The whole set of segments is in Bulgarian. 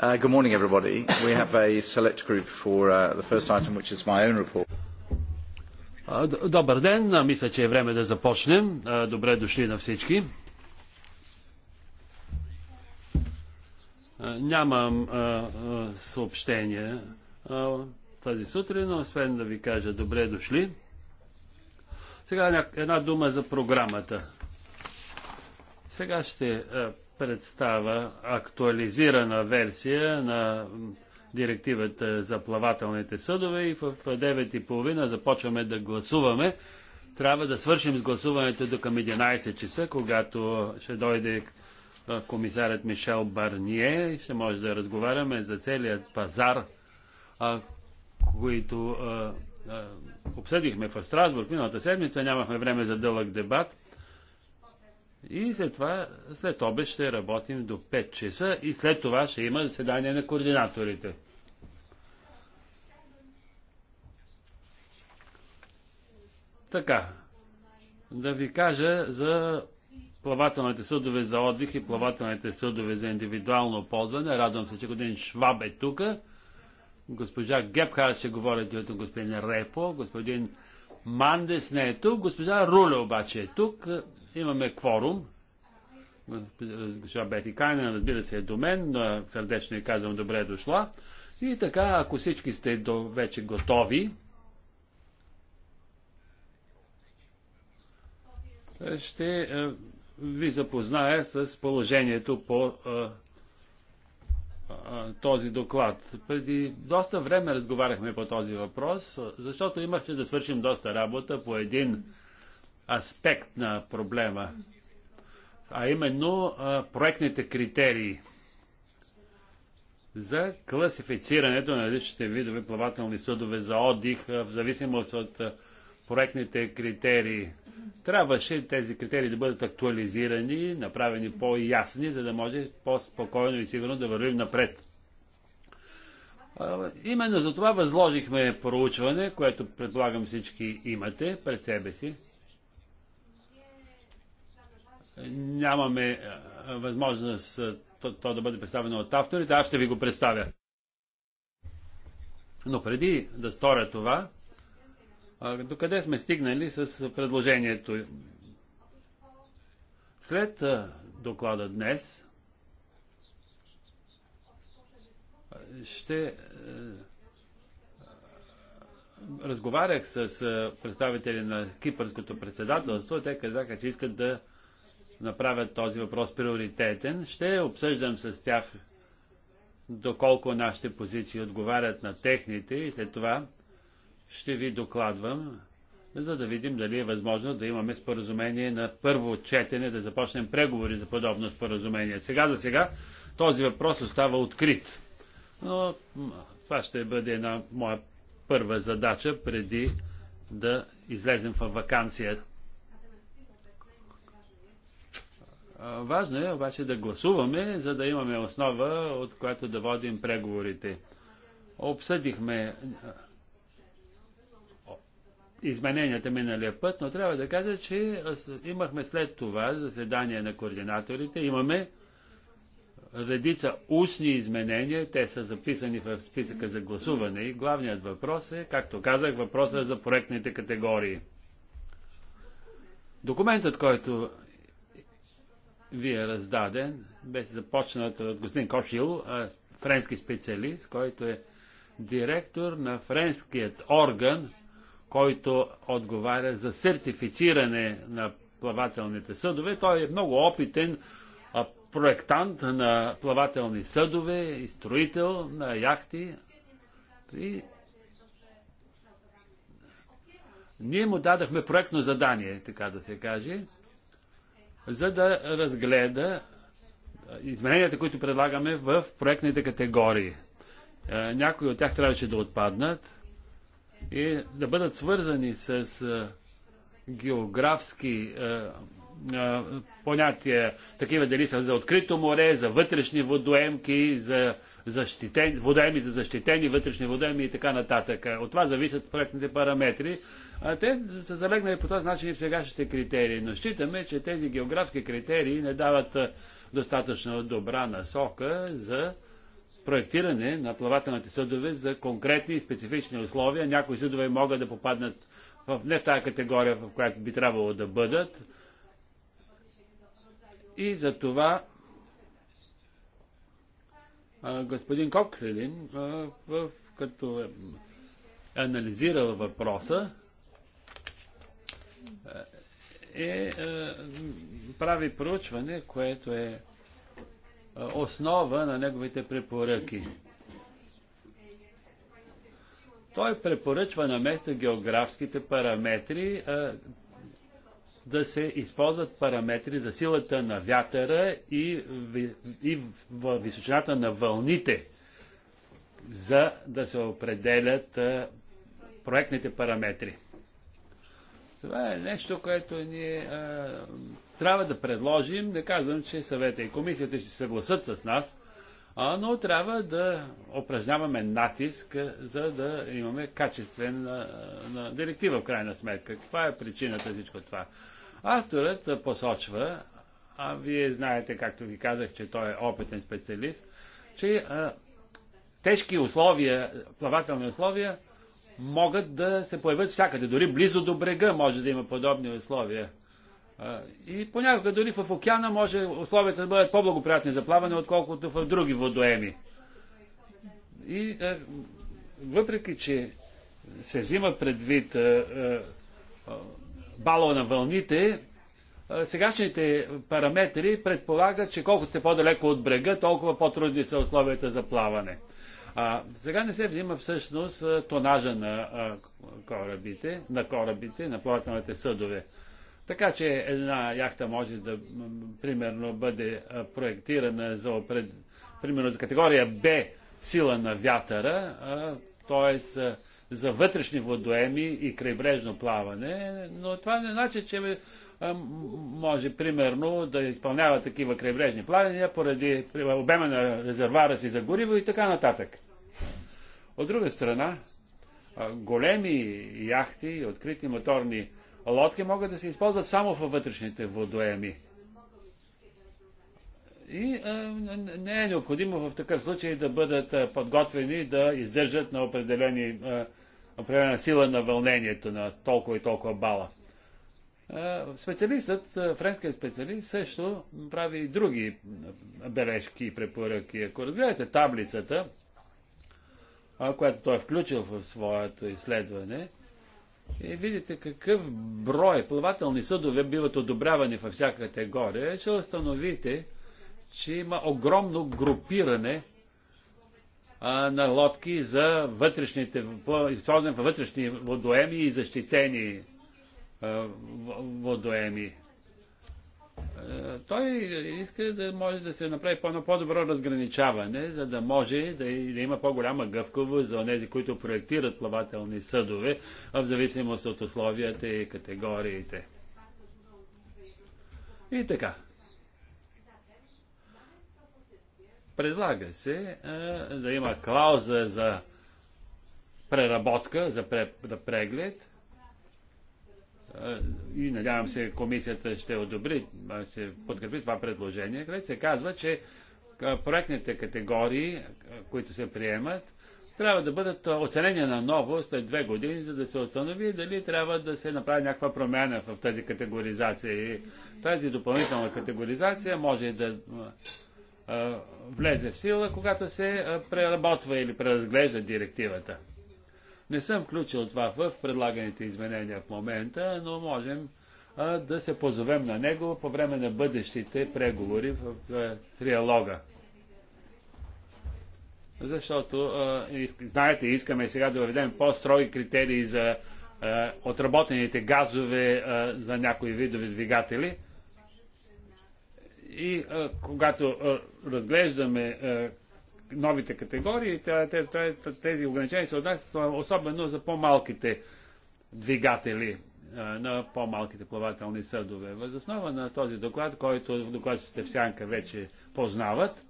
Uh, good morning, everybody. We have a select group for uh, the first item, which is my own report. Uh, добър ден, мисля, че е време да започнем. Добре дошли на всички. Нямам съобщение тази сутрин, но освен да ви кажа добре дошли. Сега една дума за програмата. Сега ще Представа актуализирана версия на директивата за плавателните съдове и в 9.30 започваме да гласуваме. Трябва да свършим с гласуването до към 11 часа, когато ще дойде комисарят Мишел Барние и ще може да разговаряме за целият пазар, които обсъдихме в Страсбург миналата седмица. Нямахме време за дълъг дебат. И след това, след обед ще работим до 5 часа и след това ще има заседание на координаторите. Така, да ви кажа за плавателните съдове за отдих и плавателните съдове за индивидуално ползване. Радвам се, че господин Шваб е тук. Госпожа Гепхар ще говори от господин Репо. Господин Мандес не е тук. Госпожа Руле обаче е тук. Имаме кворум. Госпожа Бети Кайна, разбира се, е до мен. Сърдечно я казвам добре е дошла. И така, ако всички сте до вече готови, ще е, ви запозная с положението по е, този доклад. Преди доста време разговаряхме по този въпрос, защото имахме да свършим доста работа по един аспект на проблема, а именно а, проектните критерии за класифицирането на различните видове плавателни съдове за отдих а, в зависимост от а, проектните критерии. Трябваше тези критерии да бъдат актуализирани, направени по-ясни, за да може по-спокойно и сигурно да вървим напред. Именно за това възложихме проучване, което предполагам всички имате пред себе си нямаме е, възможност то, то да бъде представено от авторите, аз ще ви го представя. Но преди да сторя това, докъде сме стигнали с предложението? След доклада днес ще е, разговарях с е, представители на кипърското председателство. Те казаха, че искат да направят този въпрос приоритетен. Ще обсъждам с тях доколко нашите позиции отговарят на техните и след това ще ви докладвам, за да видим дали е възможно да имаме споразумение на първо четене, да започнем преговори за подобно споразумение. Сега за сега този въпрос остава открит. Но това ще бъде една моя първа задача преди да излезем в вакансия Важно е обаче да гласуваме, за да имаме основа, от която да водим преговорите. Обсъдихме измененията миналия път, но трябва да кажа, че имахме след това заседание на координаторите, имаме редица устни изменения, те са записани в списъка за гласуване и главният въпрос е, както казах, въпросът е за проектните категории. Документът, който ви е раздаден, без започнат от господин Кошил, френски специалист, който е директор на френският орган, който отговаря за сертифициране на плавателните съдове. Той е много опитен проектант на плавателни съдове и строител на яхти. И ние му дадахме проектно задание, така да се каже за да разгледа измененията, които предлагаме в проектните категории. Някои от тях трябваше да отпаднат и да бъдат свързани с географски понятия, такива дали са за открито море, за вътрешни водоемки, за защитени, водоеми за защитени, вътрешни водоеми и така нататък. От това зависят проектните параметри. А те са залегнали по този начин и в сегашните критерии, но считаме, че тези географски критерии не дават достатъчно добра насока за проектиране на плавателните съдове за конкретни и специфични условия. Някои съдове могат да попаднат в, не в тази категория, в която би трябвало да бъдат. И за това господин Кокрилин, в, като е анализирал въпроса, е, е, прави проучване, което е основа на неговите препоръки. Той препоръчва на место географските параметри да се използват параметри за силата на вятъра и, и в височината на вълните, за да се определят проектните параметри. Това е нещо, което ние а, трябва да предложим. Не казвам, че съвета и комисията ще се съгласат с нас, но трябва да упражняваме натиск, е, за да имаме качествена е, на директива в крайна сметка. Каква е причината всичко това? Авторът посочва, а вие знаете, както ви казах, че той е опитен специалист, че а, е, тежки условия, плавателни условия, могат да се появят всякъде. Дори близо до брега може да има подобни условия. И понякога дори в океана може условията да бъдат по-благоприятни за плаване, отколкото в други водоеми. И е, въпреки, че се взима предвид е, е, балона на вълните, сегашните параметри предполагат, че колкото се по-далеко от брега, толкова по-трудни са условията за плаване. А, сега не се взима всъщност тонажа на а, корабите, на корабите, на плавателните съдове. Така че една яхта може да, примерно, бъде проектирана за, пред, примерно, за категория Б сила на вятъра, т.е. за вътрешни водоеми и крайбрежно плаване, но това не значи, че може примерно да изпълнява такива крайбрежни плавания поради обема на резервара си за гориво и така нататък. От друга страна, големи яхти, открити моторни лодки могат да се използват само във вътрешните водоеми. И а, не е необходимо в такъв случай да бъдат подготвени да издържат на определени, а, определена сила на вълнението на толкова и толкова бала. А, специалистът, френският специалист също прави и други бележки и препоръки. Ако разгледате таблицата, която той е включил в своето изследване, и е, видите какъв брой плавателни съдове биват одобрявани във всяка категория, ще установите, че има огромно групиране а, на лодки за вътрешните, във вътрешни водоеми и защитени а, водоеми. Е, той иска да може да се направи по-добро по разграничаване, за да може да, да има по-голяма гъвкавост за тези, които проектират плавателни съдове, в зависимост от условията и категориите. И така. Предлага се а, е, да има клауза за преработка, за пре, да преглед, е, и надявам се комисията ще одобри, ще подкрепи това предложение, където се казва, че проектните категории, които се приемат, трябва да бъдат оценени на ново след две години, за да се установи дали трябва да се направи някаква промяна в тази категоризация. И тази допълнителна категоризация може да влезе в сила, когато се преработва или преразглежда директивата. Не съм включил това в предлаганите изменения в момента, но можем а, да се позовем на него по време на бъдещите преговори в, в триалога. Защото, а, знаете, искаме сега да въведем по-строги критерии за а, отработените газове за някои видове двигатели – и а, когато а, разглеждаме а, новите категории, тези ограничения се отнасят особено за по-малките двигатели на по-малките плавателни съдове. Въз основа на този доклад, който докладчите в Сянка вече познават,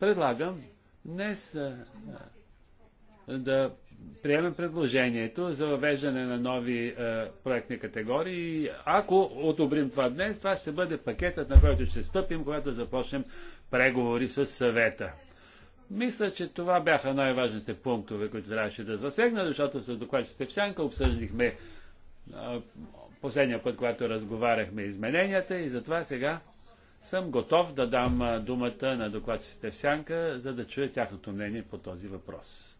предлагам днес да приемем предложението за въвеждане на нови проектни категории. Ако одобрим това днес, това ще бъде пакетът, на който ще стъпим, когато започнем преговори с съвета. Мисля, че това бяха най-важните пунктове, които трябваше да засегна, защото с докладчите в Сянка обсъждахме последния път, когато разговаряхме измененията и затова сега съм готов да дам думата на докладчите в Сянка, за да чуя тяхното мнение по този въпрос.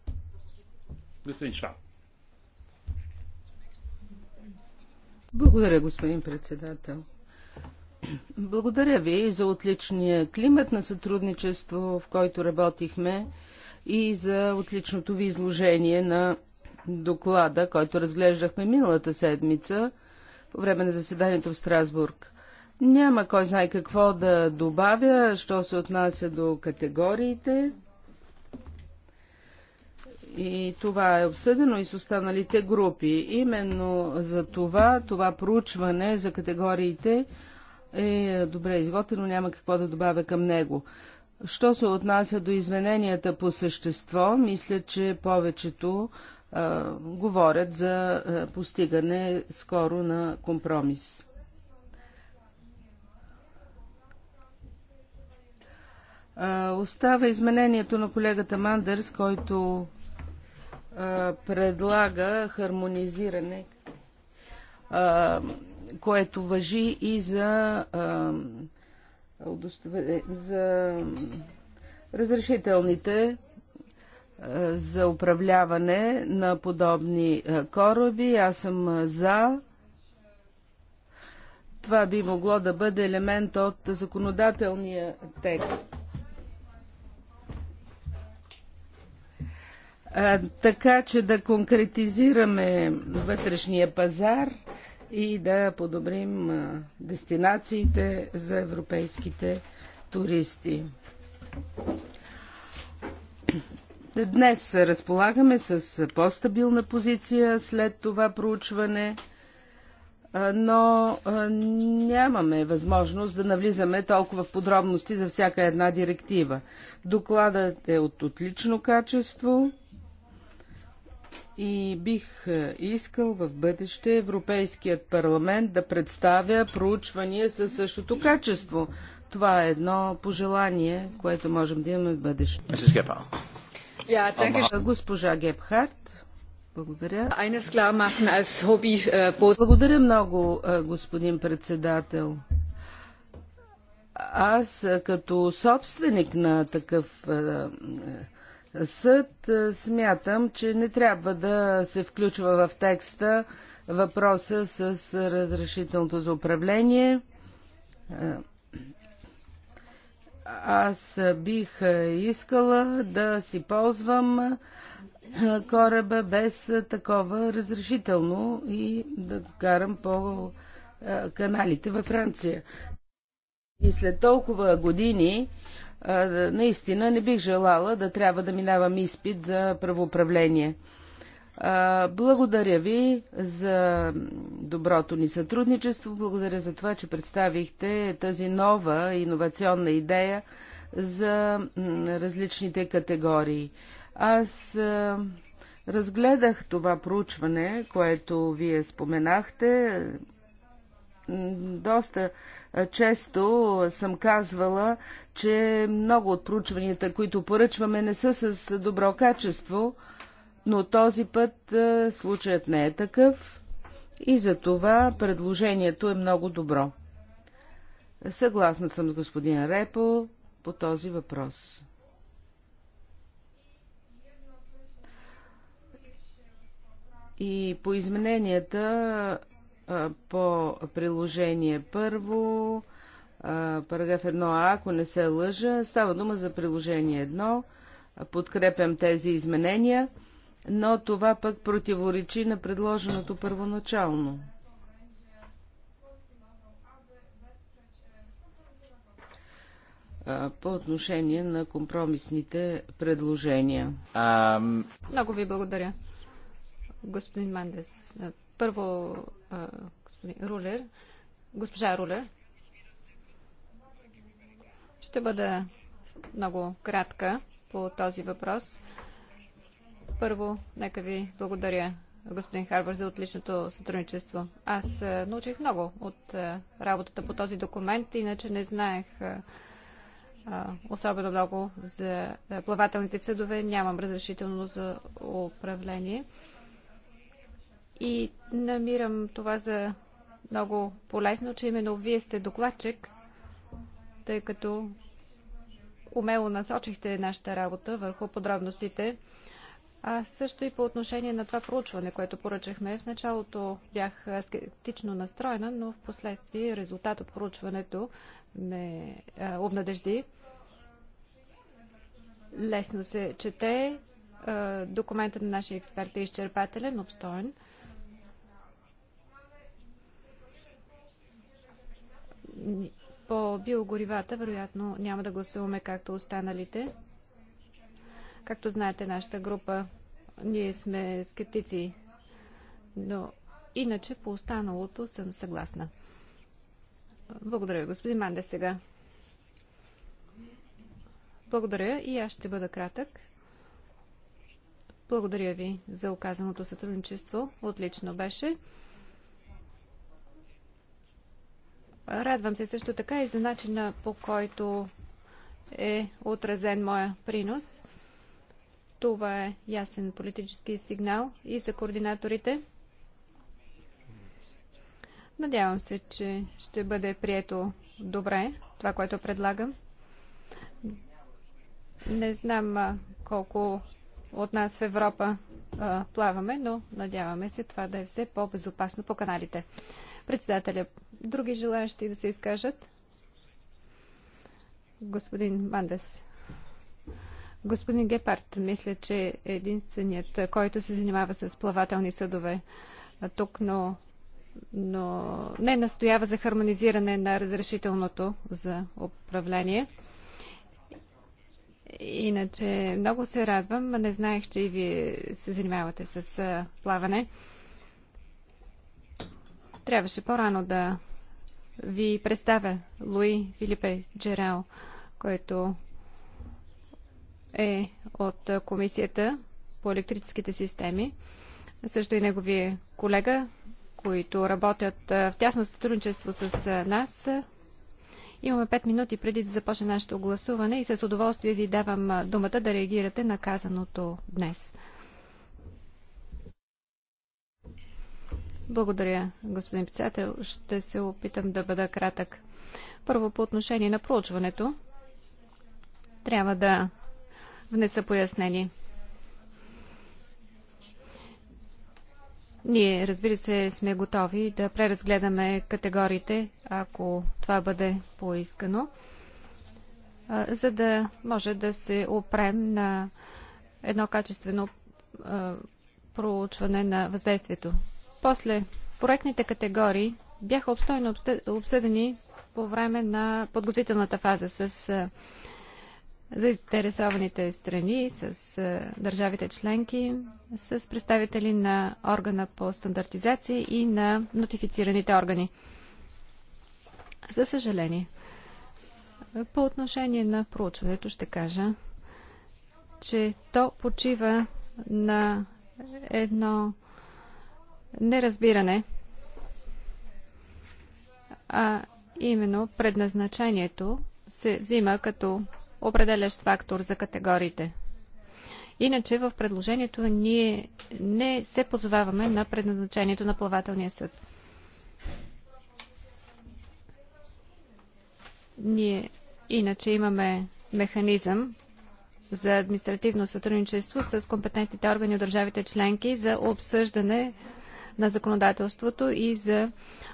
Господин Шваб. Благодаря, господин председател. Благодаря ви за отличния климат на сътрудничество, в който работихме и за отличното ви изложение на доклада, който разглеждахме миналата седмица по време на заседанието в Страсбург. Няма кой знае какво да добавя, що се отнася до категориите. И това е обсъдено и с останалите групи. Именно за това, това проучване за категориите е добре изготвено, няма какво да добавя към него. Що се отнася до измененията по същество, мисля, че повечето а, говорят за а, постигане скоро на компромис. А, остава изменението на колегата Мандърс, който а, предлага хармонизиране. А, което въжи и за, за разрешителните за управляване на подобни кораби. Аз съм за. Това би могло да бъде елемент от законодателния текст. така че да конкретизираме вътрешния пазар и да подобрим дестинациите за европейските туристи. Днес разполагаме с по-стабилна позиция след това проучване, но нямаме възможност да навлизаме толкова в подробности за всяка една директива. Докладът е от отлично качество и бих е, искал в бъдеще Европейският парламент да представя проучвания със същото качество. Това е едно пожелание, което можем да имаме в бъдеще. Госпожа Гепхарт, благодаря. Äh, благодаря много, е, господин председател. Аз е, като собственик на такъв съд, е, смятам, че не трябва да се включва в текста въпроса с разрешителното за управление. Е, аз бих искала да си ползвам е, кораба без такова разрешително и да го карам по каналите във Франция. И след толкова години наистина не бих желала да трябва да минавам изпит за правоуправление. Благодаря ви за доброто ни сътрудничество, благодаря за това, че представихте тази нова иновационна идея за различните категории. Аз разгледах това проучване, което вие споменахте, доста често съм казвала, че много от проучванията, които поръчваме, не са с добро качество, но този път случаят не е такъв и за това предложението е много добро. Съгласна съм с господин Репо по този въпрос. И по измененията по приложение първо, параграф 1а, ако не се лъжа, става дума за приложение 1, подкрепям тези изменения, но това пък противоречи на предложеното първоначално. по отношение на компромисните предложения. Много ви благодаря, господин Мандес. Първо господин Рулер, госпожа Рулер. Ще бъда много кратка по този въпрос. Първо, нека ви благодаря, господин Харбър, за отличното сътрудничество. Аз научих много от работата по този документ, иначе не знаех особено много за плавателните съдове. Нямам разрешително за управление. И намирам това за много полезно, че именно вие сте докладчик, тъй като умело насочихте нашата работа върху подробностите. А също и по отношение на това проучване, което поръчахме. В началото бях скептично настроена, но в последствие резултат от проучването ме а, обнадежди. Лесно се чете. А, документът на нашия експерт е изчерпателен, обстоен. по биогоривата вероятно няма да гласуваме както останалите. Както знаете, нашата група, ние сме скептици, но иначе по останалото съм съгласна. Благодаря ви, господин Манде, сега. Благодаря и аз ще бъда кратък. Благодаря ви за оказаното сътрудничество. Отлично беше. Радвам се също така и за начина по който е отразен моя принос. Това е ясен политически сигнал и за координаторите. Надявам се, че ще бъде прието добре това, което предлагам. Не знам колко от нас в Европа а, плаваме, но надяваме се това да е все по-безопасно по каналите. Председателя, други желаящи да се изкажат? Господин Бандес. Господин Гепард, мисля, че е единственият, който се занимава с плавателни съдове тук, но, но не настоява за хармонизиране на разрешителното за управление. Иначе много се радвам. Не знаех, че и вие се занимавате с плаване. Трябваше по-рано да ви представя Луи Филипе Джерел, който е от Комисията по електрическите системи. Също и неговия колега, които работят в тясно сътрудничество с нас. Имаме 5 минути преди да започне нашето гласуване и с удоволствие ви давам думата да реагирате на казаното днес. Благодаря, господин председател. Ще се опитам да бъда кратък. Първо, по отношение на проучването, трябва да внеса пояснени. Ние, разбира се, сме готови да преразгледаме категориите, ако това бъде поискано, за да може да се опрем на едно качествено проучване на въздействието. После, проектните категории бяха обстойно обсъдени по време на подготвителната фаза с заинтересованите страни, с държавите членки, с представители на органа по стандартизация и на нотифицираните органи. За съжаление, по отношение на проучването ще кажа, че то почива на едно неразбиране, а именно предназначението се взима като определящ фактор за категориите. Иначе в предложението ние не се позоваваме на предназначението на плавателния съд. Ние иначе имаме механизъм за административно сътрудничество с компетентните органи от държавите членки за обсъждане на законодателството и за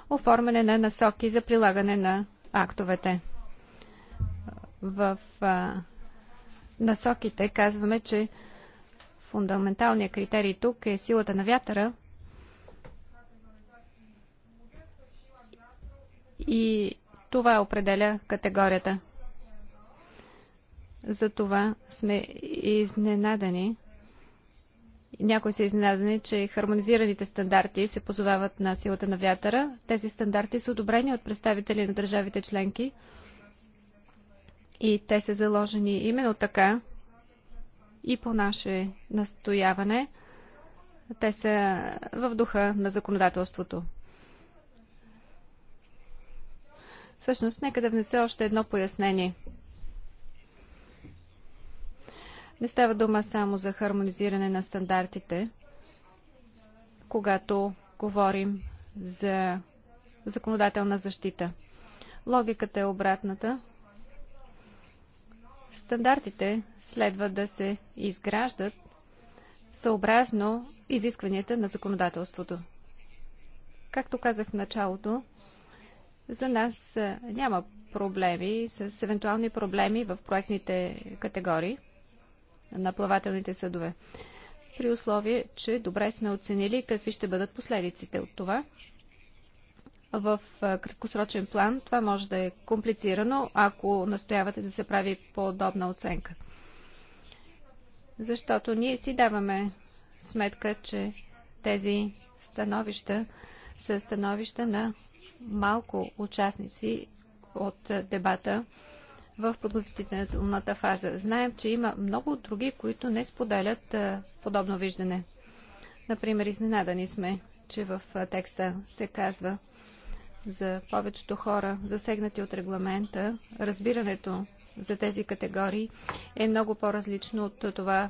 оформяне на насоки за прилагане на актовете. В насоките казваме, че фундаменталният критерий тук е силата на вятъра и това определя категорията. Затова сме изненадани някои са изненадани, че хармонизираните стандарти се позовават на силата на вятъра. Тези стандарти са одобрени от представители на държавите членки и те са заложени именно така и по наше настояване. Те са в духа на законодателството. Всъщност, нека да внесе още едно пояснение – Не става дума само за хармонизиране на стандартите, когато говорим за законодателна защита. Логиката е обратната. Стандартите следва да се изграждат съобразно изискванията на законодателството. Както казах в началото, за нас няма проблеми с евентуални проблеми в проектните категории – на плавателните съдове. При условие, че добре сме оценили какви ще бъдат последиците от това. В краткосрочен план това може да е комплицирано, ако настоявате да се прави подобна оценка. Защото ние си даваме сметка, че тези становища са становища на малко участници от дебата в подготвителната фаза. Знаем, че има много други, които не споделят подобно виждане. Например, изненадани сме, че в текста се казва за повечето хора, засегнати от регламента, разбирането за тези категории е много по-различно от това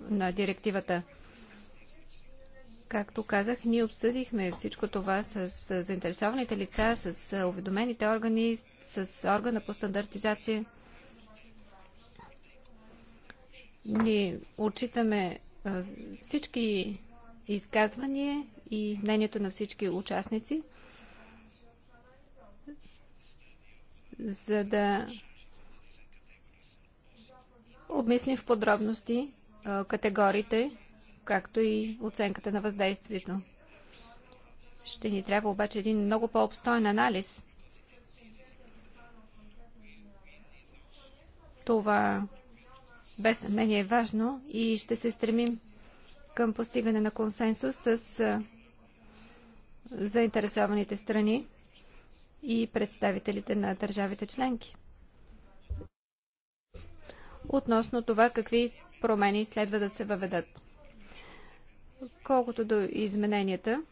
на директивата. Както казах, ние обсъдихме всичко това с заинтересованите лица, с уведомените органи, с органа по стандартизация. Ние отчитаме всички изказвания и мнението на всички участници, за да обмислим в подробности категориите, както и оценката на въздействието. Ще ни трябва обаче един много по-обстоен анализ Това без съмнение е важно и ще се стремим към постигане на консенсус с заинтересованите страни и представителите на държавите членки. Относно това какви промени следва да се въведат. Колкото до измененията,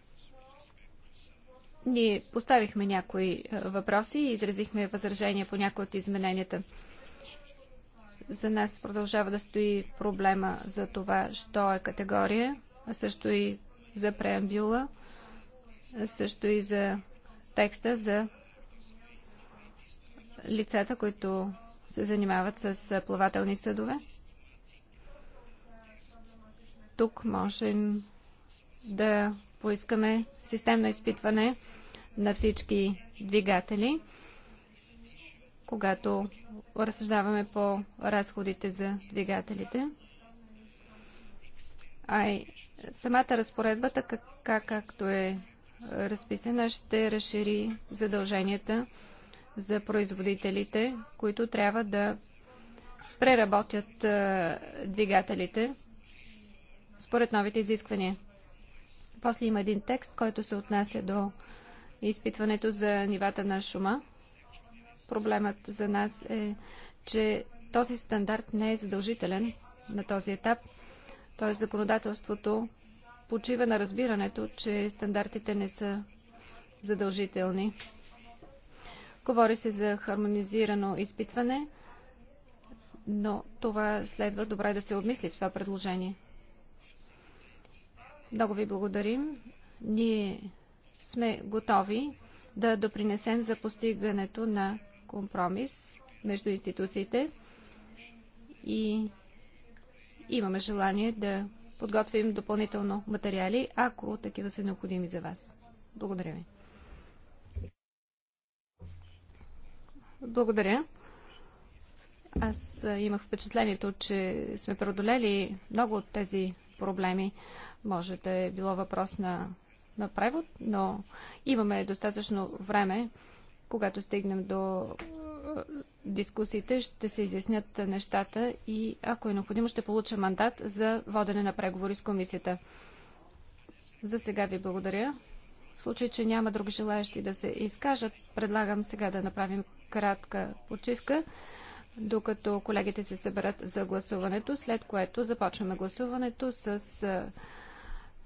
ние поставихме някои въпроси и изразихме възражения по някои от измененията. За нас продължава да стои проблема за това, що е категория, а също и за преамбюла, а също и за текста за лицата, които се занимават с плавателни съдове. Тук можем да поискаме системно изпитване на всички двигатели когато разсъждаваме по разходите за двигателите. А и самата разпоредба, така както е разписана, ще разшири задълженията за производителите, които трябва да преработят двигателите според новите изисквания. После има един текст, който се отнася до изпитването за нивата на шума. Проблемът за нас е, че този стандарт не е задължителен на този етап, т.е. законодателството почива на разбирането, че стандартите не са задължителни. Говори се за хармонизирано изпитване, но това следва добре да се обмисли в това предложение. Много ви благодарим. Ние сме готови да допринесем за постигането на компромис между институциите и имаме желание да подготвим допълнително материали, ако такива са необходими за вас. Благодаря ви. Благодаря. Аз имах впечатлението, че сме преодолели много от тези проблеми. Може да е било въпрос на, на превод, но имаме достатъчно време когато стигнем до дискусиите, ще се изяснят нещата и ако е необходимо, ще получа мандат за водене на преговори с комисията. За сега ви благодаря. В случай, че няма други желаящи да се изкажат, предлагам сега да направим кратка почивка, докато колегите се съберат за гласуването, след което започваме гласуването с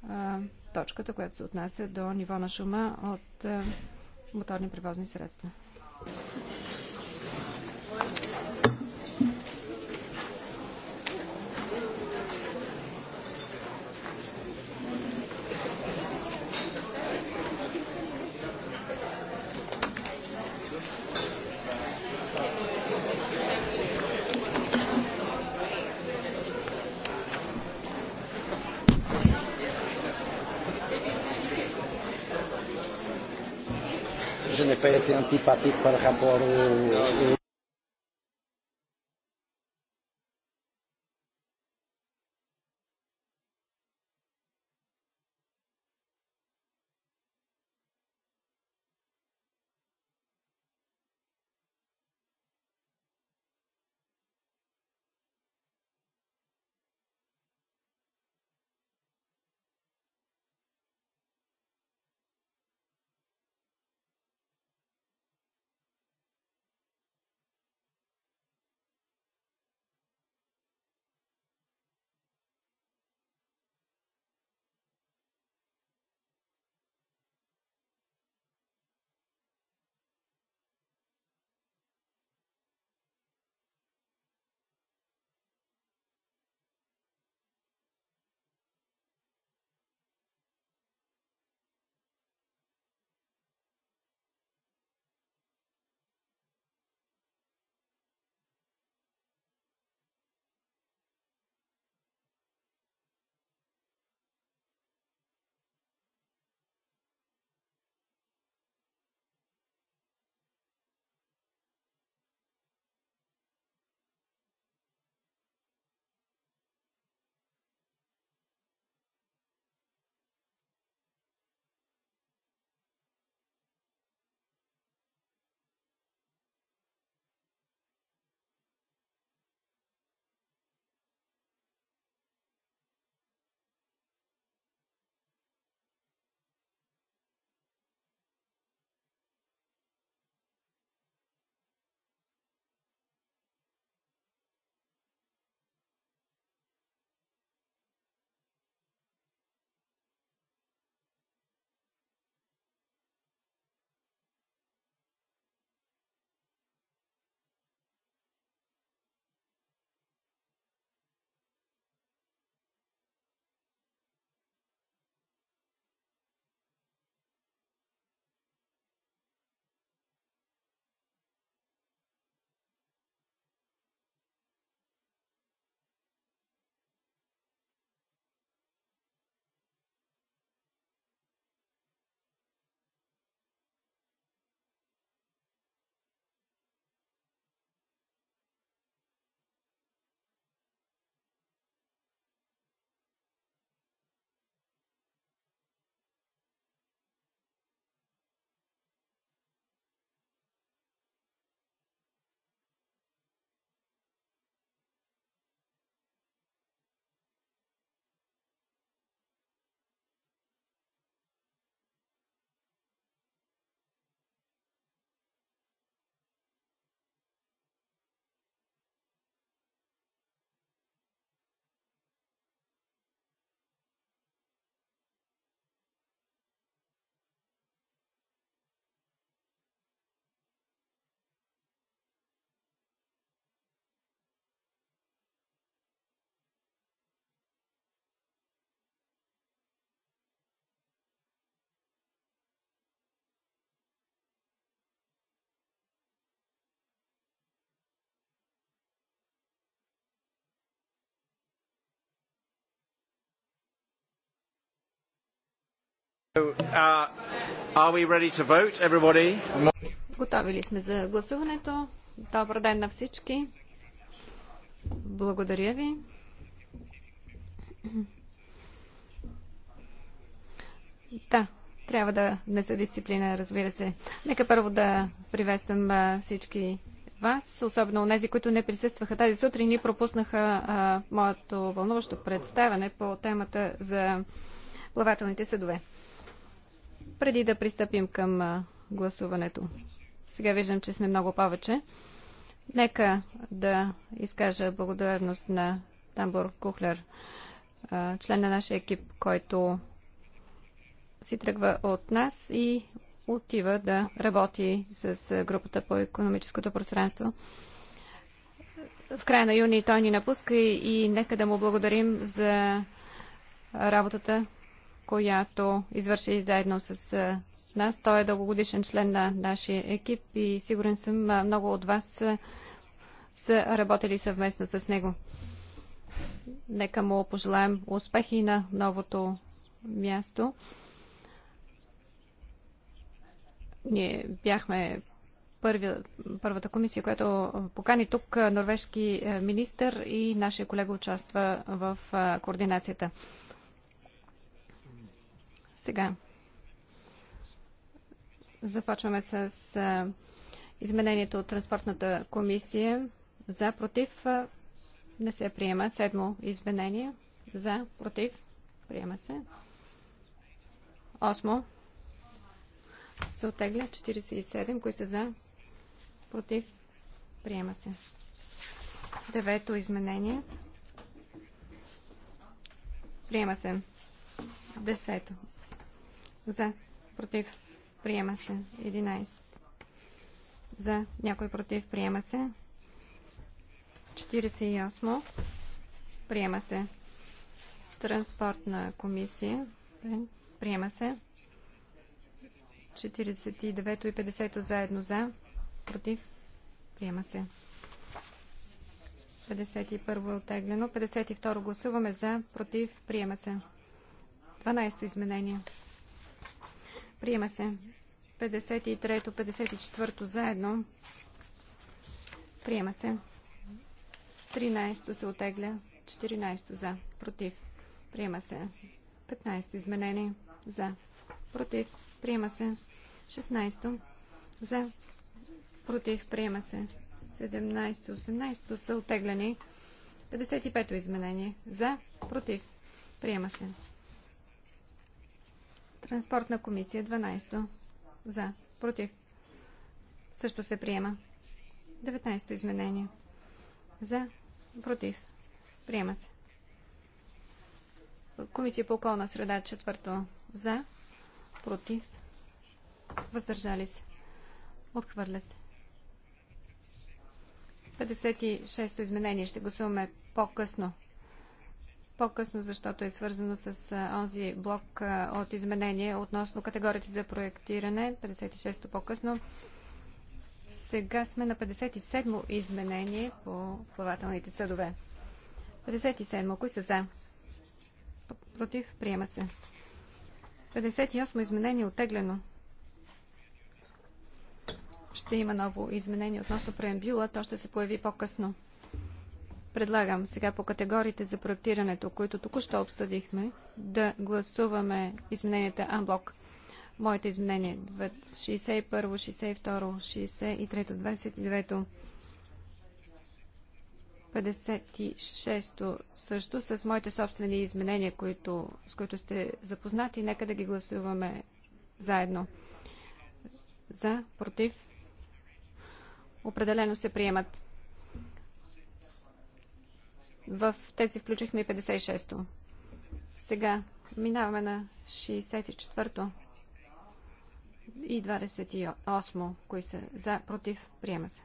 а, точката, която се отнася до ниво на шума от а, моторни превозни средства. antipático para Rapor. Uh, Готови ли сме за гласуването? Добър ден на всички. Благодаря ви. Да, трябва да внеса дисциплина, разбира се. Нека първо да приветствам всички вас, особено тези, които не присъстваха тази сутрин и пропуснаха моето вълнуващо представяне по темата за плавателните съдове преди да пристъпим към гласуването. Сега виждам, че сме много повече. Нека да изкажа благодарност на Тамбур Кухлер, член на нашия екип, който си тръгва от нас и отива да работи с групата по економическото пространство. В края на юни той ни напуска и нека да му благодарим за работата, която извърши заедно с нас. Той е дългогодишен член на нашия екип и сигурен съм много от вас са работили съвместно с него. Нека му пожелаем успехи на новото място. Ние бяхме първи, първата комисия, която покани тук норвежки министр и нашия колега участва в координацията. Сега започваме с изменението от Транспортната комисия. За, против, не се приема. Седмо изменение. За, против, приема се. Осмо се отегля. 47. Кои са за? Против? Приема се. Девето изменение. Приема се. Десето. За. Против. Приема се. 11. За. Някой против. Приема се. 48. Приема се. Транспортна комисия. Приема се. 49 и 50 заедно за. Против. Приема се. 51 е оттеглено. 52 гласуваме за. Против. Приема се. 12 изменение. Приема се. 53-то, 54-то заедно. Приема се. 13-то се отегля. 14-то за. Против. Приема се. 15-то изменение. За. Против. Приема се. 16-то. За. Против. Приема се. 17-то, 18-то са отегляни. 55-то изменение. За. Против. Приема се. Транспортна комисия 12. За. Против. Също се приема. 19 изменение. За. Против. Приема се. Комисия по околна среда 4. За. Против. Въздържали се. Отхвърля се. 56-то изменение ще гласуваме по-късно по-късно, защото е свързано с онзи блок от изменения относно категориите за проектиране, 56-то по-късно. Сега сме на 57-мо изменение по плавателните съдове. 57-мо, кои са за? Против, приема се. 58-мо изменение е отеглено. Ще има ново изменение относно преамбюла, то ще се появи по-късно. Предлагам сега по категориите за проектирането, които току-що обсъдихме, да гласуваме измененията Анблок. Моите изменения 61, 62, 63, 29, 56 също с моите собствени изменения, които, с които сте запознати. Нека да ги гласуваме заедно. За, против. Определено се приемат. В тези включихме и 56-то. Сега минаваме на 64-то и 28-о, кои са за, против, приема се.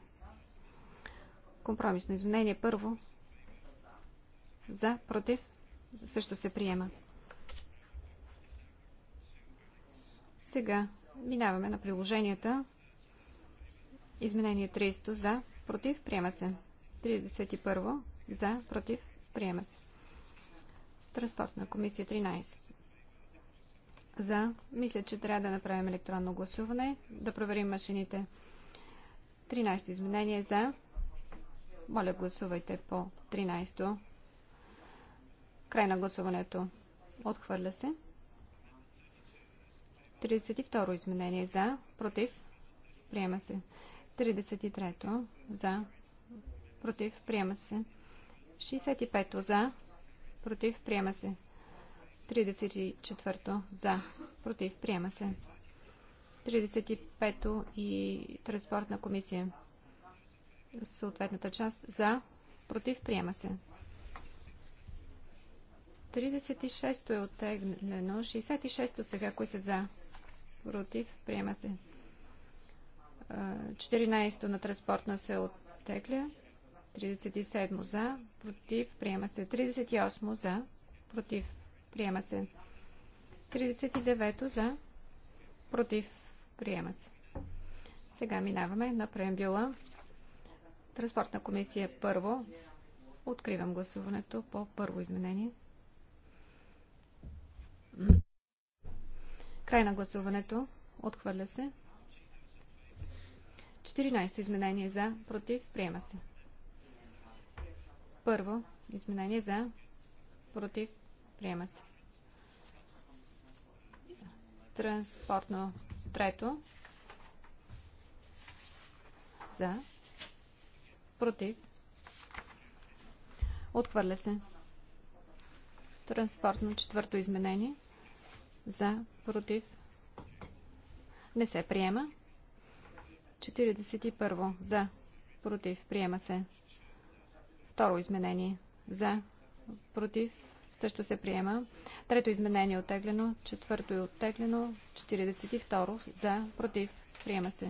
Компромисно изменение първо. За, против, също се приема. Сега минаваме на приложенията. Изменение 30 за, против, приема се. 31 за, против, приема се. Транспортна комисия 13. За, мисля, че трябва да направим електронно гласуване, да проверим машините. 13 изменение за. Моля, гласувайте по 13-то. Край на гласуването. Отхвърля се. 32 изменение за. Против. Приема се. 33 за. Против. Приема се. 65 за, против, приема се. 34 за, против, приема се. 35 то и транспортна комисия. Съответната част за, против, приема се. 36-то е оттеглено. 66-то сега, кои са за? Против, приема се. 14-то на транспортна се оттегля. 37 за, против, приема се. 38 за, против, приема се. 39 за, против, приема се. Сега минаваме на преамбюла. Транспортна комисия първо. Откривам гласуването по първо изменение. Край на гласуването. Отхвърля се. 14 изменение за, против, приема се. Първо изменение за против приема се. Транспортно трето за против отхвърля се. Транспортно четвърто изменение за против не се приема. 41 за против приема се. Второ изменение за, против, също се приема. Трето изменение е оттеглено. Четвърто е оттеглено. 42 за, против, приема се.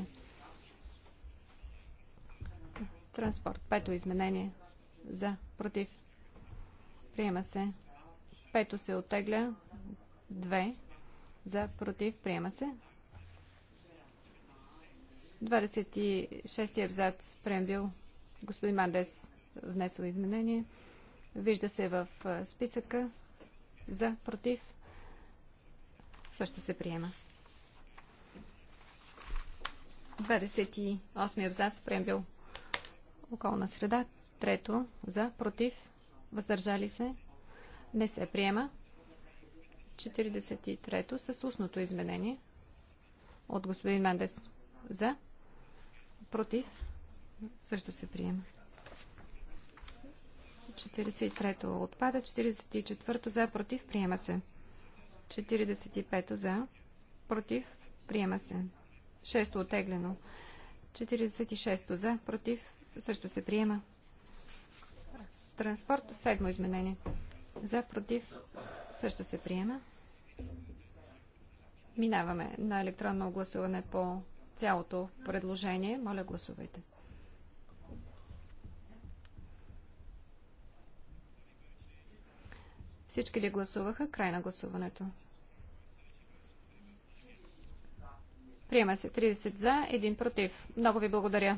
Транспорт. Пето изменение за, против, приема се. Пето се оттегля. Две за, против, приема се. 26 абзац приембил господин Мандес внесло изменение. Вижда се в списъка за, против. Също се приема. 28 абзац, преамбил околна среда. Трето, за, против, въздържали се, не се приема. 43-то с устното изменение от господин Мендес. За, против, също се приема. 43-то отпада, 44-то за, против, приема се. 45-то за, против, приема се. 6-то отеглено. 46-то за, против, също се приема. Транспорт, седмо изменение. За, против, също се приема. Минаваме на електронно гласуване по цялото предложение. Моля, гласувайте. Всички ли гласуваха? Край на гласуването. Приема се 30 за, 1 против. Много ви благодаря.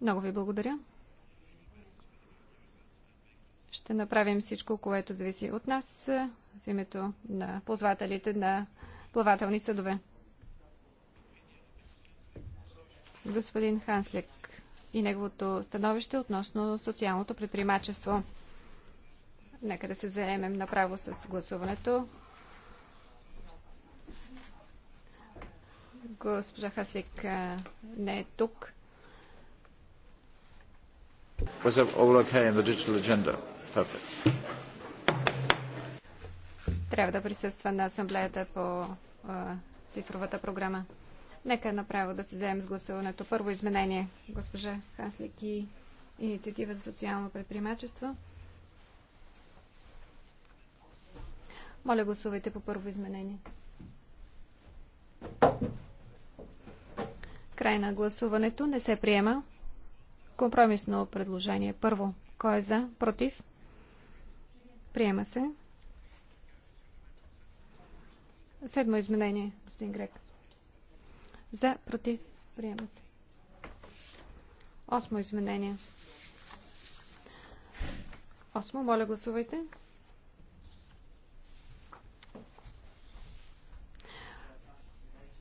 Много ви благодаря. Ще направим всичко, което зависи от нас в името на ползвателите на плавателни съдове. Господин Ханслик и неговото становище относно социалното предприемачество. Нека да се заемем направо с гласуването. Госпожа Хаслик не е тук. Was all okay in the digital agenda? Perfect. Трябва да присъства на асамблеята по цифровата програма. Нека направо да се вземем с гласуването. Първо изменение, госпожа Хаслик и инициатива за социално предприемачество. Моля, гласувайте по първо изменение. Край на гласуването. Не се приема. Компромисно предложение. Първо. Кой е за? Против? Приема се. Седмо изменение, господин Грек. За, против, приема се. Осмо изменение. Осмо, моля гласувайте.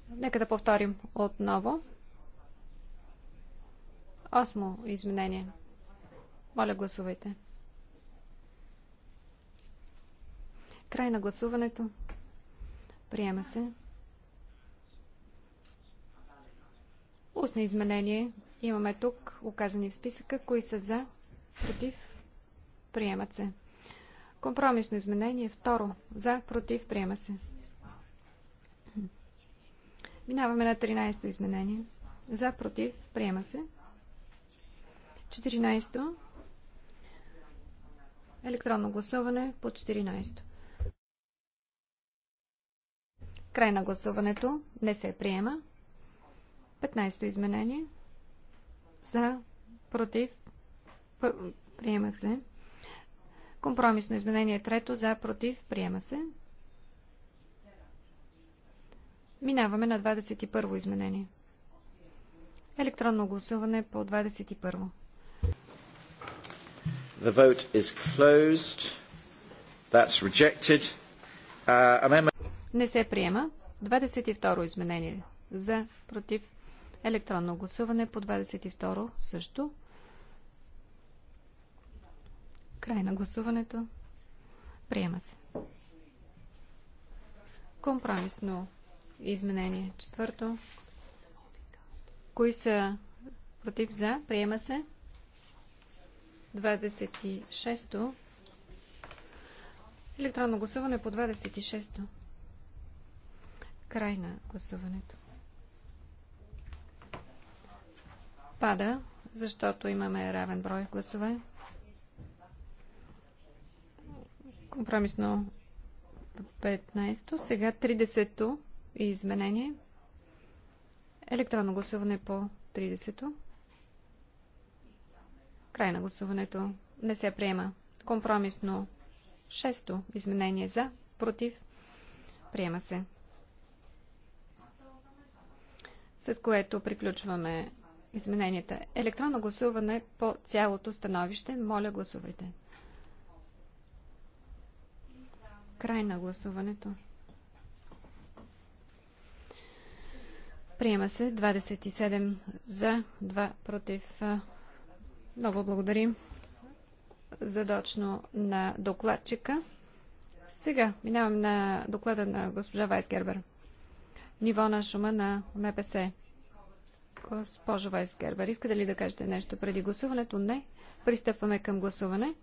Нека да повторим отново. Осмо изменение. Моля гласувайте. Край на гласуването. Приема се. Устни изменение имаме тук, указани в списъка, кои са за, против, приемат се. Компромисно изменение второ, за, против, приема се. Минаваме на 13-то изменение. За, против, приема се. 14-то. Електронно гласуване по 14-то. Край на гласуването не се приема. 15-то изменение. За, против, приема се. Компромисно изменение трето. За, против, приема се. Минаваме на 21-во изменение. Електронно гласуване по 21-во. The vote is closed. That's rejected. Uh, Не се приема. 22-ро изменение. За, против, Електронно гласуване по 22 също. Край на гласуването. Приема се. Компромисно изменение четвърто. Кои са против за? Приема се. 26-то. Електронно гласуване по 26-то. Край на гласуването. пада, защото имаме равен брой гласове. Компромисно 15. то Сега 30-то и изменение. Електронно гласуване по 30-то. Край на гласуването. Не се приема. Компромисно 6-то изменение за, против. Приема се. С което приключваме измененията. Електронно гласуване по цялото становище. Моля, гласувайте. Край на гласуването. Приема се 27 за, 2 против. Много благодарим задочно на докладчика. Сега минавам на доклада на госпожа Вайсгербер. Ниво на шума на МПС. Госпожо Вайсгербер, искате ли да кажете нещо преди гласуването? Не. Пристъпваме към гласуване.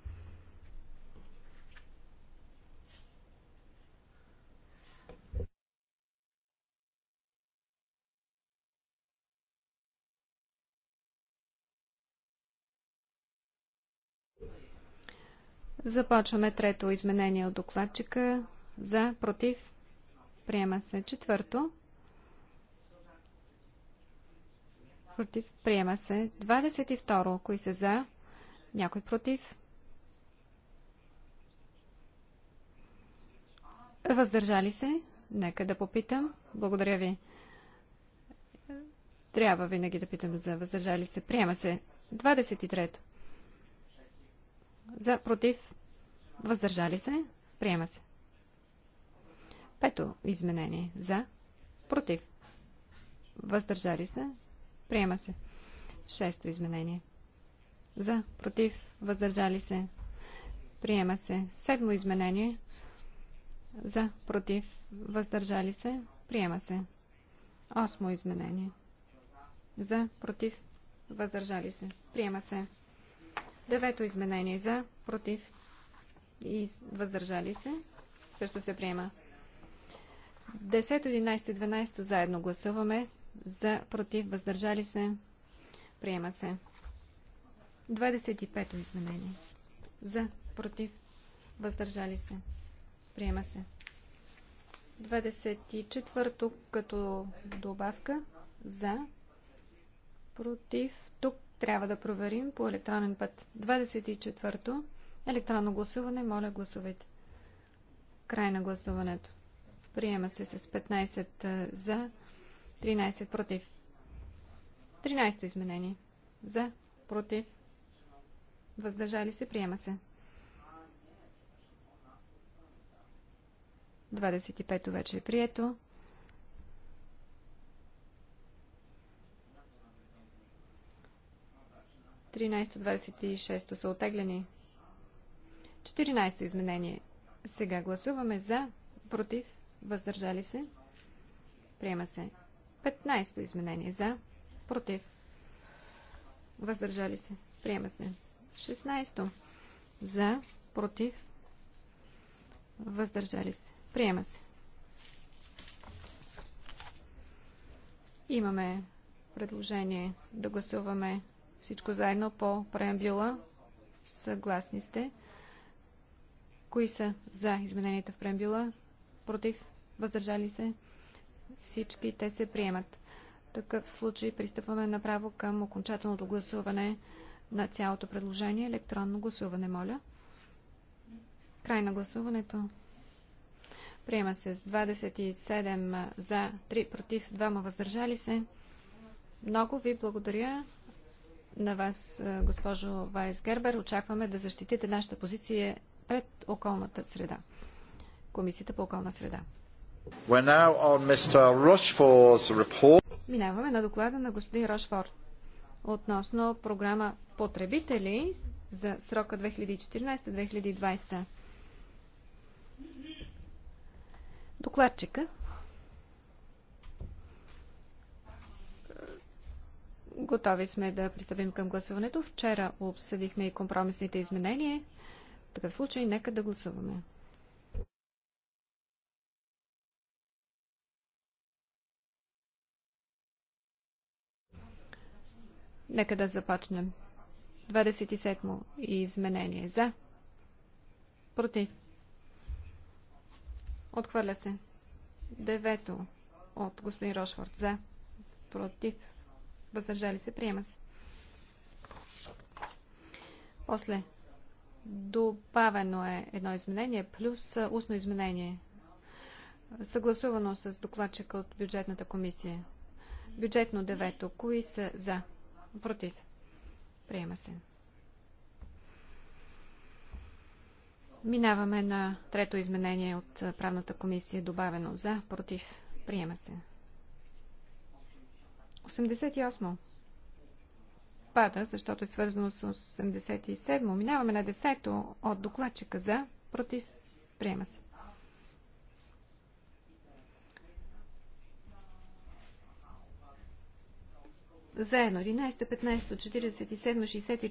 Започваме трето изменение от докладчика. За, против, приема се. Четвърто. против, приема се. 22. Кои са за? Някой против? Въздържали се? Нека да попитам. Благодаря ви. Трябва винаги да питам за въздържали се. Приема се. 23. За, против, въздържали се. Приема се. Пето изменение. За, против, въздържали се. Приема се. Шесто изменение. За, против, въздържали се. Приема се. Седмо изменение. За, против, въздържали се. Приема се. Осмо изменение. За, против, въздържали се. Приема се. Девето изменение. За, против и въздържали се. Също се приема. 10, 11 и 12 заедно гласуваме за, против, въздържали се, приема се. 25-то изменение. За, против, въздържали се, приема се. 24-то като добавка. За, против, тук трябва да проверим по електронен път. 24-то, електронно гласуване, моля гласувайте. Край на гласуването. Приема се с 15 за, 13 против. 13 изменение. За, против, въздържали се, приема се. 25 вече е прието. Тринайсто, двадесет и шесто са отеглени. Четиринайсто изменение. Сега гласуваме за, против, въздържали се. Приема се. 15-то изменение за, против, въздържали се, приема се. 16-то за, против, въздържали се, приема се. Имаме предложение да гласуваме всичко заедно по преамбюла. Съгласни сте. Кои са за измененията в преамбюла? Против? Въздържали се? Всички те се приемат. В такъв случай пристъпваме направо към окончателното гласуване на цялото предложение. Електронно гласуване, моля. Край на гласуването. Приема се с 27 за, 3 против, 2 въздържали се. Много ви благодаря на вас, е, госпожо Вайс Гербер. Очакваме да защитите нашата позиция пред околната среда. Комисията по околна среда. Минаваме на доклада на господин Рошфор относно програма Потребители за срока 2014-2020. Докладчика. Готови сме да пристъпим към гласуването. Вчера обсъдихме и компромисните изменения. В такъв случай нека да гласуваме. Нека да започнем. 27-мо изменение. За. Против. Отхвърля се. Девето от господин Рошфорд. За. Против. Въздържали се. Приема се. После. Добавено е едно изменение плюс устно изменение. Съгласувано с докладчика от бюджетната комисия. Бюджетно девето. Кои са за? Против. Приема се. Минаваме на трето изменение от правната комисия, добавено за, против, приема се. 88. Пада, защото е свързано с 87. Минаваме на 10 от докладчика за, против, приема се. Заедно 11, 15, 47,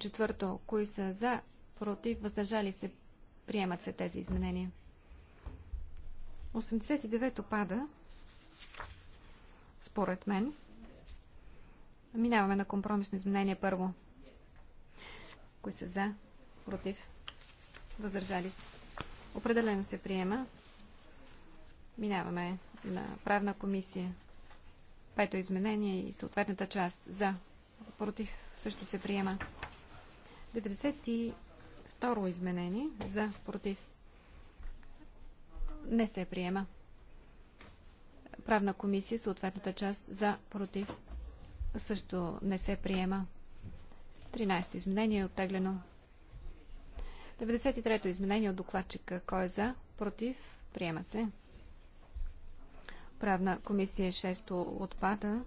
64, кои са за, против, въздържали се, приемат се тези изменения. 89-то пада, според мен. Минаваме на компромисно изменение първо. Кои са за, против, въздържали се. Определено се приема. Минаваме на правна комисия. Пето изменение и съответната част за. Против също се приема. 92 изменение за. Против не се приема. Правна комисия, съответната част за. Против също не се приема. 13 изменение е оттеглено. 93-то изменение от докладчика. Кой е за? Против? Приема се правна комисия 6 е отпада.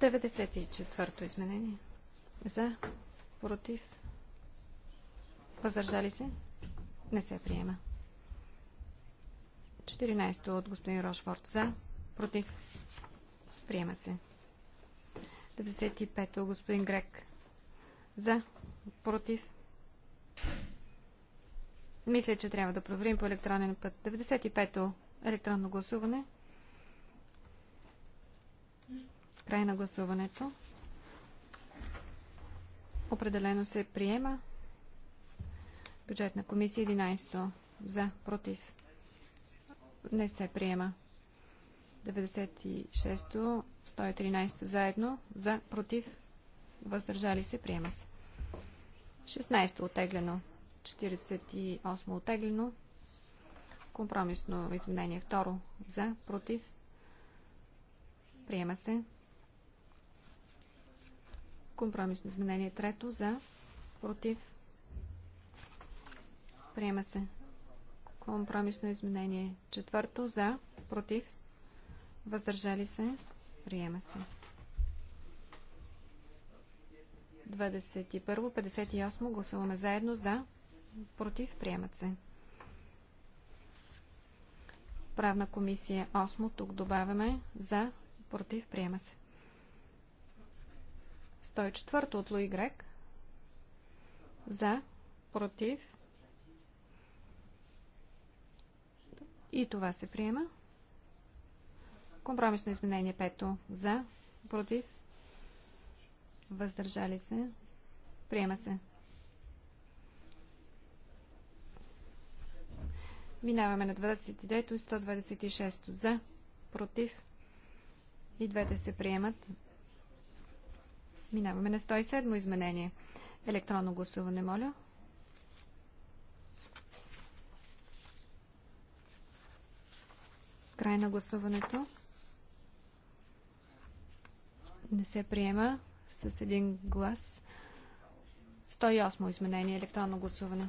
Деветдесет и четвърто изменение. За, против, въздържали се, не се приема. 14 от господин Рошфорд за, против, приема се. 95 господин Грек за, против, мисля, че трябва да проверим по електронен път. 95-то електронно гласуване. Край на гласуването. Определено се приема. Бюджетна комисия 11 За, против. Не се приема. 96-то, 113-то заедно. За, против. Въздържали се, приема се. 16-то отеглено. 48 отеглено. Компромисно изменение второ за, против. Приема се. Компромисно изменение трето за, против. Приема се. Компромисно изменение четвърто за, против. Въздържали се. Приема се. 21-58 гласуваме заедно за, Против. Приемат се. Правна комисия 8. Тук добавяме за. Против. Приема се. 104 от Луи Грек. За. Против. И това се приема. Компромисно изменение 5. За. Против. Въздържали се. Приема се. Минаваме на 29 и 126 за, против и двете се приемат. Минаваме на 107 изменение. Електронно гласуване, моля. Край на гласуването. Не се приема с един глас. 108 изменение. Електронно гласуване.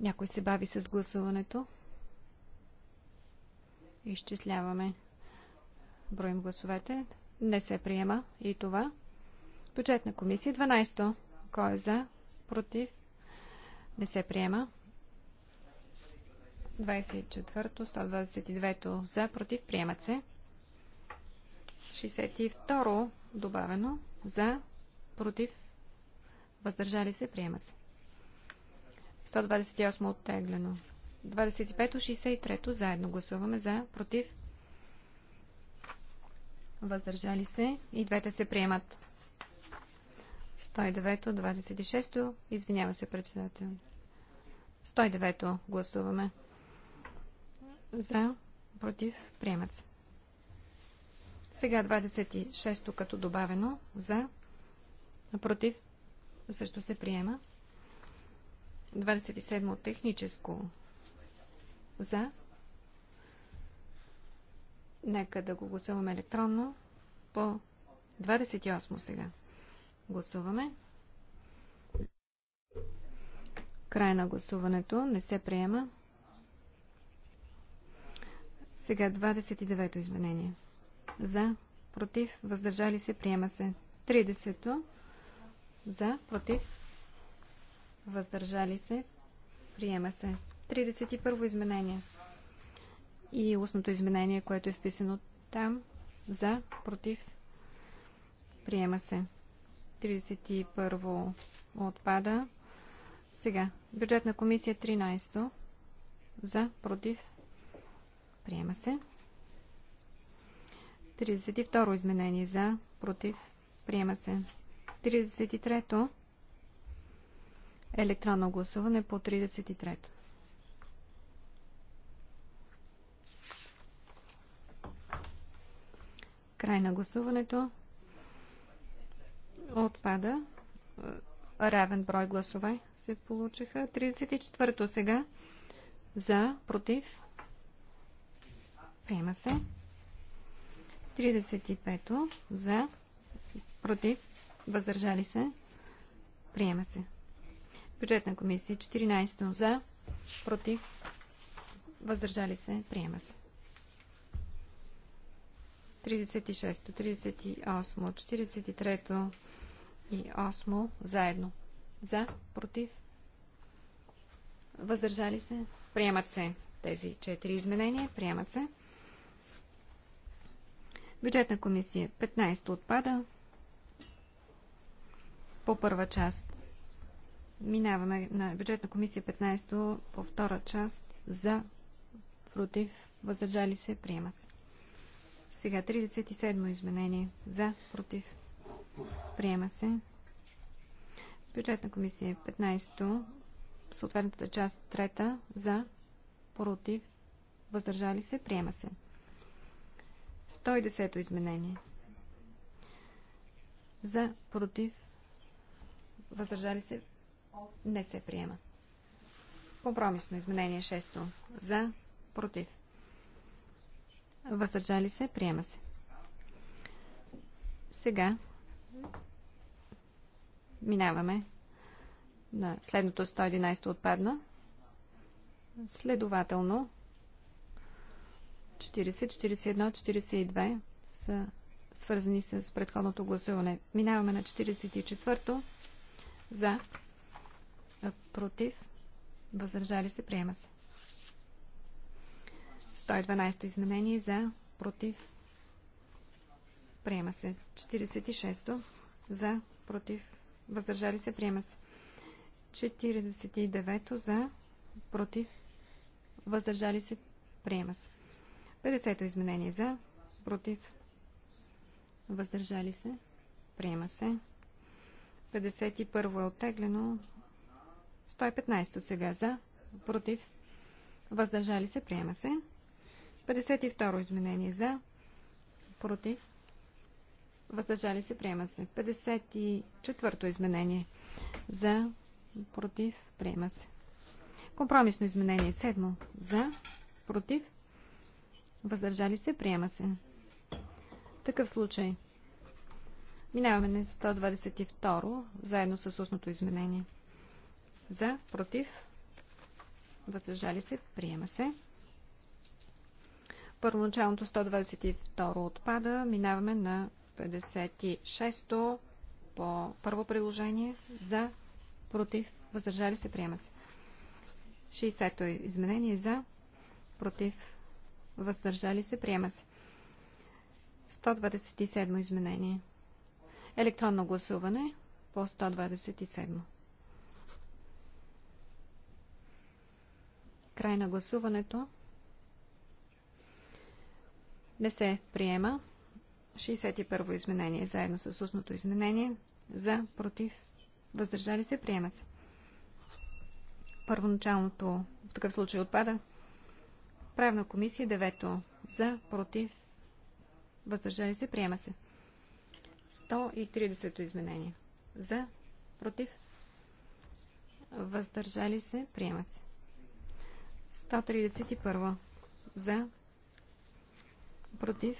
Някой се бави с гласуването. Изчисляваме. Броим гласовете. Не се приема и това. Бюджетна комисия 12. Кой е за? Против? Не се приема. 24-то, 122-то за, против, приемат се. 62 добавено за, против, въздържали се, приема се. 128 оттеглено. 25-то, 63-то заедно гласуваме за, против, въздържали се и двете се приемат. 109-то, 26-то, извинява се председател. 109-то гласуваме. За, против, приемат се. Сега 26-то като добавено за, против, също се приема. 27 техническо за. Нека да го гласуваме електронно по 28 сега. Гласуваме. Край на гласуването. Не се приема. Сега 29-то изменение. За, против, въздържали се, приема се. 30-то. За, против, въздържали се, приема се. 31 изменение и устното изменение, което е вписано там, за, против, приема се. 31 во отпада. Сега, бюджетна комисия 13 за, против, приема се. 32 изменение за, против, приема се. 33-то електронно гласуване по 33-то. Край на гласуването. Отпада. Равен брой гласове се получиха. 34-то сега. За, против. Приема се. 35-то. За, против. Въздържали се. Приема се. Бюджетна комисия 14 за, против, въздържали се, приема се. 36, 38, 43 и 8 заедно. За, против, въздържали се, приемат се тези 4 изменения, приемат се. Бюджетна комисия 15 отпада. По първа част Минаваме на бюджетна комисия 15 по втора част за против въздържали се приема се. Сега 37 изменение за против приема се. Бюджетна комисия 15 съответната част трета за против въздържали се приема се. 110 изменение за против въздържали се не се приема. Компромисно изменение 6. За. Против. Въздържали се. Приема се. Сега минаваме на следното 111 отпадна. Следователно 40, 41, 42 са свързани с предходното гласуване. Минаваме на 44-то за е, против. Въздържали се. Приема се. 112 изменение за. Против. Приема се. 46 за. Против. Въздържали се. Приема се. 49 за. Против. Въздържали се. Приема се. 50-то изменение за. Против. Въздържали се. Приема се. 51 е оттеглено. 115 сега за, против, въздържали се, приема се. 52 изменение за, против, въздържали се, приема се. 54 изменение за, против, приема се. Компромисно изменение 7 за, против, въздържали се, приема се. такъв случай минаваме на 122 заедно с устното изменение за, против, въздържали се, приема се. Първоначалното 122 отпада, минаваме на 56-то по първо приложение, за, против, въздържали се, приема се. 60-то е изменение за, против, въздържали се, приема се. 127 изменение. Електронно гласуване по 127. Край на гласуването. Не се приема. 61-во изменение заедно с устното изменение. За, против, въздържали се, приема се. Първоначалното в такъв случай отпада. Правна комисия 9 за, против, въздържали се, приема се. 130 изменение. За, против, въздържали се, приема се. 131. За. Против.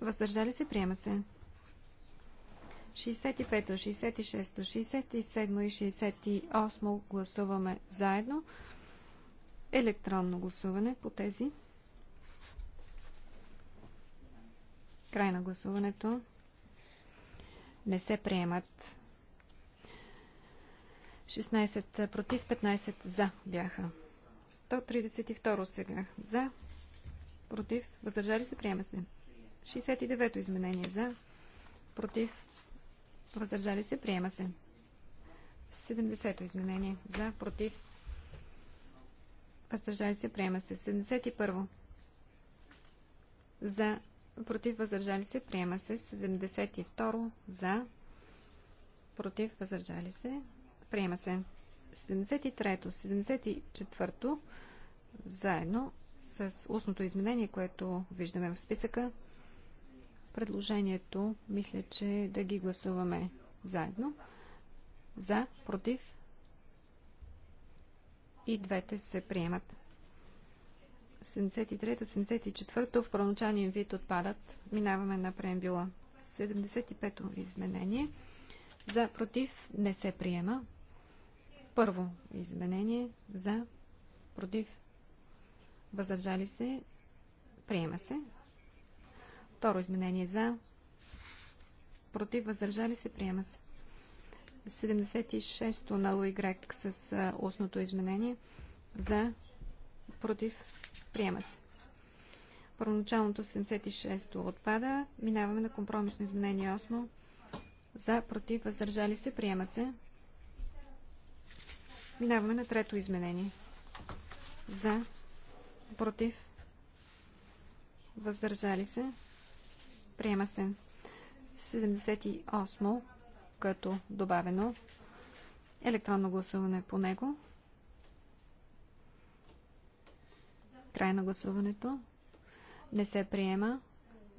Въздържали се, приема се. 65, 66, 67 и 68 гласуваме заедно. Електронно гласуване по тези. Край на гласуването. Не се приемат. 16 против, 15 за бяха. 132 сега. За, против, въздържали се, приема се. 69-то изменение. За, против, въздържали се, приема се. 70-то изменение. За, против, въздържали се, приема се. 71-во. За, против, въздържали се, приема се. 72-ро. За, против, въздържали се, Приема се. 73-то, 74-то, заедно с устното изменение, което виждаме в списъка. Предложението, мисля, че е да ги гласуваме заедно. За, против. И двете се приемат. 73-74 в проначален вид отпадат. Минаваме на преембюла. 75-то изменение. За, против не се приема. Първо изменение за, против, въздържали се, приема се. Второ изменение за, против, въздържали се, приема се. 76-то на Луи Грек с устното изменение за, против, приема се. Първоначалното 76-то отпада. Минаваме на компромисно изменение 8 за, против, въздържали се, приема се. Минаваме на трето изменение. За, против, въздържали се, приема се. 78 като добавено електронно гласуване по него. Край на гласуването. Не се приема.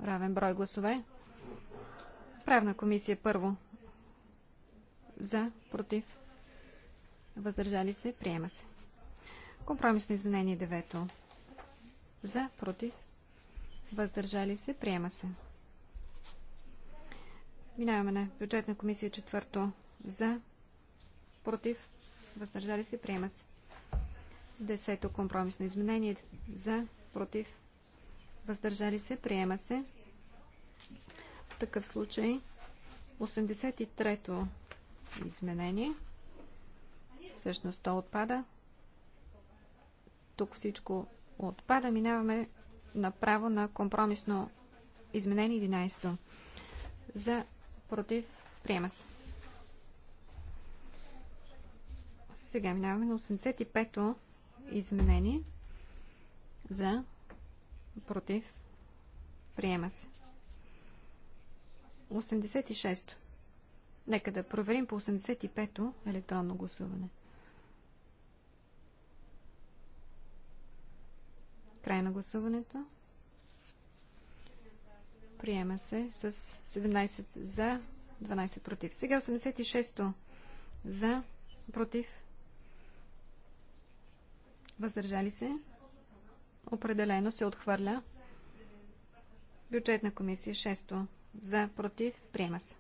Равен брой гласове. Правна комисия първо. За, против, въздържали се, приема се. Компромисно изменение 9. За, против, въздържали се, приема се. Минаваме на бюджетна комисия четвърто. За, против, въздържали се, приема се. Десето компромисно изменение. За, против, въздържали се, приема се. В такъв случай 83-то изменение. Всъщност то отпада. Тук всичко отпада. Минаваме направо на компромисно изменение 11. За против приема се. Сега минаваме на 85-то изменение за против приема се. 86-то. Нека да проверим по 85-то електронно гласуване. Край на гласуването. Приема се с 17 за, 12 против. Сега 86-то за, против. Въздържали се. Определено се отхвърля. Бюджетна комисия 6 за, против. Приема се.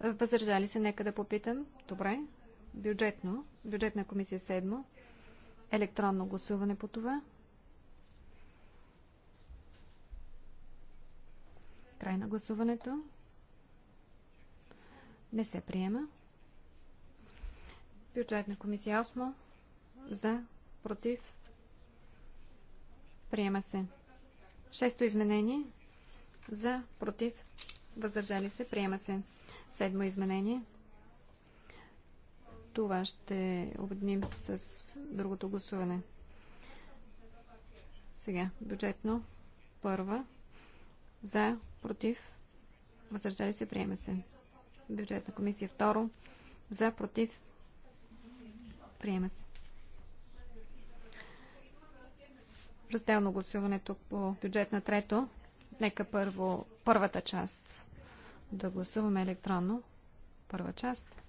Въздържали се, нека да попитам. Добре. Бюджетно. Бюджетна комисия 7. Електронно гласуване по това. Край на гласуването. Не се приема. Бюджетна комисия 8. За. Против. Приема се. Шесто изменение. За. Против. Въздържали се. Приема се. Седмо изменение. Това ще обедним с другото гласуване. Сега бюджетно първа. За, против, въздържали се, приема се. Бюджетна комисия второ. За, против, приема се. Разделно гласуването по бюджет на трето. Нека първо първата част да гласуваме електронно. Първа част.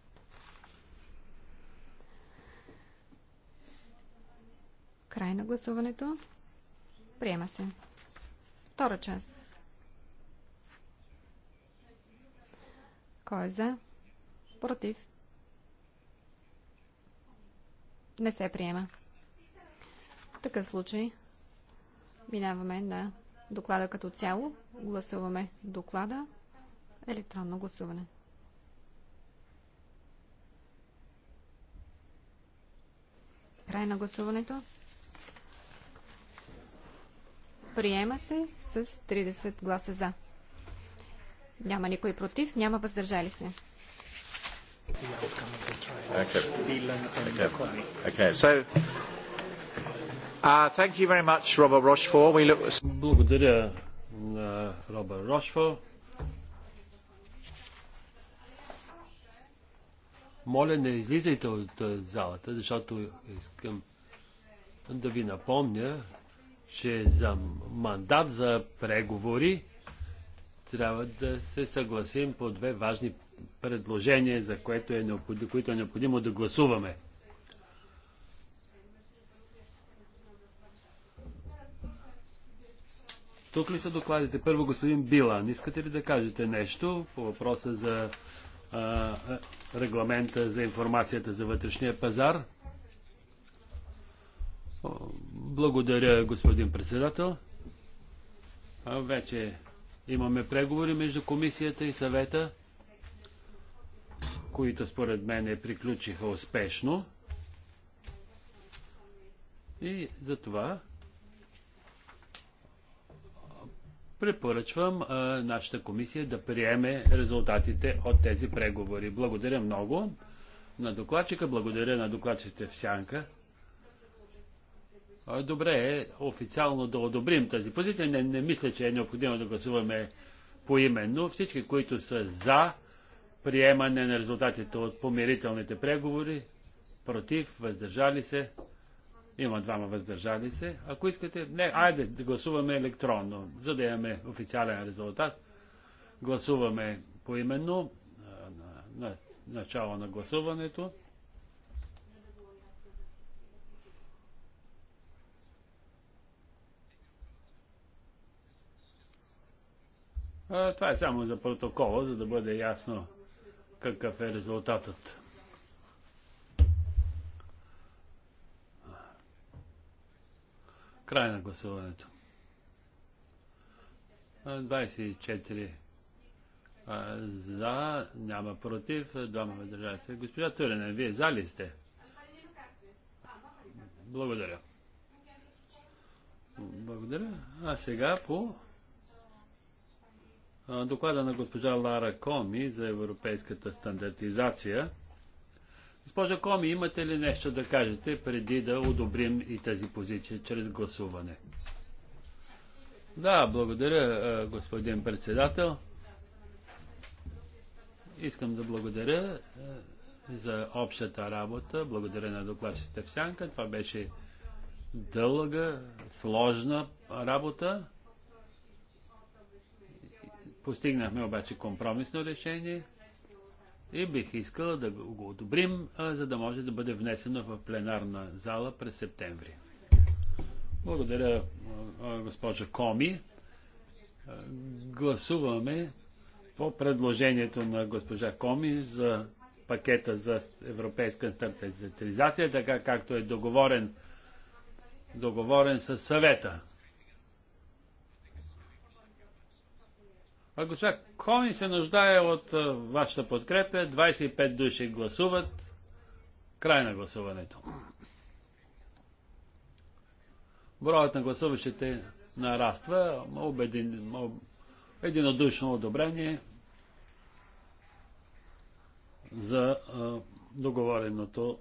Край на гласуването. Приема се. Втора част. Кой е за? Против? Не се приема. В такъв случай минаваме на доклада като цяло. Гласуваме доклада. Електронно гласуване. Край на гласуването. Приема се с 30 гласа за. Няма никой против, няма въздържали се. Uh, Благодаря на Робър Рошфор. Моля, не излизайте от е, залата, защото искам да ви напомня, че е за мандат за преговори трябва да се съгласим по две важни предложения, за което е необходимо, които е необходимо да гласуваме. Тук ли са докладите? Първо господин Билан, искате ли да кажете нещо по въпроса за а, регламента за информацията за вътрешния пазар? Благодаря, господин председател. Вече Имаме преговори между комисията и съвета, които според мен приключиха успешно. И за това препоръчвам а, нашата комисия да приеме резултатите от тези преговори. Благодаря много на докладчика, благодаря на докладчите в Сянка добре е официално да одобрим тази позиция. Не, не мисля, че е необходимо да гласуваме поименно. Всички, които са за приемане на резултатите от помирителните преговори, против, въздържали се, има двама въздържали се. Ако искате, не, айде да гласуваме електронно, за да имаме официален резултат. Гласуваме поименно на, на начало на гласуването. Това е само за протокола, за да бъде ясно какъв е резултатът. Край на гласуването. 24 за, няма против, двама въздържали се. Госпожа Турена, вие за ли сте? Благодаря. Благодаря. А сега по доклада на госпожа Лара Коми за европейската стандартизация. Госпожа Коми, имате ли нещо да кажете преди да одобрим и тази позиция чрез гласуване? Да, благодаря, господин председател. Искам да благодаря за общата работа. Благодаря на докладчите в Сянка. Това беше дълга, сложна работа. Постигнахме обаче компромисно решение и бих искала да го одобрим, за да може да бъде внесено в пленарна зала през септември. Благодаря, госпожа Коми. Гласуваме по предложението на госпожа Коми за пакета за европейска стандартизация, така както е договорен, договорен с съвета. А госпожа Кони се нуждае от вашата подкрепа. 25 души гласуват. Край на гласуването. Броят на гласуващите нараства. Обедин, об... единодушно одобрение за а, договореното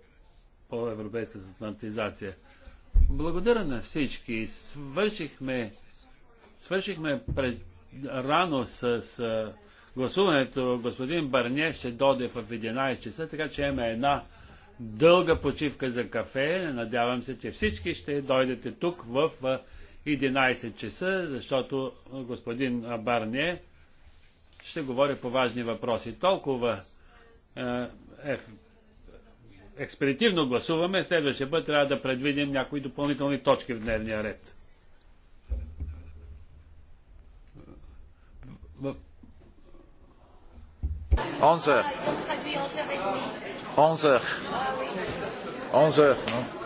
по европейската стандартизация. Благодаря на всички. Свършихме, свършихме пред рано с гласуването. Господин Барне ще дойде в 11 часа, така че има една дълга почивка за кафе. Надявам се, че всички ще дойдете тук в 11 часа, защото господин Барне ще говори по важни въпроси. Толкова е, експеритивно гласуваме, следващия път трябва да предвидим някои допълнителни точки в дневния ред. 11 heures. 11 heures. 11 heures, non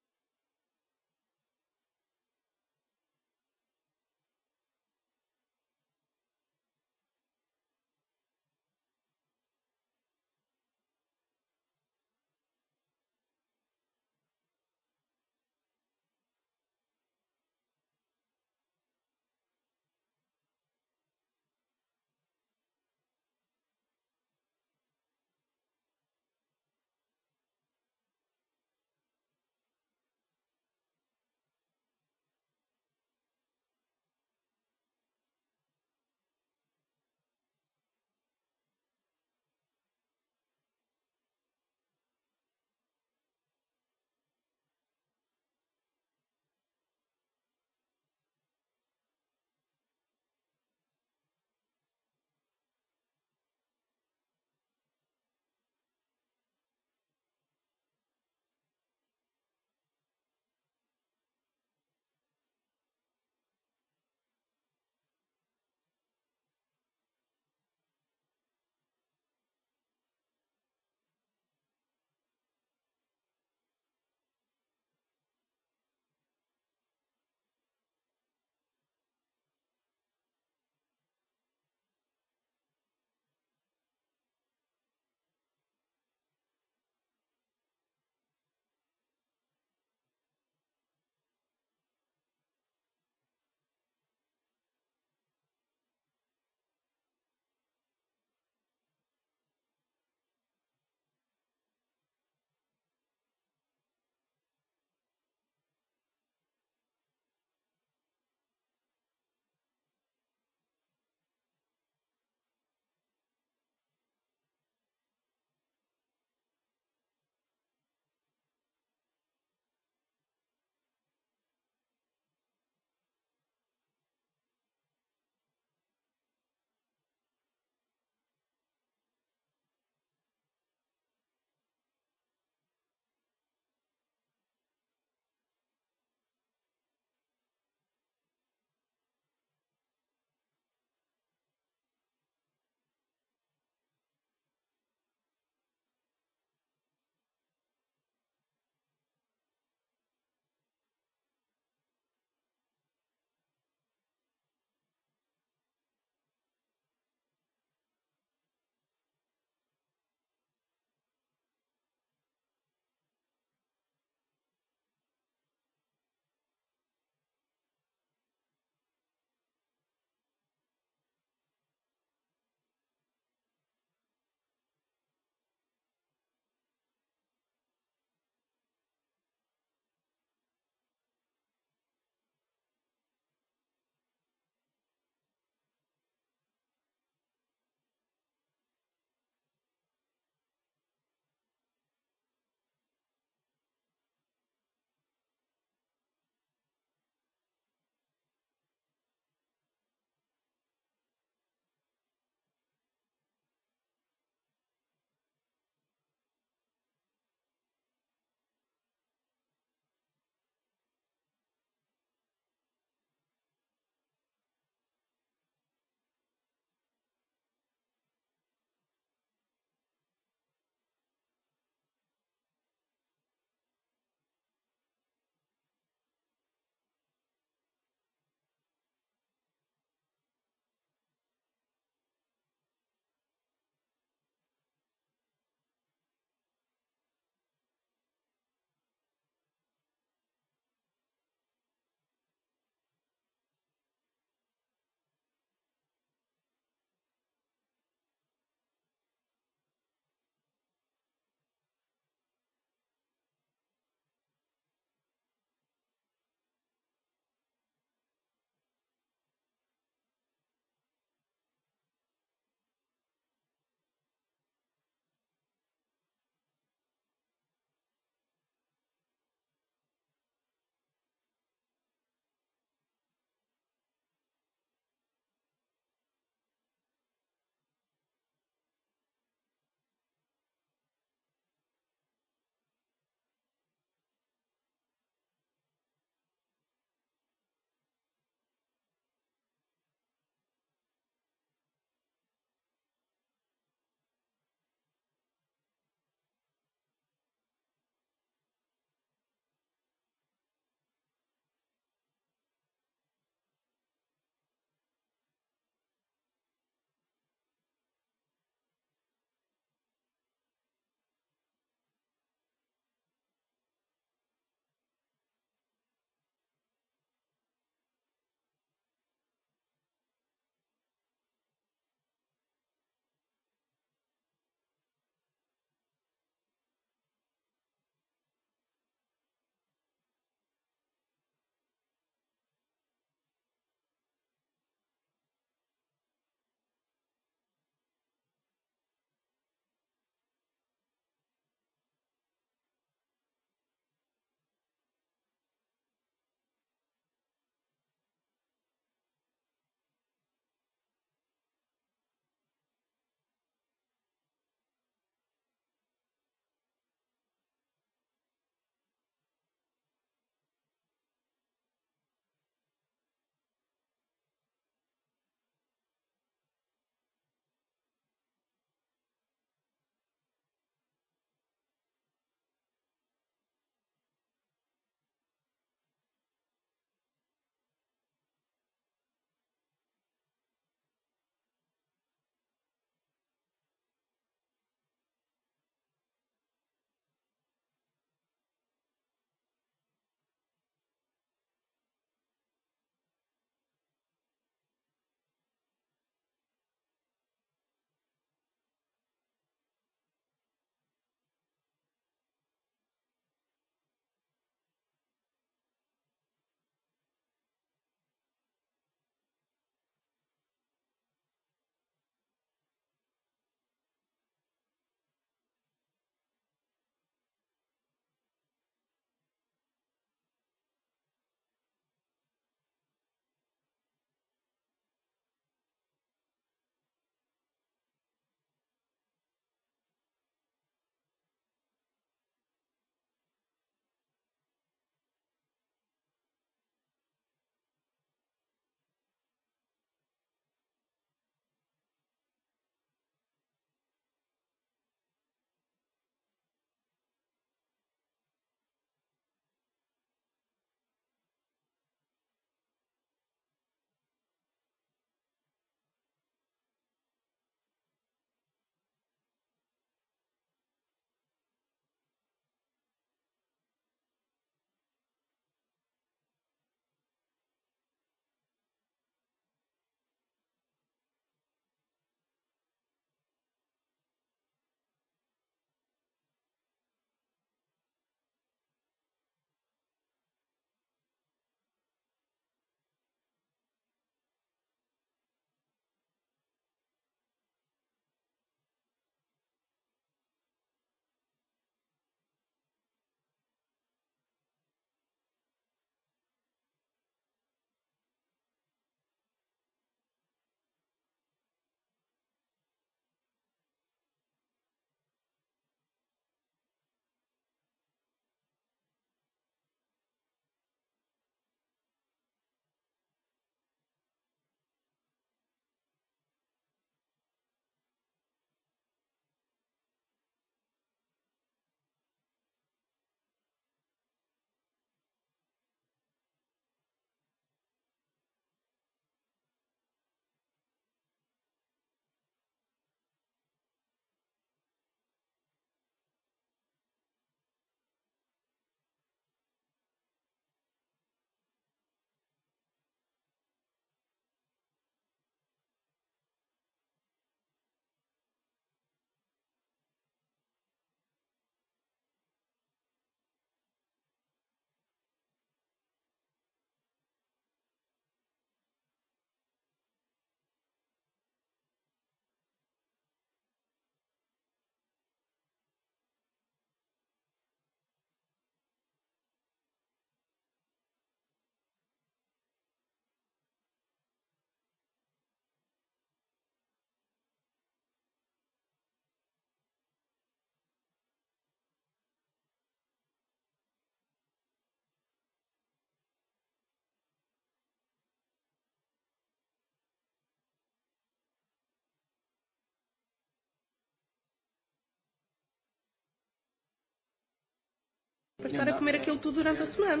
para estar a comer aquilo tudo durante a semana.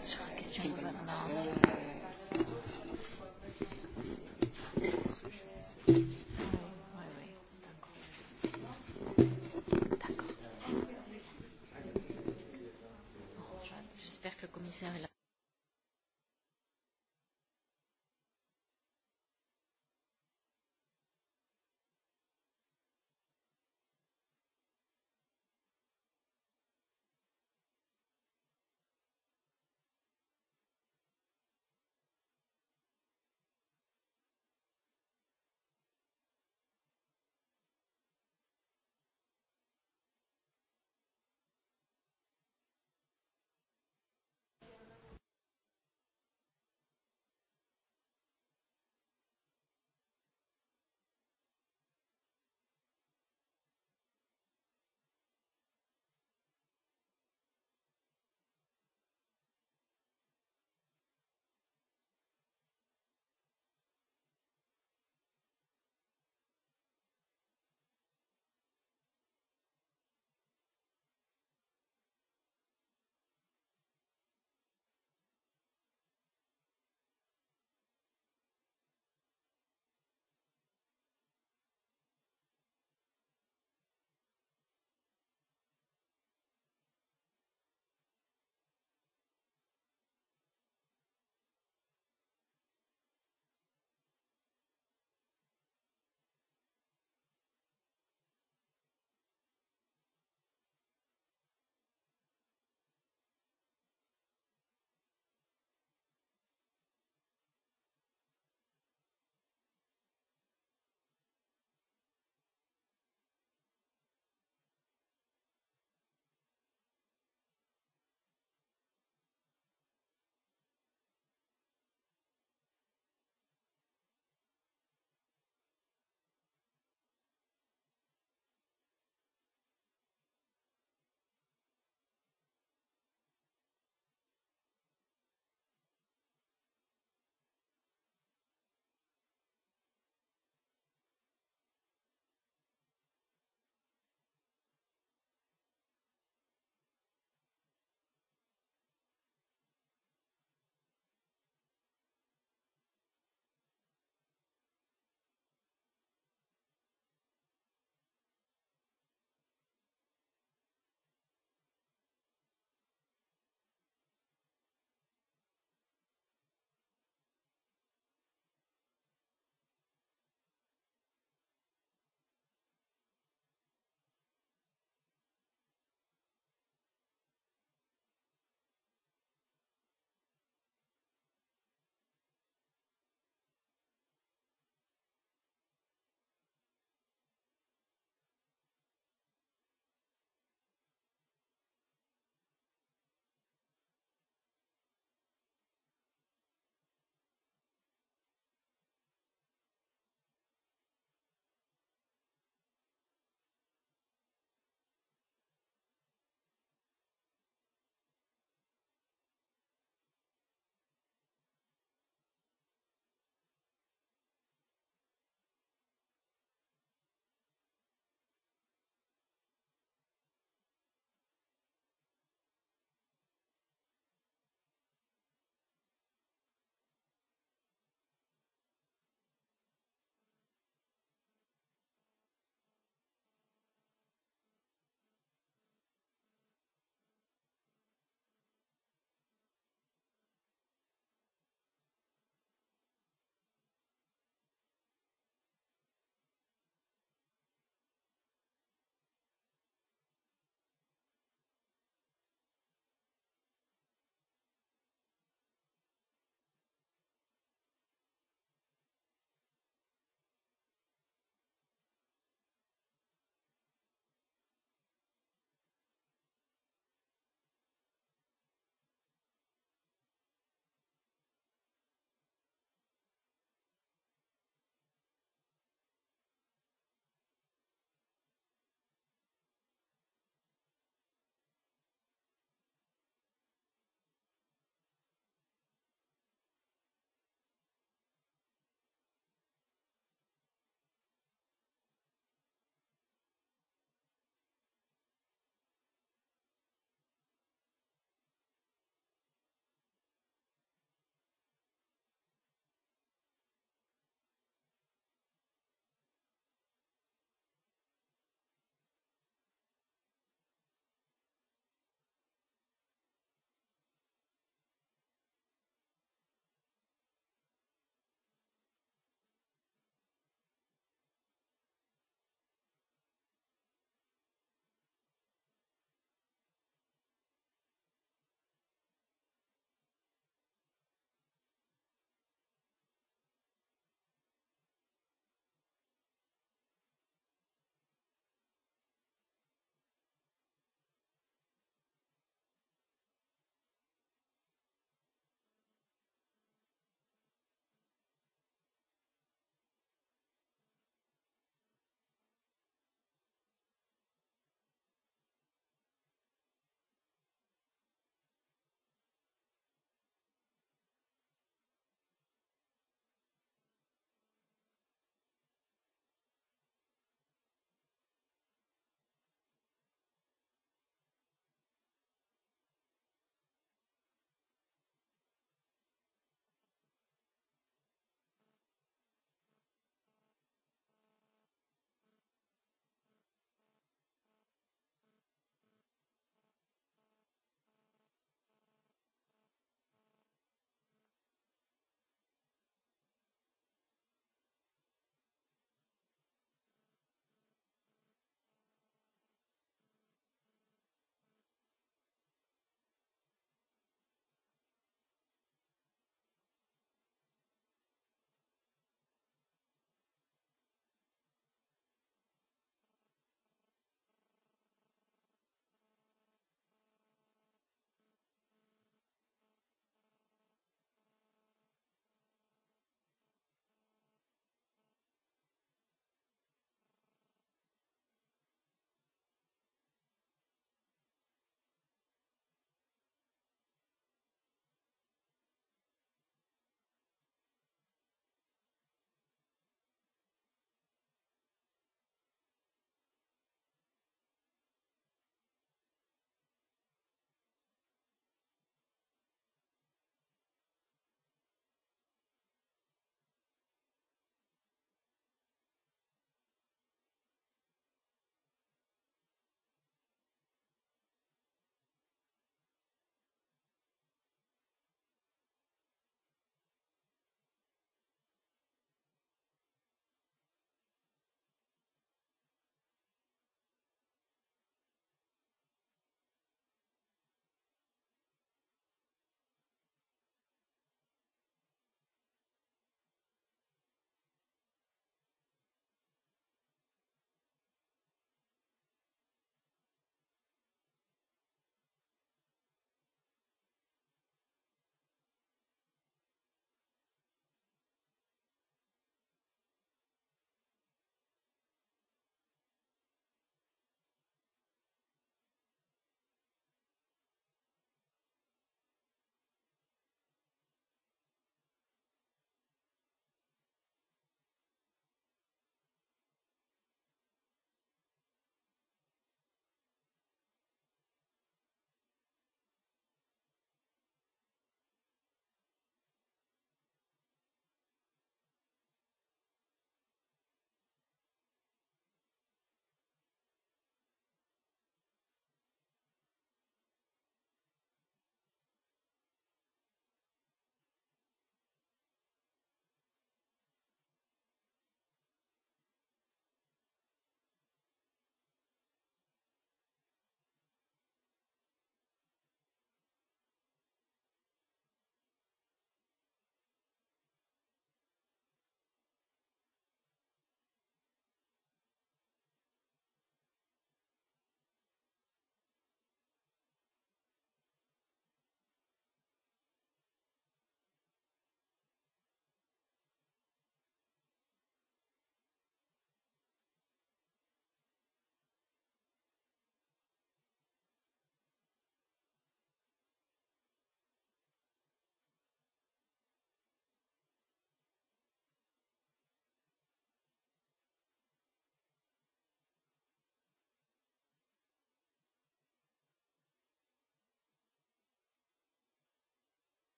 Sur la question gouvernementale.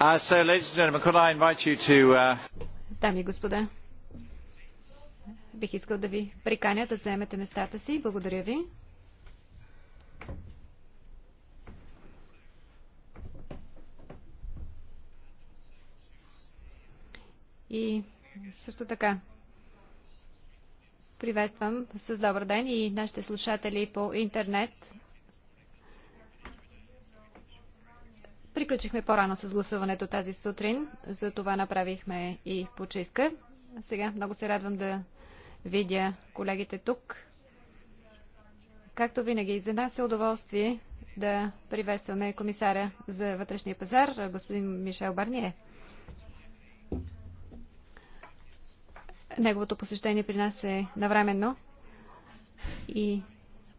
Uh, uh, Дами и господа, бих искал да ви приканя да заемете местата си. Благодаря ви. И също така приветствам с добър ден и нашите слушатели по интернет Приключихме по-рано с гласуването тази сутрин, за това направихме и почивка. Сега много се радвам да видя колегите тук. Както винаги, за нас е удоволствие да приветстваме комисаря за вътрешния пазар, господин Мишел Барние. Неговото посещение при нас е навременно и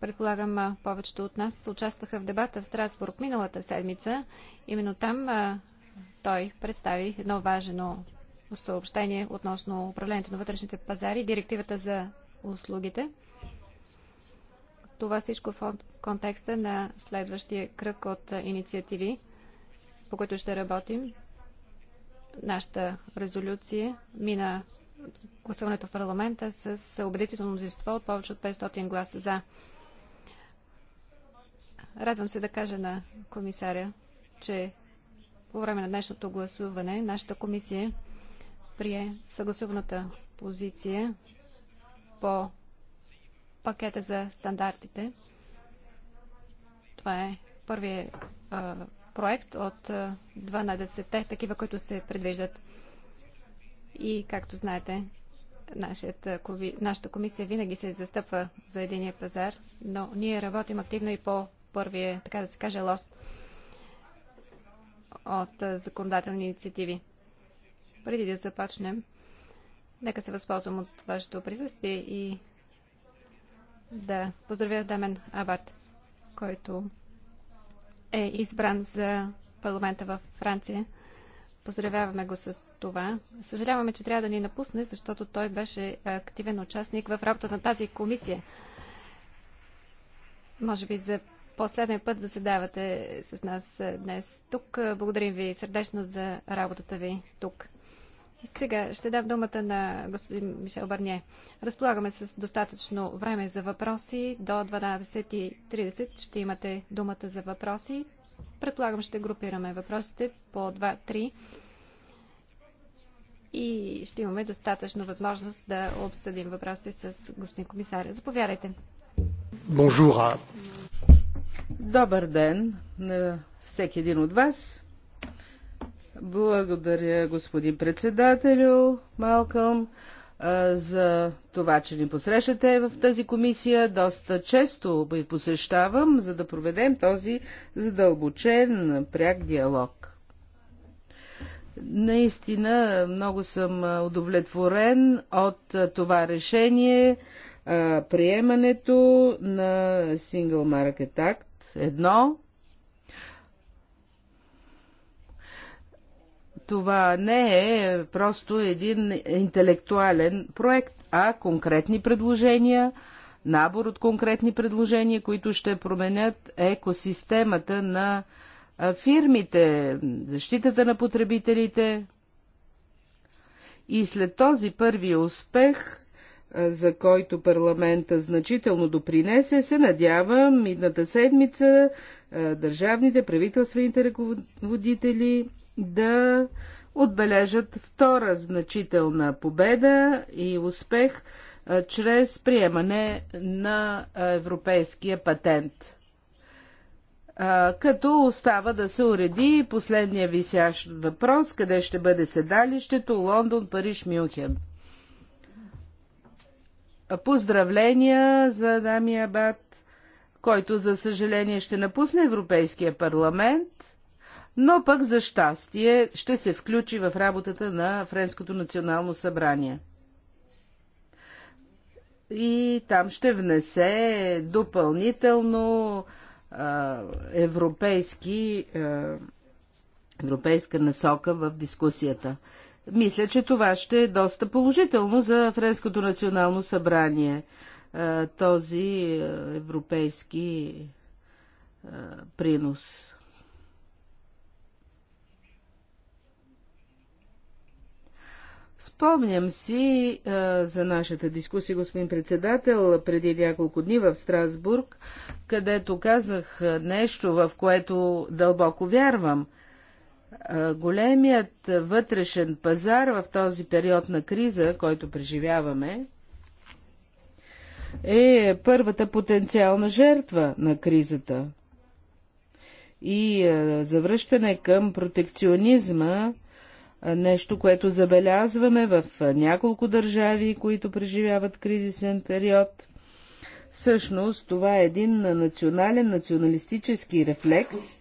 Предполагам, повечето от нас участваха в дебата в Страсбург миналата седмица. Именно там той представи едно важно съобщение относно управлението на вътрешните пазари, директивата за услугите. Това всичко в контекста на следващия кръг от инициативи, по които ще работим. Нашата резолюция мина гласуването в парламента с убедително мнозинство от повече от 500 гласа за. Радвам се да кажа на комисаря, че по време на днешното гласуване нашата комисия прие съгласуваната позиция по пакета за стандартите. Това е първият проект от 12-те, такива, които се предвиждат. И, както знаете, нашата, нашата комисия винаги се застъпва за единия пазар, но ние работим активно и по първия, така да се каже, лост от законодателни инициативи. Преди да започнем, нека се възползвам от вашето присъствие и да поздравя Дамен Абат, който е избран за парламента във Франция. Поздравяваме го с това. Съжаляваме, че трябва да ни напусне, защото той беше активен участник в работата на тази комисия. Може би за последния път заседавате с нас е, днес тук. Благодарим ви сърдечно за работата ви тук. И Сега ще дам думата на господин Мишел Барние. Разполагаме с достатъчно време за въпроси. До 12.30 ще имате думата за въпроси. Предполагам, ще групираме въпросите по 2-3 и ще имаме достатъчно възможност да обсъдим въпросите с господин комисаря. Заповядайте. Bonjour Добър ден на всеки един от вас. Благодаря, господин председателю Малкъм, за това, че ни посрещате в тази комисия. Доста често ви посещавам, за да проведем този задълбочен, пряк диалог. Наистина много съм удовлетворен от това решение а, приемането на Single Market Act едно. Това не е просто един интелектуален проект, а конкретни предложения, набор от конкретни предложения, които ще променят екосистемата на фирмите, защитата на потребителите. И след този първи успех за който парламента значително допринесе, се надява идната седмица държавните правителствените ръководители да отбележат втора значителна победа и успех чрез приемане на европейския патент. Като остава да се уреди последния висящ въпрос, къде ще бъде седалището Лондон, Париж, Мюнхен. Поздравления за Дамия Бат, който за съжаление ще напусне Европейския парламент, но пък за щастие ще се включи в работата на Френското национално събрание. И там ще внесе допълнително е, европейски, е, европейска насока в дискусията. Мисля, че това ще е доста положително за Френското национално събрание. Този европейски принос. Спомням си а, за нашата дискусия, господин председател, преди няколко дни в Страсбург, където казах нещо, в което дълбоко вярвам – Големият вътрешен пазар в този период на криза, който преживяваме, е първата потенциална жертва на кризата. И завръщане към протекционизма, нещо, което забелязваме в няколко държави, които преживяват кризисен период. Всъщност това е един национален националистически рефлекс –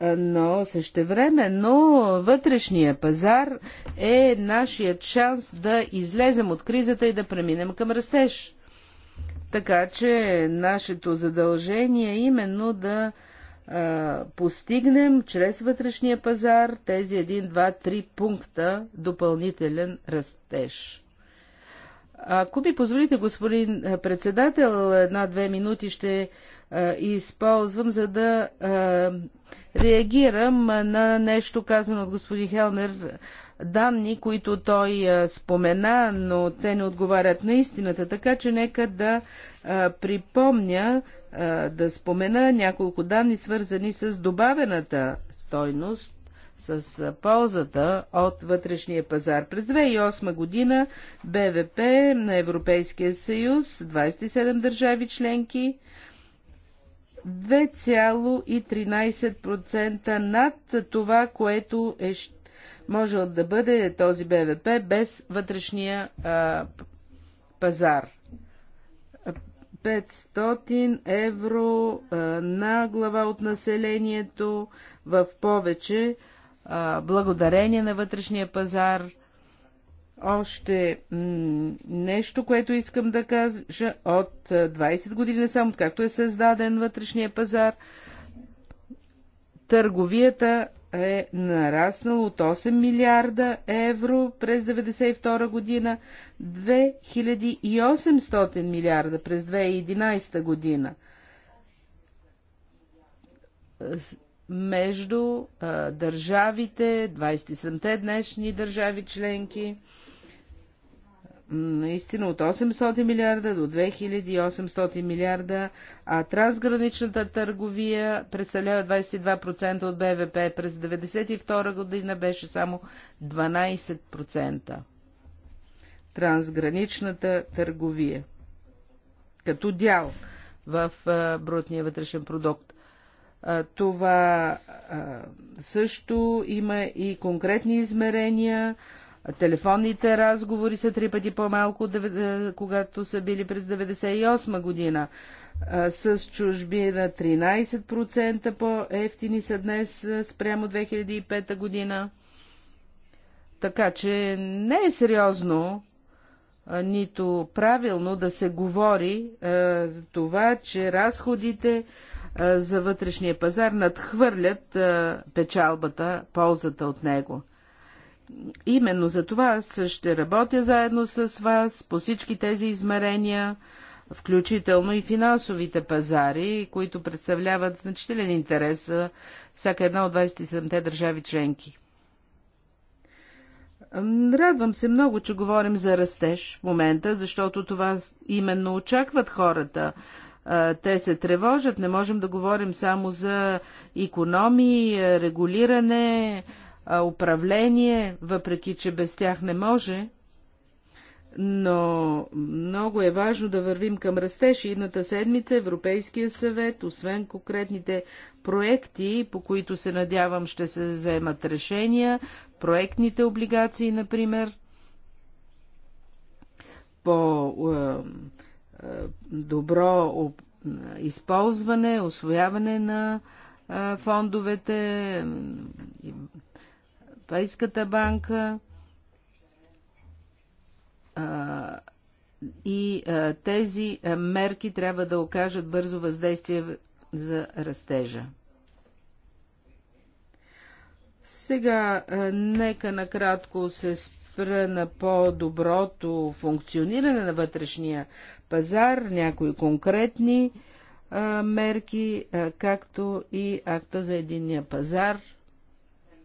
но също но вътрешния пазар е нашият шанс да излезем от кризата и да преминем към растеж. Така че нашето задължение е именно да а, постигнем чрез вътрешния пазар тези 1, 2, 3 пункта допълнителен растеж. Ако ми позволите, господин председател, една-две минути ще е, използвам, за да е, реагирам на нещо казано от господин Хелмер, данни, които той е, спомена, но те не отговарят на истината. Така че нека да припомня, да спомена няколко данни, свързани с добавената стойност с ползата от вътрешния пазар. През 2008 година БВП на Европейския съюз, 27 държави членки, 2,13% над това, което е можел да бъде този БВП без вътрешния а, пазар. 500 евро а, на глава от населението в повече а, благодарение на вътрешния пазар – още нещо, което искам да кажа, от 20 години само, както е създаден вътрешния пазар, търговията е нараснала от 8 милиарда евро през 1992 година 2800 милиарда през 2011 година. Между а, държавите, 27-те днешни държави членки, наистина от 800 милиарда до 2800 милиарда, а трансграничната търговия представлява 22% от БВП. През 1992 година беше само 12% трансграничната търговия като дял в брутния вътрешен продукт. Това също има и конкретни измерения – Телефонните разговори са три пъти по-малко, е, когато са били през 1998 година. С чужбина 13% по-ефтини са днес спрямо 2005 година. Така че не е сериозно, нито правилно да се говори за това, че разходите за вътрешния пазар надхвърлят печалбата, ползата от него. Именно за това аз ще работя заедно с вас по всички тези измерения, включително и финансовите пазари, които представляват значителен интерес за всяка една от 27-те държави членки. Радвам се много, че говорим за растеж в момента, защото това именно очакват хората. Те се тревожат, не можем да говорим само за економии, регулиране, управление, въпреки че без тях не може, но много е важно да вървим към растеж. Едната седмица Европейския съвет, освен конкретните проекти, по които се надявам ще се вземат решения, проектните облигации, например, по добро използване, освояване на фондовете, Европейската банка и тези мерки трябва да окажат бързо въздействие за растежа. Сега нека накратко се спра на по-доброто функциониране на вътрешния пазар, някои конкретни а, мерки, а, както и акта за единния пазар.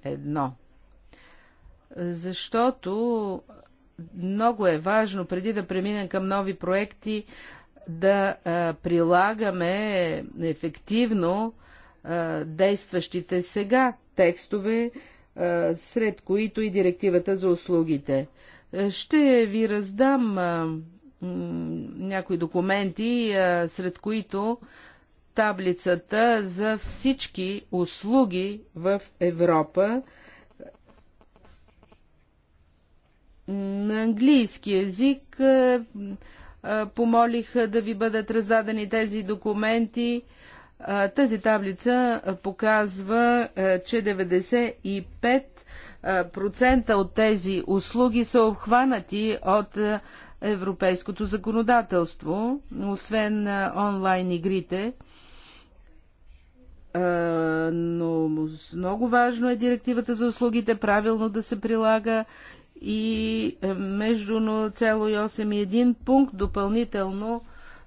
Едно защото много е важно, преди да преминем към нови проекти, да а, прилагаме ефективно а, действащите сега текстове, а, сред които и директивата за услугите. Ще ви раздам някои документи, сред които таблицата за всички услуги в Европа, на английски язик. Е, е, Помолих да ви бъдат раздадени тези документи. Е, тази таблица показва, че 95% от тези услуги са обхванати от европейското законодателство, освен онлайн игрите. Но много важно е директивата за услугите правилно да се прилага и е, между 0,8 и 1 пункт допълнително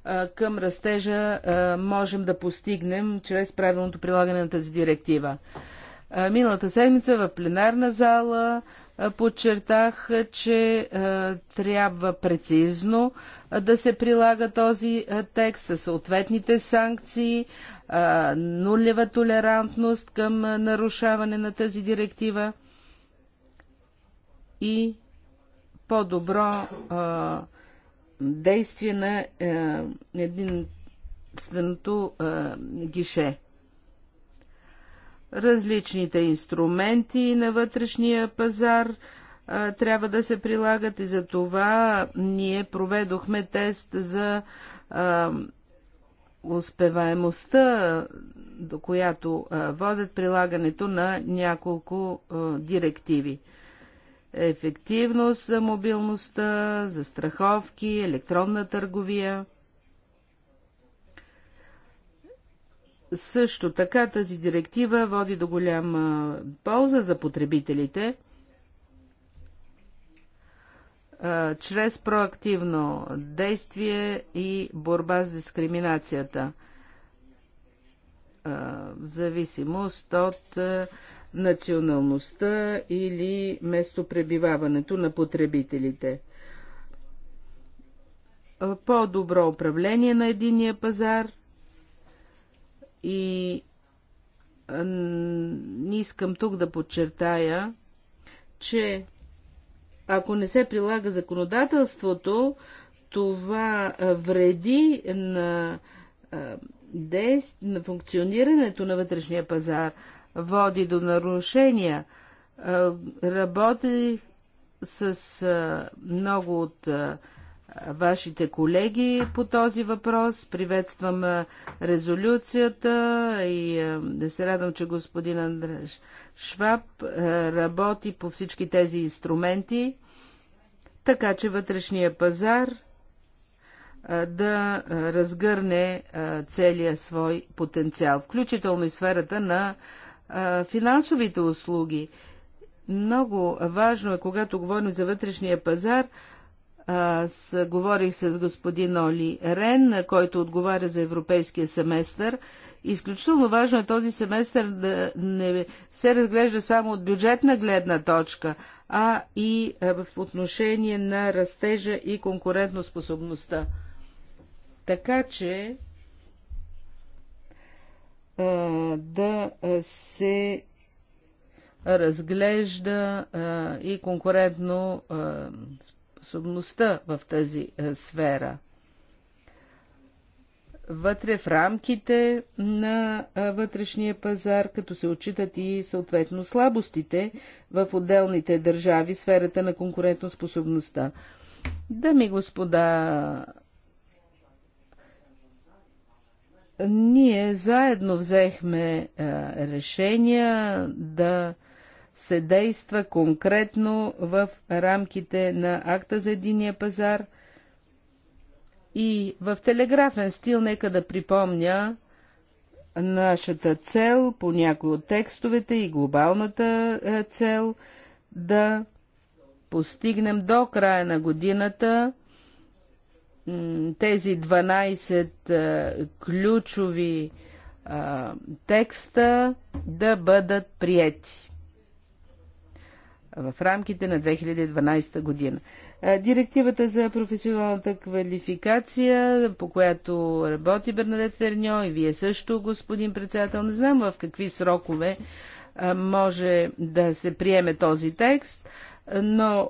е, към растежа е, можем да постигнем чрез правилното прилагане на тази директива. Миналата седмица в пленарна зала подчертах, че трябва прецизно да се прилага този текст със съответните санкции, нулева толерантност към нарушаване на тази директива и по-добро действие на е, единственото е, гише. Различните инструменти на вътрешния пазар а, е, трябва да се прилагат и за това ние проведохме тест за а, успеваемостта, до която а, водят прилагането на няколко директиви ефективност за мобилността, за страховки, електронна търговия. Също така тази директива води до голяма полза за потребителите чрез проактивно действие и борба с дискриминацията в зависимост от националността или местопребиваването на потребителите. По-добро управление на единия пазар и не искам тук да подчертая, че ако не се прилага законодателството, това вреди на, на функционирането на вътрешния пазар, води до нарушения. Работих с много от вашите колеги по този въпрос. Приветствам резолюцията и да се радвам, че господин Андреш Шваб работи по всички тези инструменти, така че вътрешния пазар да разгърне целия свой потенциал, включително и сферата на финансовите услуги. Много важно е, когато говорим за вътрешния пазар, аз говорих с господин Оли Рен, който отговаря за европейския семестър. Изключително важно е този семестър да не се разглежда само от бюджетна гледна точка, а и в отношение на растежа и конкурентоспособността. Така че да се разглежда и конкурентно способността в тази сфера. Вътре в рамките на вътрешния пазар, като се отчитат и съответно слабостите в отделните държави, сферата на конкурентоспособността. Дами господа, ние заедно взехме а, е, решения да се действа конкретно в рамките на акта за единия пазар. И в телеграфен стил нека да припомня нашата цел по някои от текстовете и глобалната е, цел да постигнем до края на годината тези 12 е, ключови е, текста да бъдат приети в рамките на 2012 година. Е, директивата за професионалната квалификация, по която работи Бернадет Верньо и вие също, господин председател, не знам в какви срокове може да се приеме този текст, но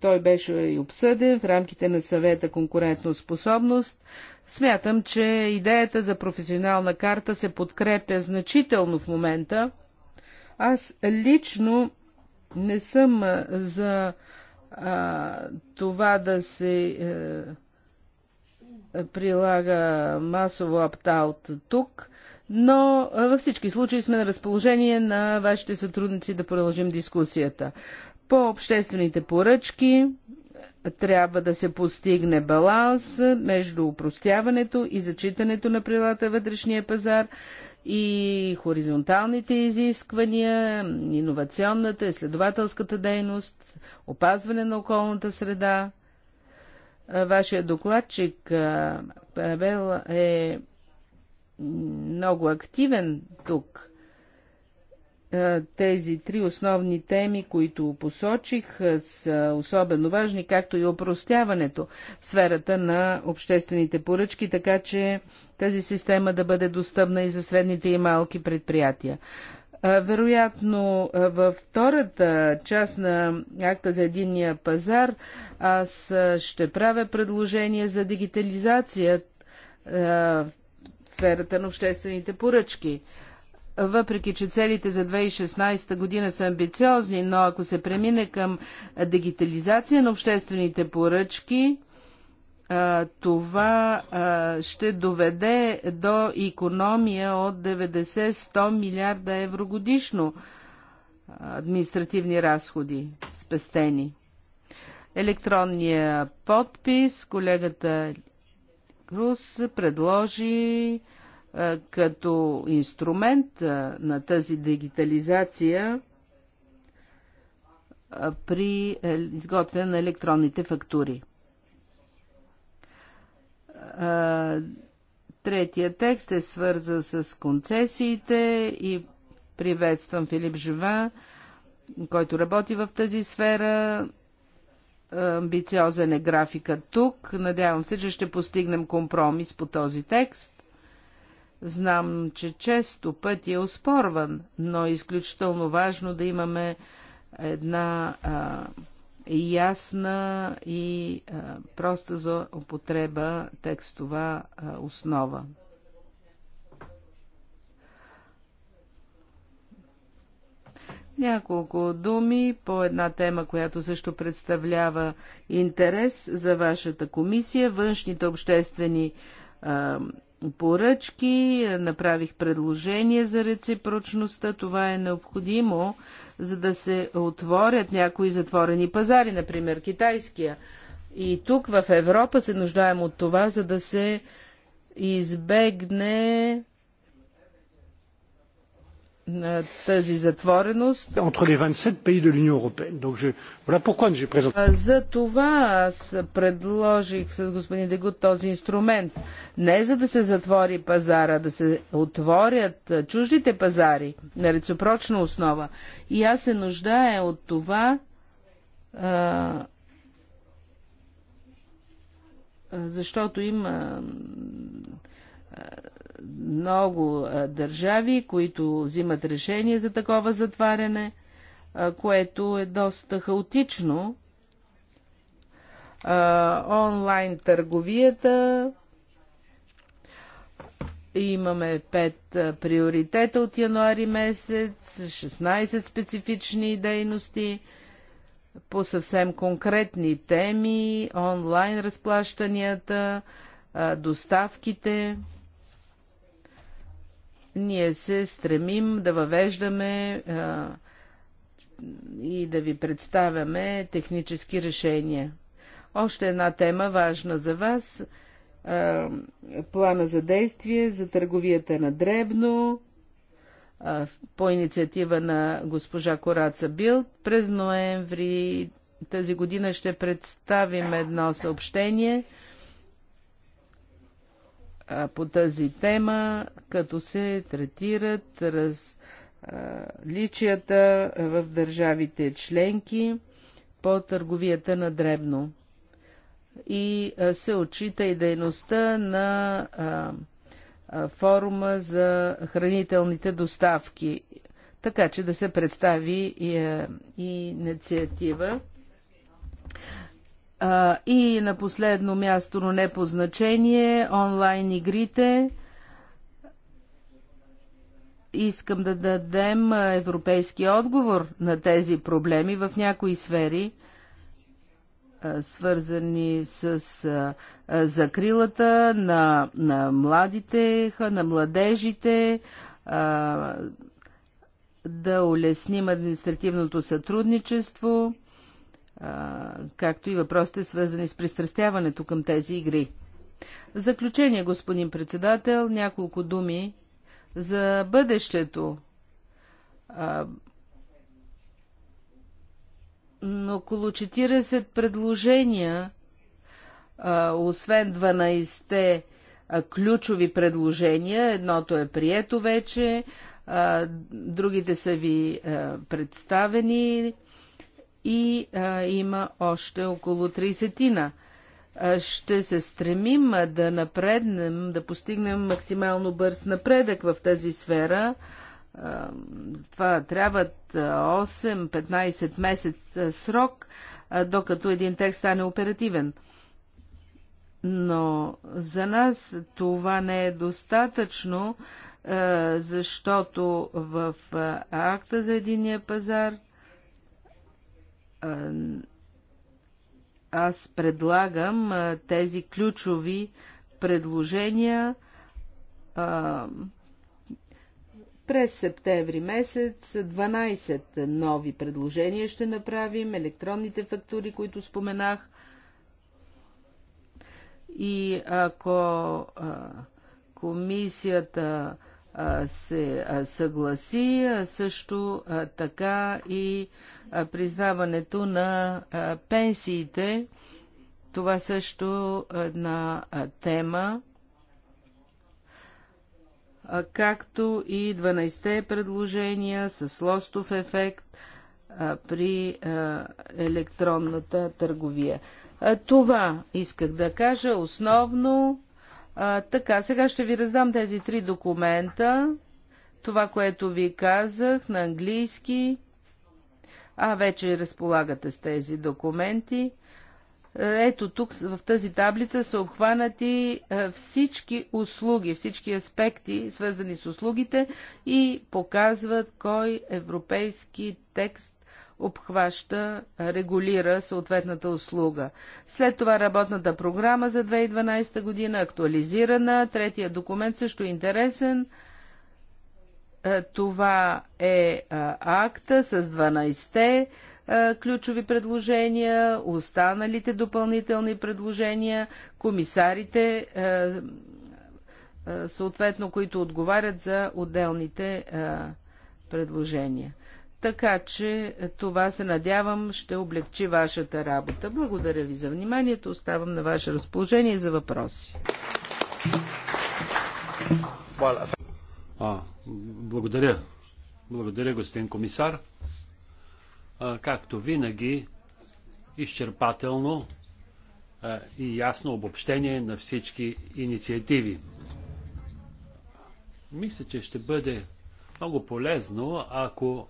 той беше и обсъден в рамките на съвета конкурентно способност. Смятам, че идеята за професионална карта се подкрепя значително в момента. Аз лично не съм за а, това да се а, е, прилага масово аптаут тук, но във всички случаи сме на разположение на вашите сътрудници да продължим дискусията. По обществените поръчки трябва да се постигне баланс между упростяването и зачитането на прилата вътрешния пазар и хоризонталните изисквания, иновационната, изследователската дейност, опазване на околната среда. Вашия докладчик Парабел е много активен тук. Е, тези три основни теми, които посочих, е, са особено важни, както и опростяването в сферата на обществените поръчки, така че тази система да бъде достъпна и за средните и малки предприятия. Е, вероятно във втората част на акта за единния пазар аз ще правя предложение за дигитализация в сферата на обществените поръчки въпреки че целите за 2016 година са амбициозни, но ако се премине към дигитализация на обществените поръчки, това ще доведе до економия от 90-100 милиарда евро годишно административни разходи спестени. Електронния подпис, колегата Крус предложи е, като инструмент е, на тази дигитализация е, при изготвяне на електронните фактури. Третия текст е свързан с концесиите и приветствам Филип Живан, който работи в тази сфера. Амбициозен е графика тук. Надявам се, че ще постигнем компромис по този текст. Знам, че често път е успорван, но е изключително важно да имаме една а, ясна и а, проста за употреба текстова а, основа. Няколко думи по една тема, която също представлява интерес за вашата комисия външните обществени а, поръчки, направих предложение за реципрочността. Това е необходимо, за да се отворят някои затворени пазари, например китайския. И тук в Европа се нуждаем от това, за да се избегне тази затвореност. За това аз предложих с господин Дегу този инструмент. Не за да се затвори пазара, да се отворят чуждите пазари на реципрочна основа. И аз се нуждая от това а, защото има а, много държави, които взимат решение за такова затваряне, което е доста хаотично. Онлайн търговията. Имаме пет приоритета от януари месец, 16 специфични дейности по съвсем конкретни теми, онлайн разплащанията, доставките. Ние се стремим да въвеждаме а, и да ви представяме технически решения. Още една тема важна за вас а, плана за действие за търговията на дребно а, по инициатива на госпожа Кораца Билд. През ноември тази година ще представим едно съобщение – по тази тема, като се третират различията в държавите членки по търговията на дребно. И се отчита и дейността на форума за хранителните доставки, така че да се представи и, и инициатива и на последно място, но не по значение, онлайн игрите. Искам да дадем европейски отговор на тези проблеми в някои сфери, свързани с закрилата на, на младите, на младежите, да улесним административното сътрудничество както и въпросите свързани с пристрастяването към тези игри. В заключение, господин председател, няколко думи за бъдещето. Около 40 предложения, освен 12-те ключови предложения, едното е прието вече, другите са ви представени и а, има още около 30 ще се стремим да напреднем, да постигнем максимално бърз напредък в тази сфера. Това трябват 8-15 месец срок, докато един текст стане оперативен. Но за нас това не е достатъчно, защото в акта за единия пазар аз предлагам тези ключови предложения през септември месец 12 нови предложения ще направим, електронните фактури, които споменах. И ако а, комисията се съгласи, също така и признаването на пенсиите. Това също една тема, както и 12-те предложения с лостов ефект при електронната търговия. Това исках да кажа основно а, така, сега ще ви раздам тези три документа. Това, което ви казах на английски. А, вече разполагате с тези документи. Ето тук в тази таблица са обхванати всички услуги, всички аспекти, свързани с услугите и показват кой европейски текст обхваща, регулира съответната услуга. След това работната програма за 2012 година актуализирана. Третия документ също е интересен. Е, това е, е акта с 12-те е, ключови предложения, останалите допълнителни предложения, комисарите, съответно, които отговарят за отделните предложения. Така че е, това се надявам ще облегчи вашата работа. Благодаря ви за вниманието. Оставам на ваше разположение за въпроси. А, благодаря. Благодаря, господин комисар. А, както винаги, изчерпателно а, и ясно обобщение на всички инициативи. Мисля, че ще бъде много полезно, ако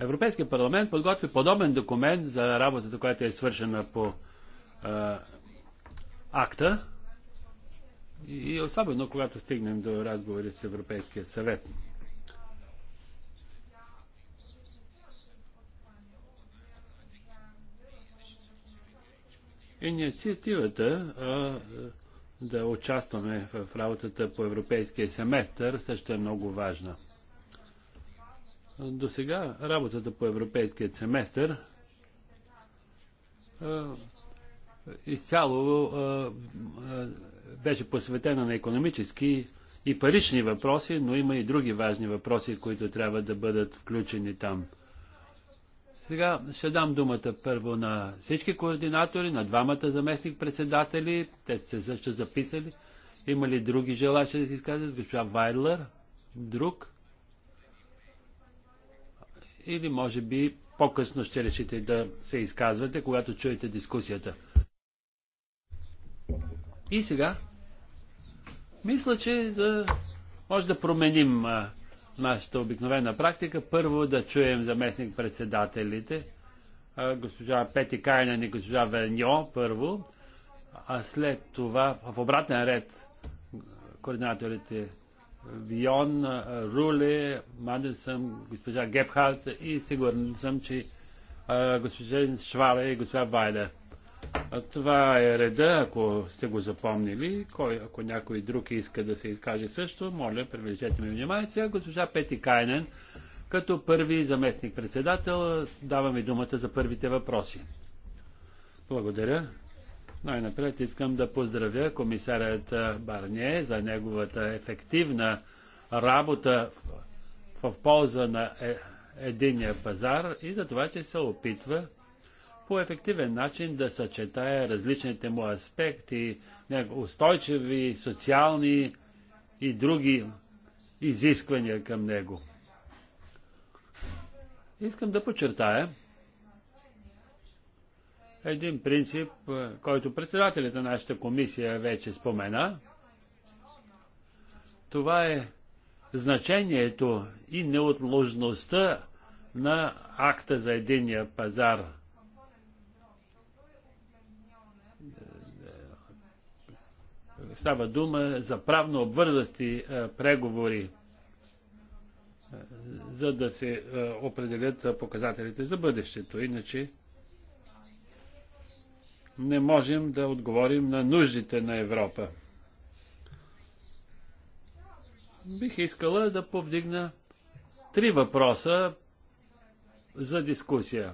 Европейския парламент подготви подобен документ за работата, която е свършена по а, акта и особено когато стигнем до разговори с Европейския съвет. Инициативата а, да участваме в работата по европейския семестър също е много важна. До сега работата по европейският семестър изцяло беше посветена на економически и парични въпроси, но има и други важни въпроси, които трябва да бъдат включени там. Сега ще дам думата първо на всички координатори, на двамата заместник-председатели. Те се също записали. Има ли други желащи да се изказват? Госпожа Вайлер? Друг? или може би по-късно ще решите да се изказвате, когато чуете дискусията. И сега, мисля, че за... може да променим а, нашата обикновена практика. Първо да чуем заместник-председателите, а, госпожа Пети Кайнен и госпожа Верньо, първо, а след това в обратен ред координаторите Вион, Руле, Мандельсън, госпожа Гепхалт и сигурен съм, че госпожа Швала и госпожа Вайда. Това е реда, ако сте го запомнили. Кой, ако някой друг иска да се изкаже също, моля, привлечете ми внимание. Сега госпожа Пети Кайнен, като първи заместник председател, даваме думата за първите въпроси. Благодаря. Най-напред искам да поздравя комисарят Барние за неговата ефективна работа в, полза на е, единния пазар и за това, че се опитва по ефективен начин да съчетая различните му аспекти, устойчиви, социални и други изисквания към него. Искам да подчертая, един принцип, е, който председателят на нашата комисия вече спомена. Това е значението и неотложността на акта за единия пазар. Става дума за правно обвързващи е, преговори, е, за да се определят показателите за бъдещето. Иначе не можем да отговорим на нуждите на Европа. Бих искала да повдигна три въпроса за дискусия.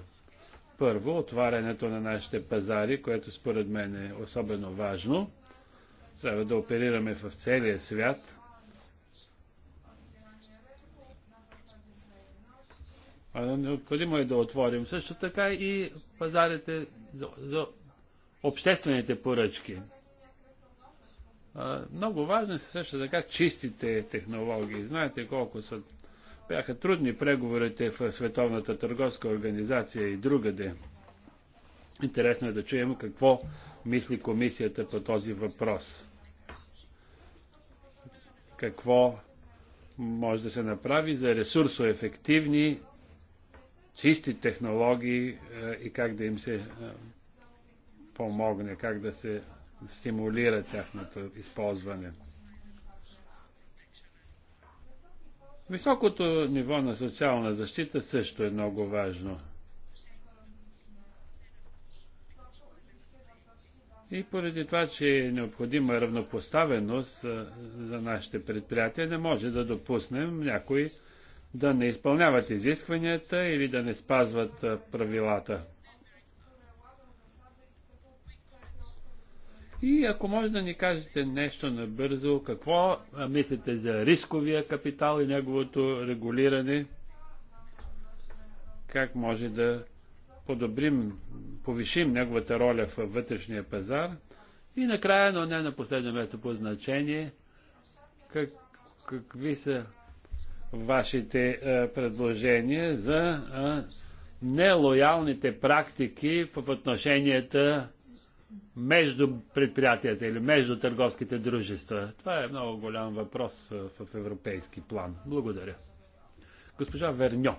Първо, отварянето на нашите пазари, което според мен е особено важно. Трябва да оперираме в целия свят. А необходимо е да отворим също така и пазарите за, за обществените поръчки. Много важни са също така чистите технологии. Знаете колко са, бяха трудни преговорите в Световната търговска организация и другаде. Интересно е да чуем какво мисли комисията по този въпрос. Какво може да се направи за ресурсоефективни, чисти технологии и как да им се помогне, как да се стимулира тяхното използване. Високото ниво на социална защита също е много важно. И поради това, че е необходима равнопоставеност за нашите предприятия, не може да допуснем някои да не изпълняват изискванията или да не спазват правилата. И ако може да ни кажете нещо набързо, какво мислите за рисковия капитал и неговото регулиране? Как може да подобрим, повишим неговата роля в вътрешния пазар? И накрая, но не на последно место по значение, как, какви са вашите а, предложения за а, нелоялните практики в отношенията между предприятията или между търговските дружества? Това е много голям въпрос в европейски план. Благодаря. Госпожа Верньо.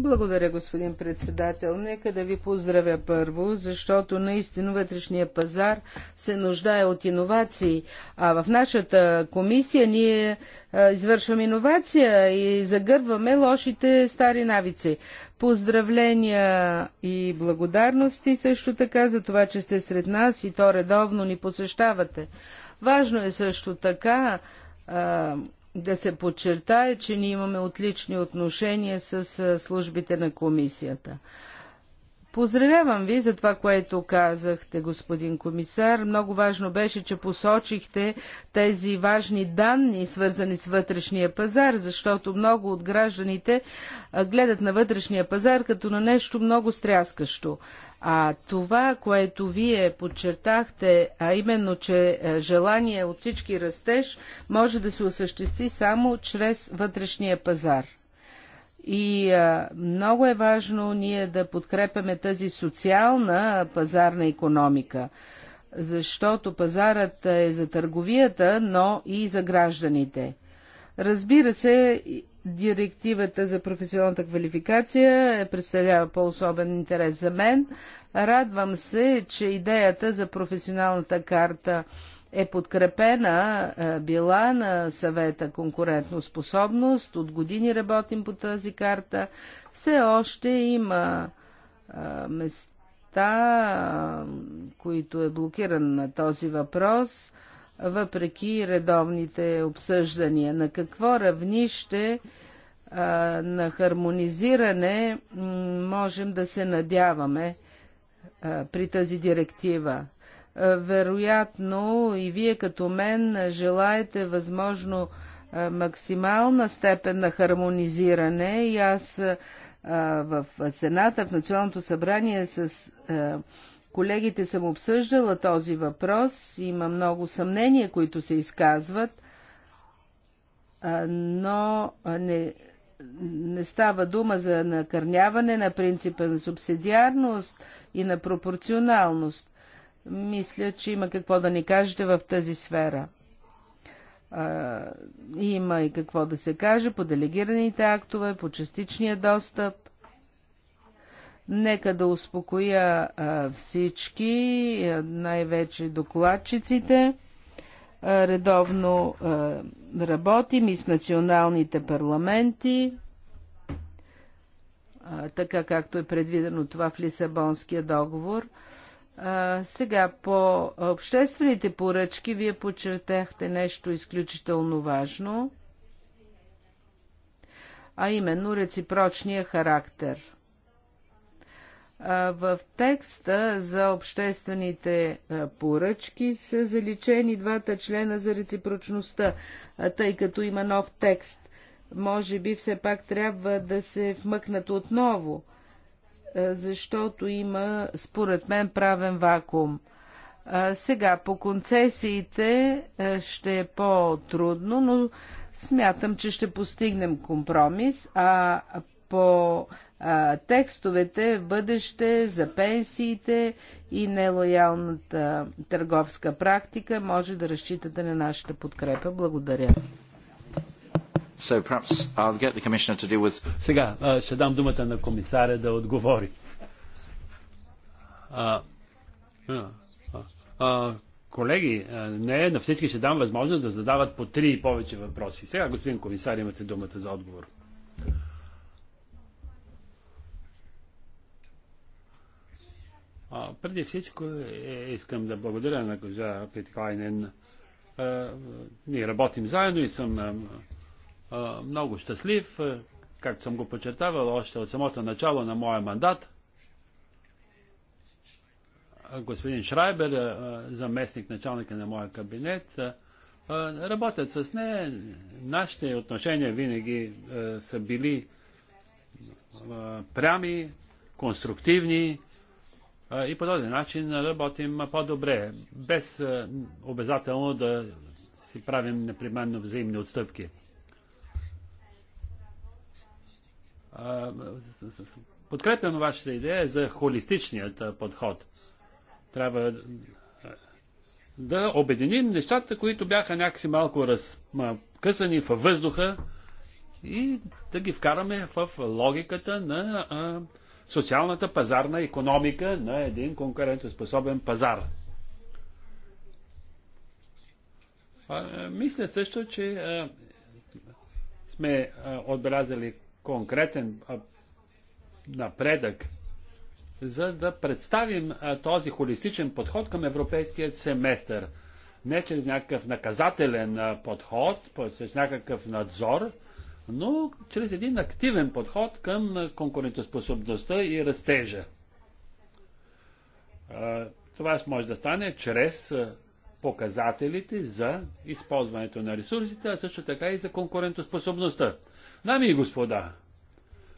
Благодаря, господин председател. Нека да ви поздравя първо, защото наистина вътрешния пазар се нуждае от иновации. А в нашата комисия ние извършваме иновация и загърбваме лошите стари навици. Поздравления и благодарности също така за това, че сте сред нас и то редовно ни посещавате. Важно е също така а, да се подчертае, че ние имаме отлични отношения с службите на комисията. Поздравявам ви за това, което казахте, господин комисар. Много важно беше, че посочихте тези важни данни, свързани с вътрешния пазар, защото много от гражданите гледат на вътрешния пазар като на нещо много стряскащо. А това, което вие подчертахте, а именно, че е, желание от всички растеж може да се осъществи само чрез вътрешния пазар. И а, е, много е важно ние да подкрепяме тази социална пазарна економика, защото пазарът е за търговията, но и за гражданите. Разбира се, директивата за професионалната квалификация е, представлява по-особен интерес за мен. Радвам се, че идеята за професионалната карта е подкрепена е, била на съвета конкурентно способност. От години работим по тази карта. Все още има е, места, които е блокиран на този въпрос – въпреки редовните обсъждания. На какво равнище а, на хармонизиране можем да се надяваме а, при тази директива? А, вероятно и вие като мен желаете възможно максимална степен на хармонизиране и аз в Сената, в Националното събрание с колегите съм обсъждала този въпрос, има много съмнения, които се изказват, но не, не става дума за накърняване на принципа на субсидиарност и на пропорционалност. Мисля, че има какво да ни кажете в тази сфера. има и какво да се каже по делегираните актове, по частичния достъп. Нека да успокоя всички, най-вече докладчиците. Редовно работим и с националните парламенти, така както е предвидено това в Лисабонския договор. Сега по обществените поръчки вие подчертахте нещо изключително важно, а именно реципрочния характер – в текста за обществените поръчки са заличени двата члена за реципрочността, тъй като има нов текст. Може би все пак трябва да се вмъкнат отново, защото има, според мен, правен вакуум. Сега по концесиите ще е по-трудно, но смятам, че ще постигнем компромис, а по текстовете в бъдеще за пенсиите и нелоялната търговска практика, може да разчитате на нашата подкрепа. Благодаря. So I'll get the to deal with... Сега ще дам думата на комисаря да отговори. А, а, а, колеги, не, на всички ще дам възможност да задават по три и повече въпроси. Сега, господин комисар, имате думата за отговор. А, преди всичко е, искам да благодаря на госпожа Питкайнен. Ние работим заедно и съм много щастлив, както съм го подчертавал още от самото начало на моя мандат. Господин Шрайбер, заместник началника на моя кабинет, работят с нея. Нашите отношения винаги са били прями, конструктивни, и по този начин работим по-добре, без обязателно да си правим непременно взаимни отстъпки. Подкрепям вашата идея за холистичният подход. Трябва да обединим нещата, които бяха някакси малко разкъсани във въздуха и да ги вкараме в логиката на социалната пазарна економика на един конкурентоспособен пазар. А, е, мисля също, че а, е, сме а, е, отбелязали конкретен а, напредък, за да представим а, този холистичен подход към европейският семестър. Не чрез някакъв наказателен а, подход, чрез някакъв надзор, но чрез един активен подход към конкурентоспособността и растежа. Това може да стане чрез показателите за използването на ресурсите, а също така и за конкурентоспособността. Дами и господа,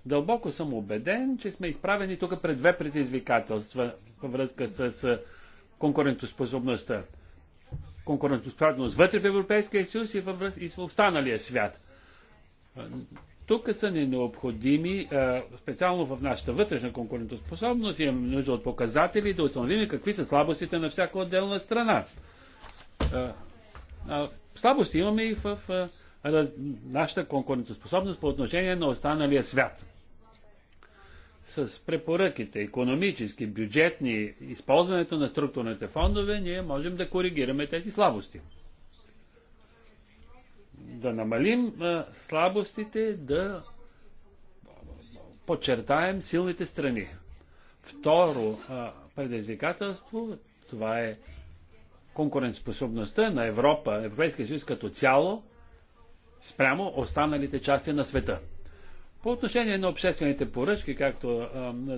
дълбоко съм убеден, че сме изправени тук пред две предизвикателства във връзка с конкурентоспособността. Конкурентоспособност вътре в Европейския съюз и в, и в останалия свят. Тук са ни необходими, специално в нашата вътрешна конкурентоспособност, имаме нужда от показатели да установим какви са слабостите на всяка отделна страна. Слабости имаме и в нашата конкурентоспособност по отношение на останалия свят. С препоръките, економически, бюджетни, използването на структурните фондове, ние можем да коригираме тези слабости да намалим слабостите, да подчертаем силните страни. Второ предизвикателство, това е конкурентоспособността на Европа, Европейския съюз като цяло, спрямо останалите части на света. По отношение на обществените поръчки, както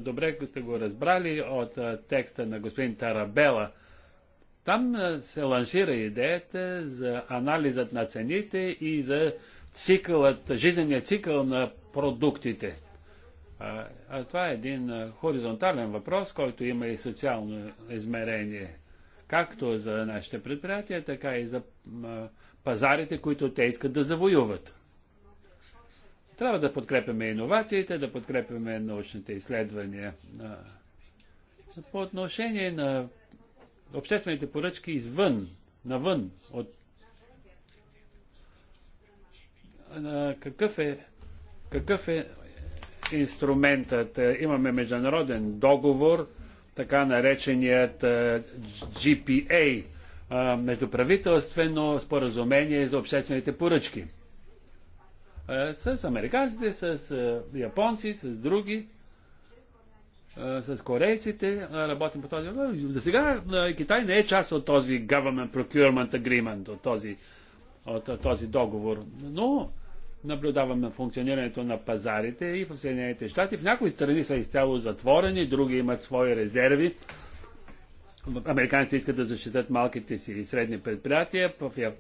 добре сте го разбрали от текста на господин Тарабела, там се лансира идеята за анализът на цените и за цикълът, жизненият цикъл на продуктите. А, а това е един хоризонтален въпрос, който има и социално измерение, както за нашите предприятия, така и за пазарите, които те искат да завоюват. Трябва да подкрепяме иновациите, да подкрепяме научните изследвания. По отношение на обществените поръчки извън, навън. От... какъв е, какъв е инструментът? Е, имаме международен договор, така нареченият е, GPA, е, междуправителствено споразумение за обществените поръчки. С американците, с японци, с други с корейците, работим по този въпрос. До сега Китай не е част от този Government Procurement Agreement, от този, от този договор. Но наблюдаваме функционирането на пазарите и в Съединените щати. В някои страни са изцяло затворени, други имат свои резерви. Американците искат да защитат малките си и средни предприятия. Е,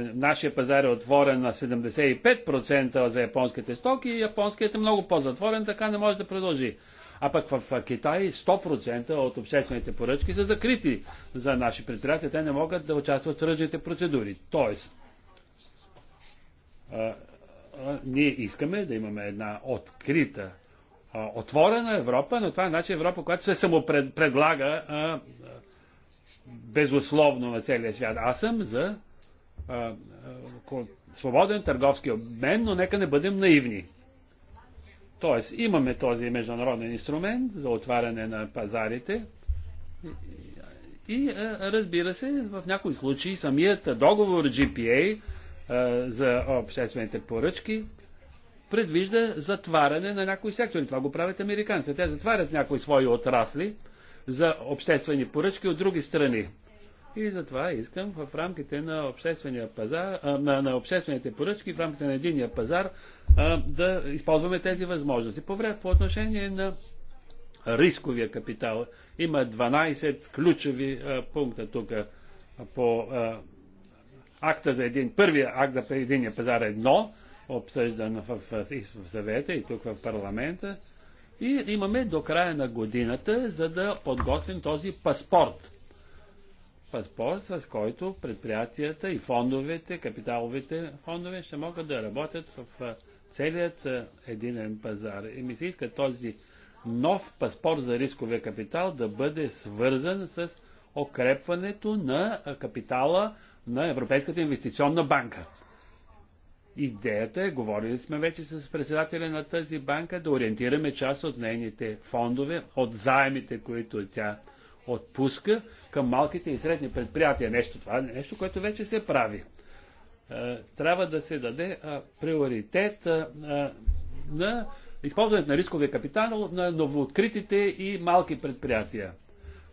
нашия пазар е отворен на 75% за японските стоки и японският е много по-затворен, така не може да продължи. А пък в Китай 100% от обществените поръчки са закрити за наши предприятия. Те не могат да участват в тръжните процедури. Тоест, ние искаме да имаме една открита, отворена Европа, но това е значи Европа, която се самопредлага безусловно на целия свят. Аз съм за свободен търговски обмен, но нека не бъдем наивни. Тоест, имаме този международен инструмент за отваряне на пазарите и е, разбира се, в някои случаи самият договор GPA е, за обществените поръчки предвижда затваряне на някои сектори. Това го правят американците. Те затварят някои свои отрасли за обществени поръчки от други страни. И затова искам в рамките на обществения пазар, на, на обществените поръчки, в рамките на единия пазар, да използваме тези възможности. По, време, по отношение на рисковия капитал, има 12 ключови пункта тук по акта за един, първия акт за единия пазар е едно, обсъждан в, в, в съвета и тук в парламента. И имаме до края на годината, за да подготвим този паспорт паспорт, с който предприятията и фондовете, капиталовите фондове ще могат да работят в целият единен пазар. И ми се иска този нов паспорт за рисковия капитал да бъде свързан с окрепването на капитала на Европейската инвестиционна банка. Идеята е, говорили сме вече с председателя на тази банка, да ориентираме част от нейните фондове, от заемите, които тя отпуска към малките и средни предприятия. Нещо, това е нещо, което вече се прави. Е, трябва да се даде приоритет на използването на рискови капитал на новооткритите и малки предприятия.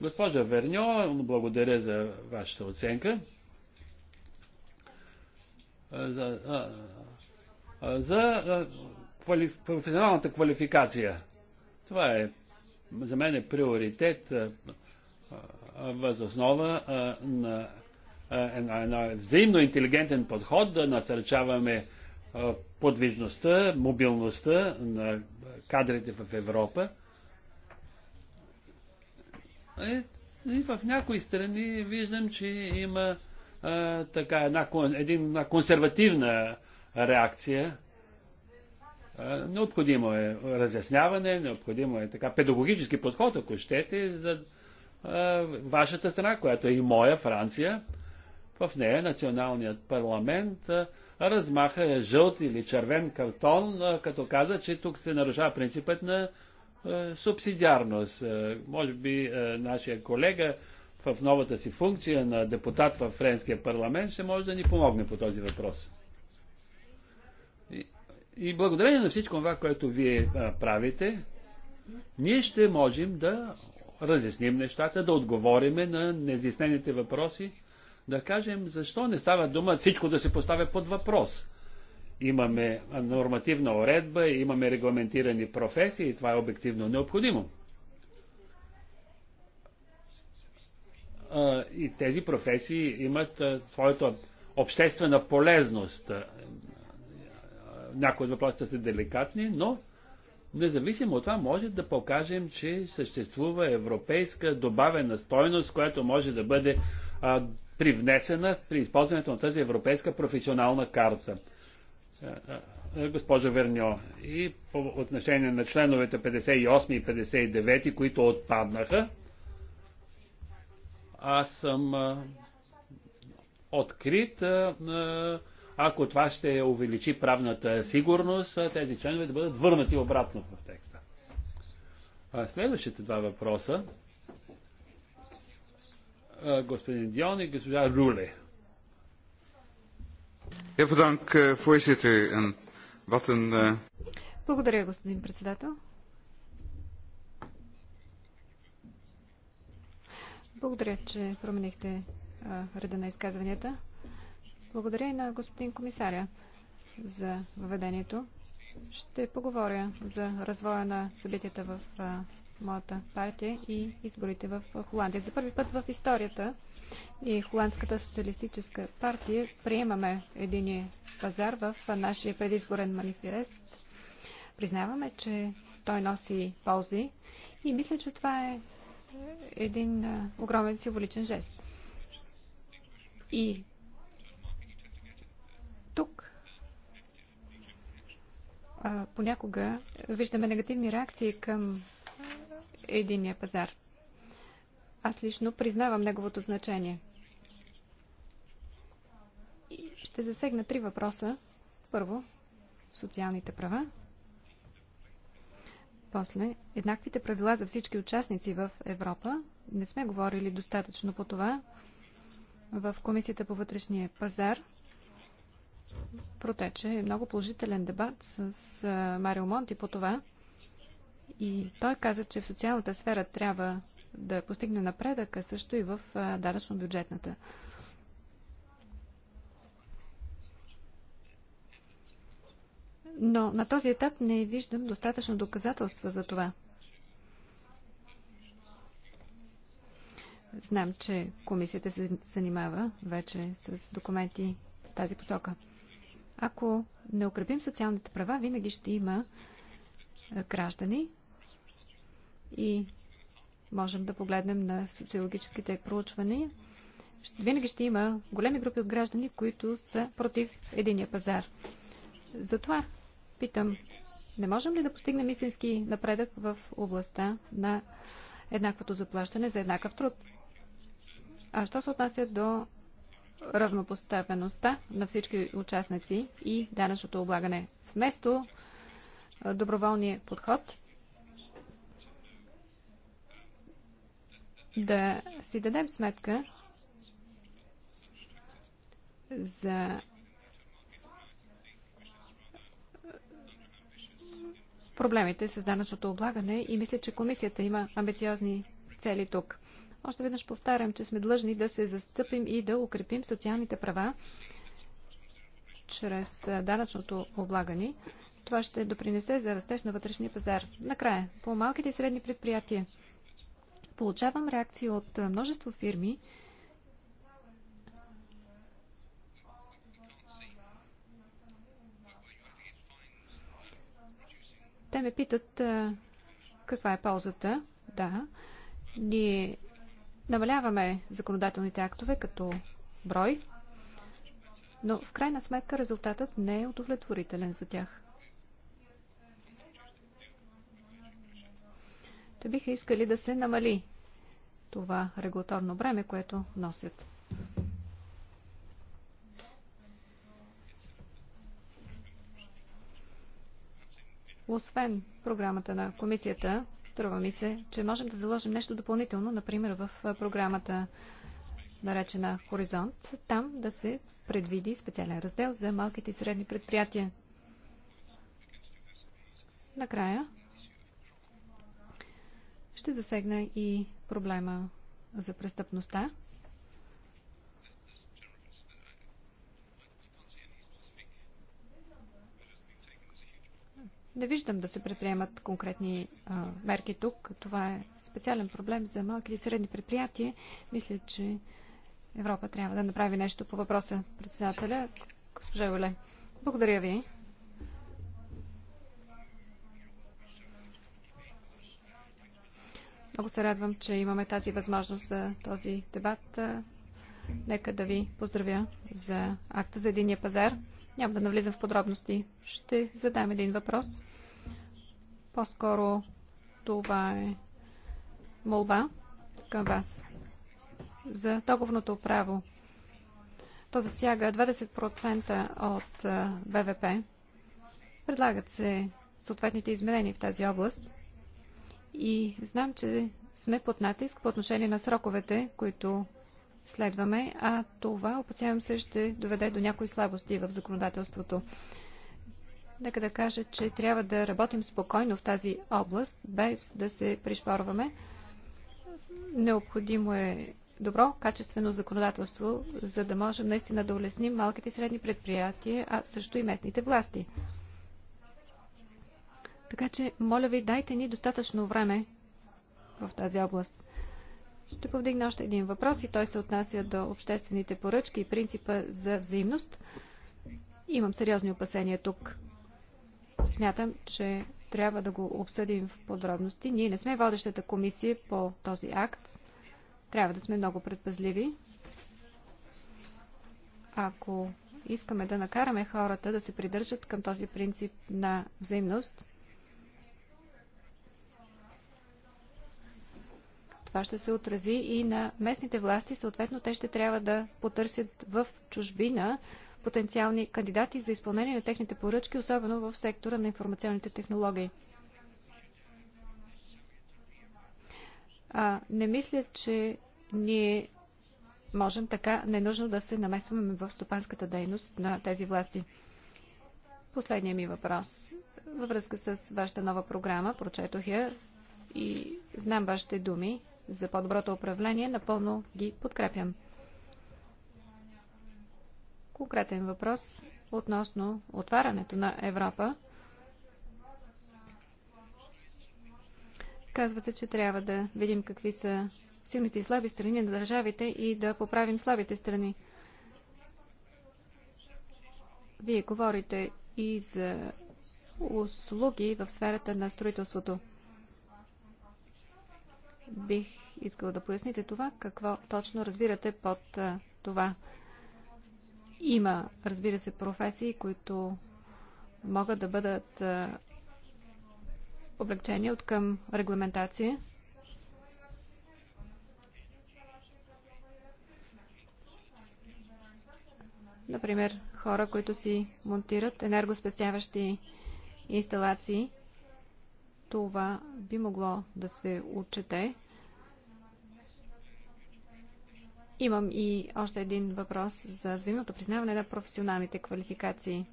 Госпожа Верньо, благодаря за вашата оценка. За, за професионалната квалификация. Това е за мен е приоритет възоснова на на взаимно интелигентен подход да насърчаваме подвижността, мобилността на кадрите в Европа. Е, и в някои страни виждам, че има така една, една консервативна реакция. необходимо е разясняване, необходимо е така педагогически подход, ако щете, за вашата страна, която е и моя, Франция, в нея националният парламент размаха жълт или червен картон, като каза, че тук се нарушава принципът на субсидиарност. Може би нашия колега в новата си функция на депутат в Френския парламент ще може да ни помогне по този въпрос. И, и благодарение на всичко това, което вие правите, ние ще можем да разясним нещата, да отговориме на неизяснените въпроси, да кажем защо не става дума всичко да се поставя под въпрос. Имаме нормативна уредба, имаме регламентирани професии и това е обективно необходимо. И тези професии имат своята обществена полезност. Някои от въпросите са деликатни, но Независимо от това, може да покажем, че съществува европейска добавена стойност, която може да бъде а, привнесена при използването на тази европейска професионална карта. Госпожо Верньо, и по отношение на членовете 58 и 59, които отпаднаха, аз съм а, открит а, ако това ще увеличи правната сигурност, тези членове да бъдат върнати обратно в текста. Следващите два въпроса господин Дион и госпожа Руле. Eh, eh, Благодаря, господин председател. Благодаря, че променихте реда на изказванията. Благодаря и на господин комисаря за въведението. Ще поговоря за развоя на събитията в моята партия и изборите в Холандия. За първи път в историята и Холандската социалистическа партия приемаме един пазар в нашия предизборен манифест. Признаваме, че той носи ползи и мисля, че това е един огромен символичен жест. И тук а, понякога виждаме негативни реакции към единия пазар. Аз лично признавам неговото значение. И ще засегна три въпроса. Първо, социалните права. После, еднаквите правила за всички участници в Европа. Не сме говорили достатъчно по това в Комисията по вътрешния пазар протече много положителен дебат с Марио Монти по това. И той каза, че в социалната сфера трябва да постигне напредък, а също и в данъчно-бюджетната. Но на този етап не виждам достатъчно доказателства за това. Знам, че комисията се занимава вече с документи в тази посока. Ако не укрепим социалните права, винаги ще има граждани и можем да погледнем на социологическите проучвания. Винаги ще има големи групи от граждани, които са против единия пазар. Затова питам, не можем ли да постигнем истински напредък в областта на еднаквото заплащане за еднакъв труд? А що се отнася до равнопоставеността на всички участници и данъчното облагане. Вместо доброволния подход да си дадем сметка за проблемите с данъчното облагане и мисля, че комисията има амбициозни цели тук. Още веднъж повтарям, че сме длъжни да се застъпим и да укрепим социалните права чрез данъчното облагане. Това ще допринесе за растеж на вътрешния пазар. Накрая, по малките и средни предприятия. Получавам реакции от множество фирми, Те ме питат каква е ползата. Да, ние намаляваме законодателните актове като брой, но в крайна сметка резултатът не е удовлетворителен за тях. Те биха искали да се намали това регулаторно бреме, което носят. Освен програмата на комисията, струва ми се, че можем да заложим нещо допълнително, например в програмата наречена Хоризонт, там да се предвиди специален раздел за малките и средни предприятия. Накрая ще засегна и проблема за престъпността. Не виждам да се предприемат конкретни а, мерки тук. Това е специален проблем за малките и средни предприятия. Мисля, че Европа трябва да направи нещо по въпроса председателя. Госпожа Оле, благодаря ви. Много се радвам, че имаме тази възможност за този дебат. Нека да ви поздравя за акта за единия пазар. Няма да навлизам в подробности. Ще задам един въпрос. По-скоро това е молба към вас за договорното право. То засяга 20% от БВП. Предлагат се съответните изменения в тази област. И знам, че сме под натиск по отношение на сроковете, които следваме, а това, опасявам се, ще доведе до някои слабости в законодателството. Нека да кажа, че трябва да работим спокойно в тази област, без да се пришпорваме. Необходимо е добро, качествено законодателство, за да можем наистина да улесним малките и средни предприятия, а също и местните власти. Така че, моля ви, дайте ни достатъчно време в тази област. Ще повдигна още един въпрос и той се отнася до обществените поръчки и принципа за взаимност. Имам сериозни опасения тук. Смятам, че трябва да го обсъдим в подробности. Ние не сме водещата комисия по този акт. Трябва да сме много предпазливи. Ако искаме да накараме хората да се придържат към този принцип на взаимност, Това ще се отрази и на местните власти. Съответно, те ще трябва да потърсят в чужбина потенциални кандидати за изпълнение на техните поръчки, особено в сектора на информационните технологии. А, не мисля, че ние можем така ненужно да се намесваме в стопанската дейност на тези власти. Последният ми въпрос във връзка с вашата нова програма, прочетох я и знам вашите думи за по-доброто управление, напълно ги подкрепям. Конкретен въпрос относно отварянето на Европа. Казвате, че трябва да видим какви са силните и слаби страни на държавите и да поправим слабите страни. Вие говорите и за услуги в сферата на строителството. Бих искала да поясните това, какво точно разбирате под това. Има, разбира се, професии, които могат да бъдат облегчени от към регламентация. Например, хора, които си монтират енергоспестяващи инсталации – това би могло да се отчете. Имам и още един въпрос за взаимното признаване на професионалните квалификации.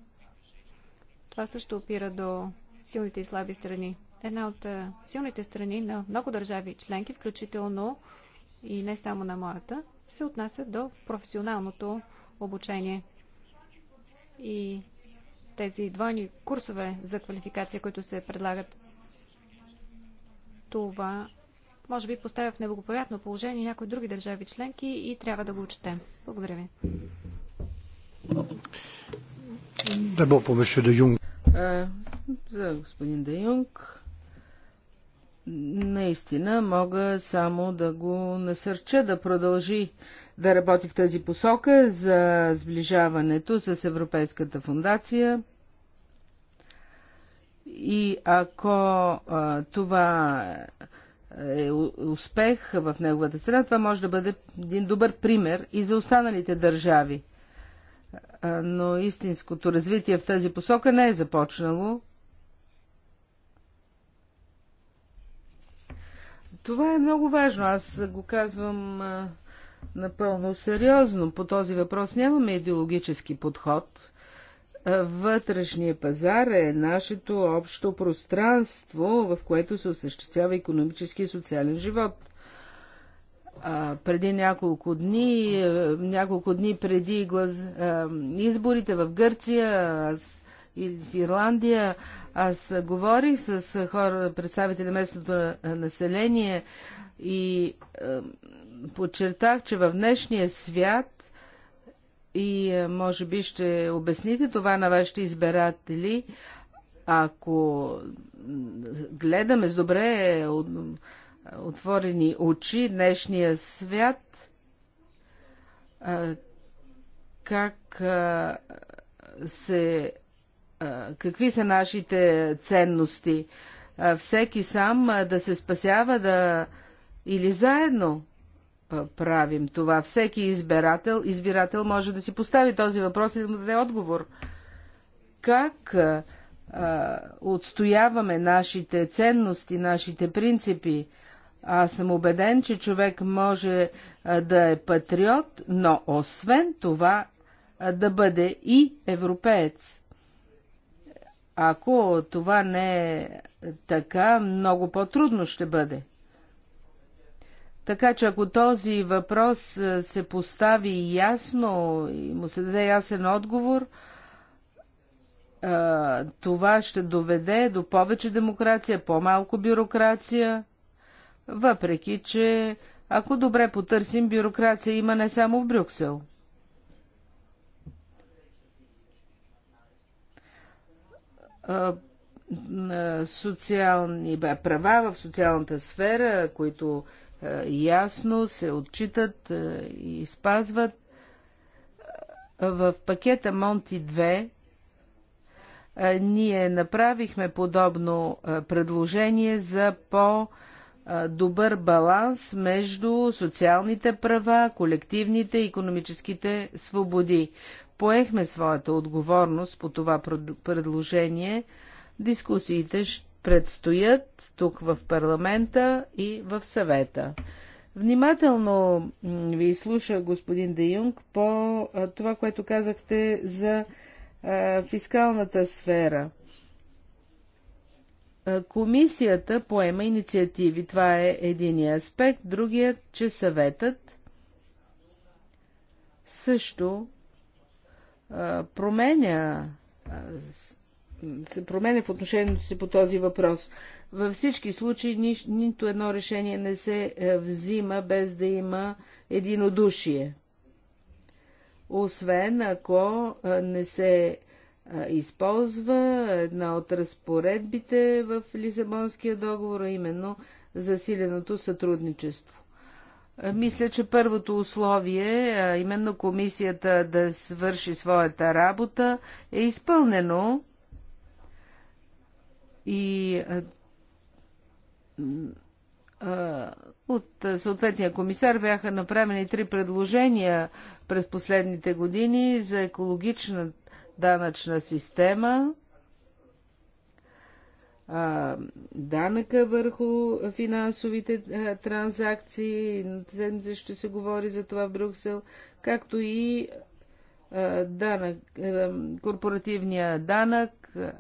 Това също опира до силните и слаби страни. Една от силните страни на много държави членки, включително и не само на моята, се отнася до професионалното обучение. И тези двойни курсове за квалификация, които се предлагат това може би поставя в неблагоприятно положение някои други държави членки и трябва да го отчетем. Благодаря ви. За господин Де Юнг, наистина мога само да го насърча да продължи да работи в тази посока за сближаването с Европейската фундация. И ако а, това е успех в неговата страна, това може да бъде един добър пример и за останалите държави. А, но истинското развитие в тази посока не е започнало. Това е много важно. Аз го казвам а, напълно сериозно. По този въпрос нямаме идеологически подход Вътрешния пазар е нашето общо пространство, в което се осъществява економически и социален живот. А, преди няколко дни, няколко дни преди глас, а, изборите в Гърция аз, и в Ирландия, аз говорих с хора, представители местното население и а, подчертах, че в днешния свят и е, може би ще обясните това на вашите избиратели, ако гледаме с добре е, отворени очи днешния свят, е, как се, какви са нашите ценности. Всеки сам да се спасява да или заедно правим това. Всеки избирател, избирател може да си постави този въпрос и да му даде отговор. Как а, отстояваме нашите ценности, нашите принципи? Аз съм убеден, че човек може а, да е патриот, но освен това а, да бъде и европеец. Ако това не е така, много по-трудно ще бъде. Така че ако този въпрос се постави ясно и му се даде ясен отговор, това ще доведе до повече демокрация, по-малко бюрокрация, въпреки че ако добре потърсим, бюрокрация има не само в Брюксел. Социални права в социалната сфера, които е, ясно се отчитат е, и спазват. В пакета Монти 2 е, ние направихме подобно предложение за по- добър баланс между социалните права, колективните и економическите свободи. Поехме своята отговорност по това предложение. Дискусиите ще предстоят тук в парламента и в съвета. Внимателно ви слуша господин Де Юнг по това, което казахте за фискалната сфера. Комисията поема инициативи. Това е единият аспект. Другият, че съветът също променя се променя в отношението си по този въпрос. Във всички случаи ни, нито едно решение не се е, взима без да има единодушие. Освен ако е, не се е, използва една от разпоредбите в Лисабонския договор, а именно засиленото сътрудничество. Мисля, че първото условие, именно комисията да свърши своята работа, е изпълнено и от съответния комисар бяха направени три предложения през последните години за екологична данъчна система, данъка върху финансовите транзакции, ще се говори за това в Брюксел, както и е, данък, е, корпоративния данък, е,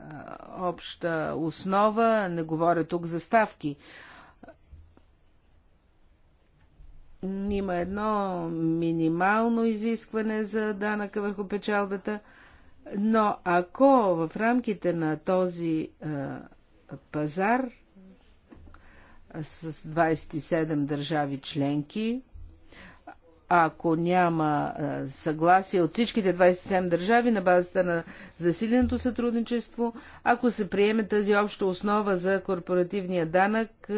обща основа, не говоря тук за ставки. Има едно минимално изискване за данъка върху печалбата, но ако в рамките на този пазар с 27 държави членки, ако няма съгласие от всичките 27 държави на базата на засиленото сътрудничество, ако се приеме тази обща основа за корпоративния данък,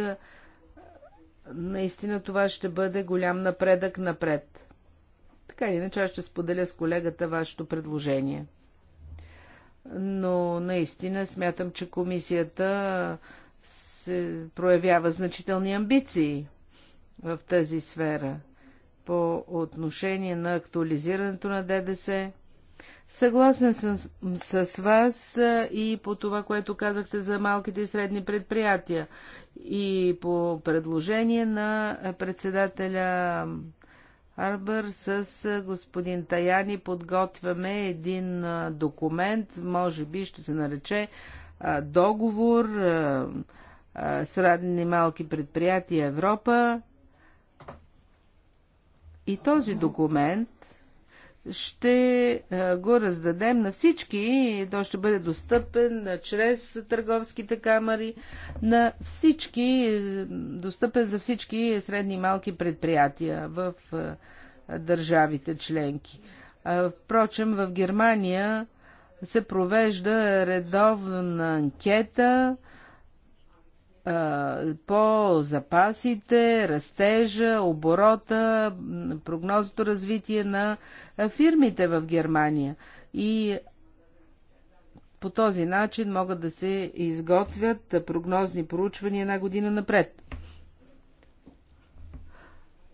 наистина това ще бъде голям напредък напред. Така или иначе аз ще споделя с колегата вашето предложение. Но наистина смятам, че комисията се проявява значителни амбиции в тази сфера – по отношение на актуализирането на ДДС. Съгласен съм с, с вас и по това, което казахте за малките и средни предприятия и по предложение на председателя Арбър с господин Таяни подготвяме един документ, може би ще се нарече договор с радни малки предприятия Европа. И този документ ще е, го раздадем на всички. Той ще бъде достъпен е, чрез търговските камери на всички, е, достъпен за всички средни и малки предприятия в държавите членки. Впрочем, в Германия се провежда редовна анкета по запасите, растежа, оборота, прогнозното развитие на фирмите в Германия. И по този начин могат да се изготвят прогнозни проучвания една година напред.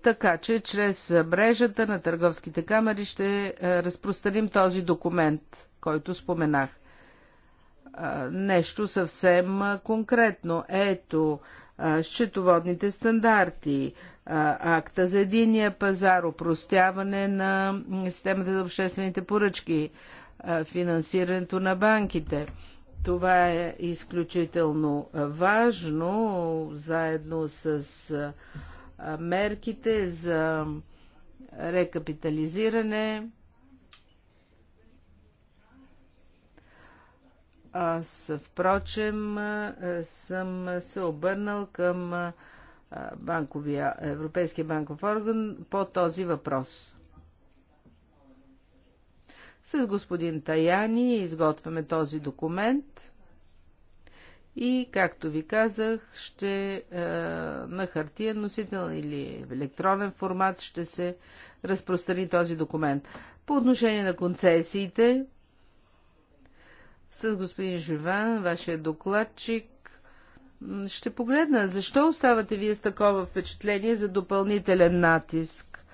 Така че чрез мрежата на търговските камери ще разпространим този документ, който споменах нещо съвсем конкретно. Ето, счетоводните стандарти, акта за единия пазар, упростяване на системата за обществените поръчки, финансирането на банките. Това е изключително важно, заедно с мерките за рекапитализиране Аз, впрочем, съм се обърнал към банковия, Европейския банков орган по този въпрос. С господин Таяни изготвяме този документ и, както ви казах, ще на хартиен носител или в електронен формат ще се разпространи този документ. По отношение на концесиите, с господин Живан, вашия докладчик. Ще погледна, защо оставате вие с такова впечатление за допълнителен натиск?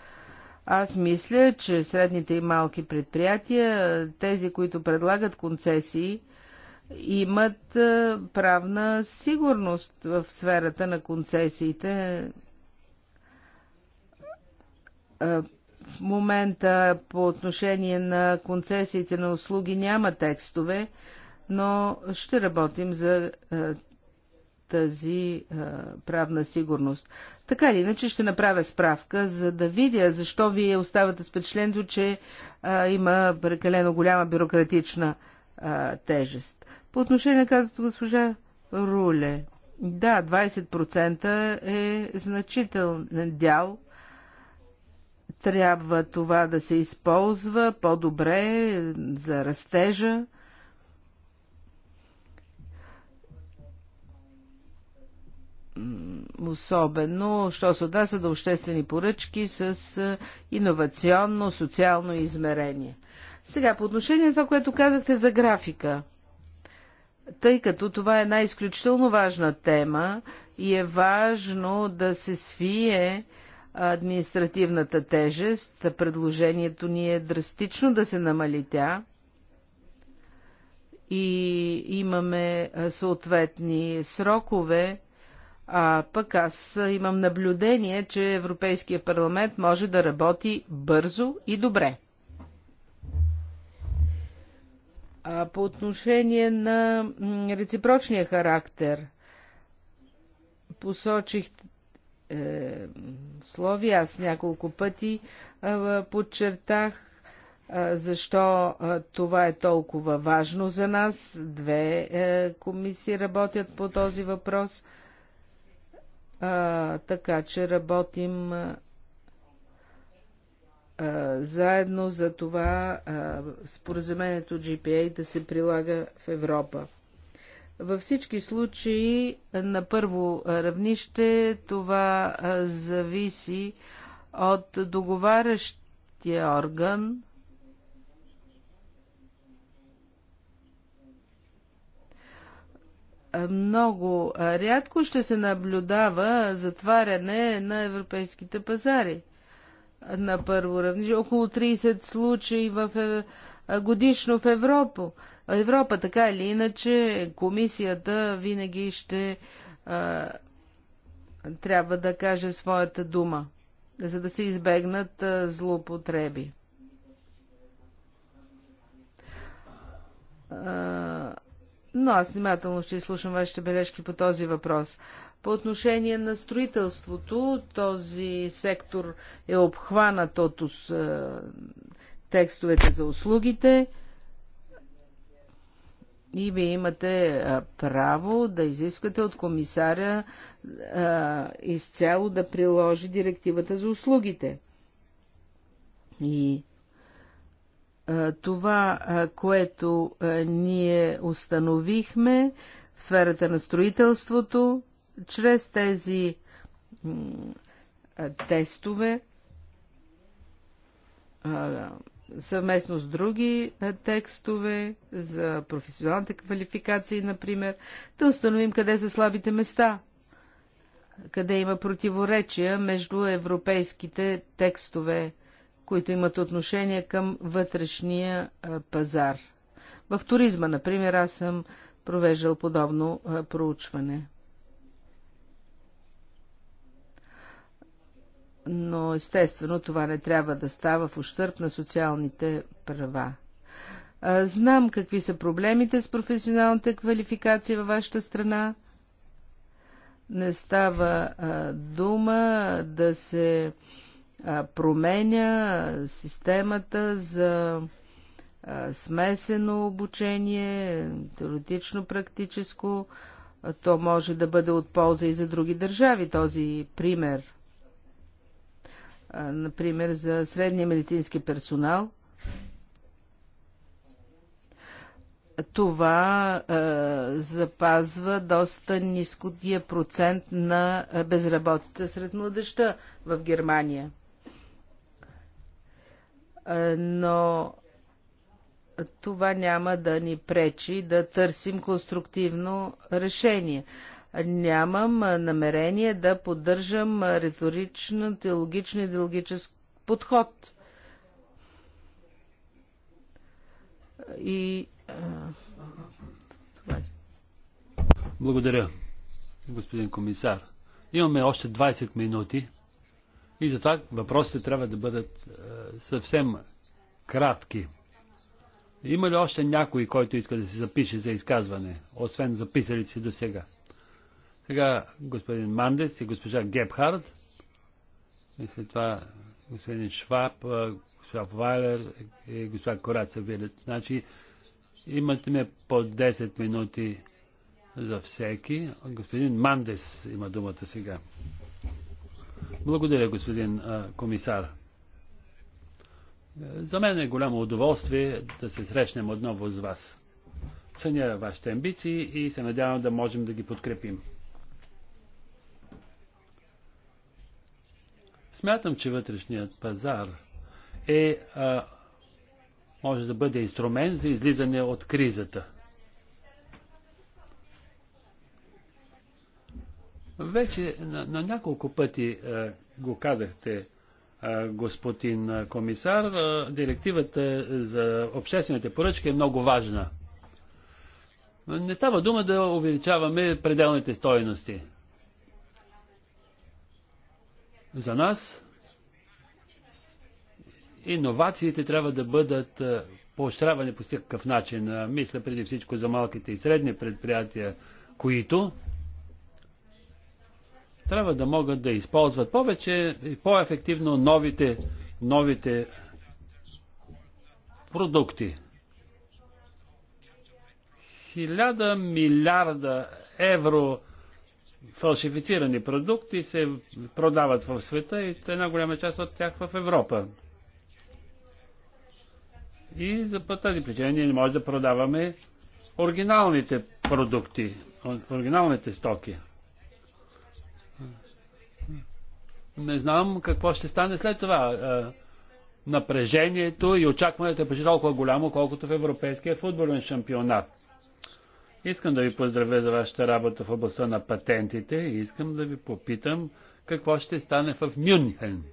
Аз мисля, че средните и малки предприятия, тези, които предлагат концесии, имат правна сигурност в сферата на концесиите в момента по отношение на концесиите на услуги няма текстове, но ще работим за е, тази а, е, правна сигурност. Така или иначе ще направя справка, за да видя защо вие оставате спечлендо, че а, е, има прекалено голяма бюрократична а, тежест. По отношение, казват госпожа Руле, да, 20% е значителен дял трябва това да се използва по-добре за растежа. Особено, що се отнася до обществени поръчки с иновационно социално измерение. Сега, по отношение на това, което казахте за графика, тъй като това е една изключително важна тема и е важно да се свие административната тежест. Предложението ни е драстично да се намали тя и имаме съответни срокове, а пък аз имам наблюдение, че Европейския парламент може да работи бързо и добре. А по отношение на реципрочния характер, посочихте. Е, слови. Аз няколко пъти е, подчертах е, защо това е толкова важно за нас. Две комисии работят по този въпрос, така че работим заедно за това споразумението GPA да се прилага в Европа. Във всички случаи е, на първо е, равнище това е, зависи от договарящия орган, много рядко ще се наблюдава затваряне на европейските пазари на първо равнище. Около 30 случаи в, годишно в Европа. Европа така или иначе, комисията винаги ще а, трябва да каже своята дума, за да се избегнат а, злоупотреби. А, но аз внимателно ще изслушам вашите бележки по този въпрос. По отношение на строителството, този сектор е обхванат от текстовете за услугите. И вие имате право да изискате от комисаря а, изцяло да приложи директивата за услугите. И а, това, а, което а, ние установихме в сферата на строителството, чрез тези тестове, съвместно с други е, текстове за професионалните квалификации, например, да установим къде са слабите места, къде има противоречия между европейските текстове, които имат отношение към вътрешния е, пазар. В туризма, например, аз съм провеждал подобно е, проучване. но естествено това не трябва да става в ущърп на социалните права. Знам какви са проблемите с професионалната квалификация във вашата страна. Не става а, дума да се а, променя системата за а, смесено обучение, теоретично-практическо. То може да бъде от полза и за други държави, този пример – например, за средния медицински персонал. Това е, запазва доста нискотия процент на безработица сред младеща в Германия. Е, но това няма да ни пречи да търсим конструктивно решение нямам намерение да поддържам риторично, теологично, идеологически подход. И това е. Благодаря, господин комисар. Имаме още 20 минути и затова въпросите трябва да бъдат е, съвсем кратки. Има ли още някой, който иска да се запише за изказване, освен записалите си до сега? Сега господин Мандес и госпожа Гебхард. И след това господин Шваб, госпожа Вайлер и госпожа Кораца Вилет. Значи имате ме по 10 минути за всеки. Господин Мандес има думата сега. Благодаря, господин а, комисар. За мен е голямо удоволствие да се срещнем отново с вас. Ценя вашите амбиции и се надявам да можем да ги подкрепим. Смятам, че вътрешният пазар е, а, може да бъде инструмент за излизане от кризата. Вече на, на няколко пъти а, го казахте, а, господин комисар, а, директивата за обществените поръчки е много важна. Не става дума да увеличаваме пределните стоености. За нас иновациите трябва да бъдат е, поощрявани по всякакъв начин. Е, мисля преди всичко за малките и средни предприятия, които трябва да могат да използват повече и по-ефективно новите, новите продукти. Хиляда милиарда евро фалшифицирани продукти се продават в света и една голяма част от тях в Европа. И за тази причина ние не можем да продаваме оригиналните продукти, оригиналните стоки. Не знам какво ще стане след това. Е, напрежението и очакването е почти толкова голямо, колкото в Европейския футболен шампионат. Искам да ви поздравя за вашата работа в областта на патентите и искам да ви попитам какво ще стане в Мюнхен.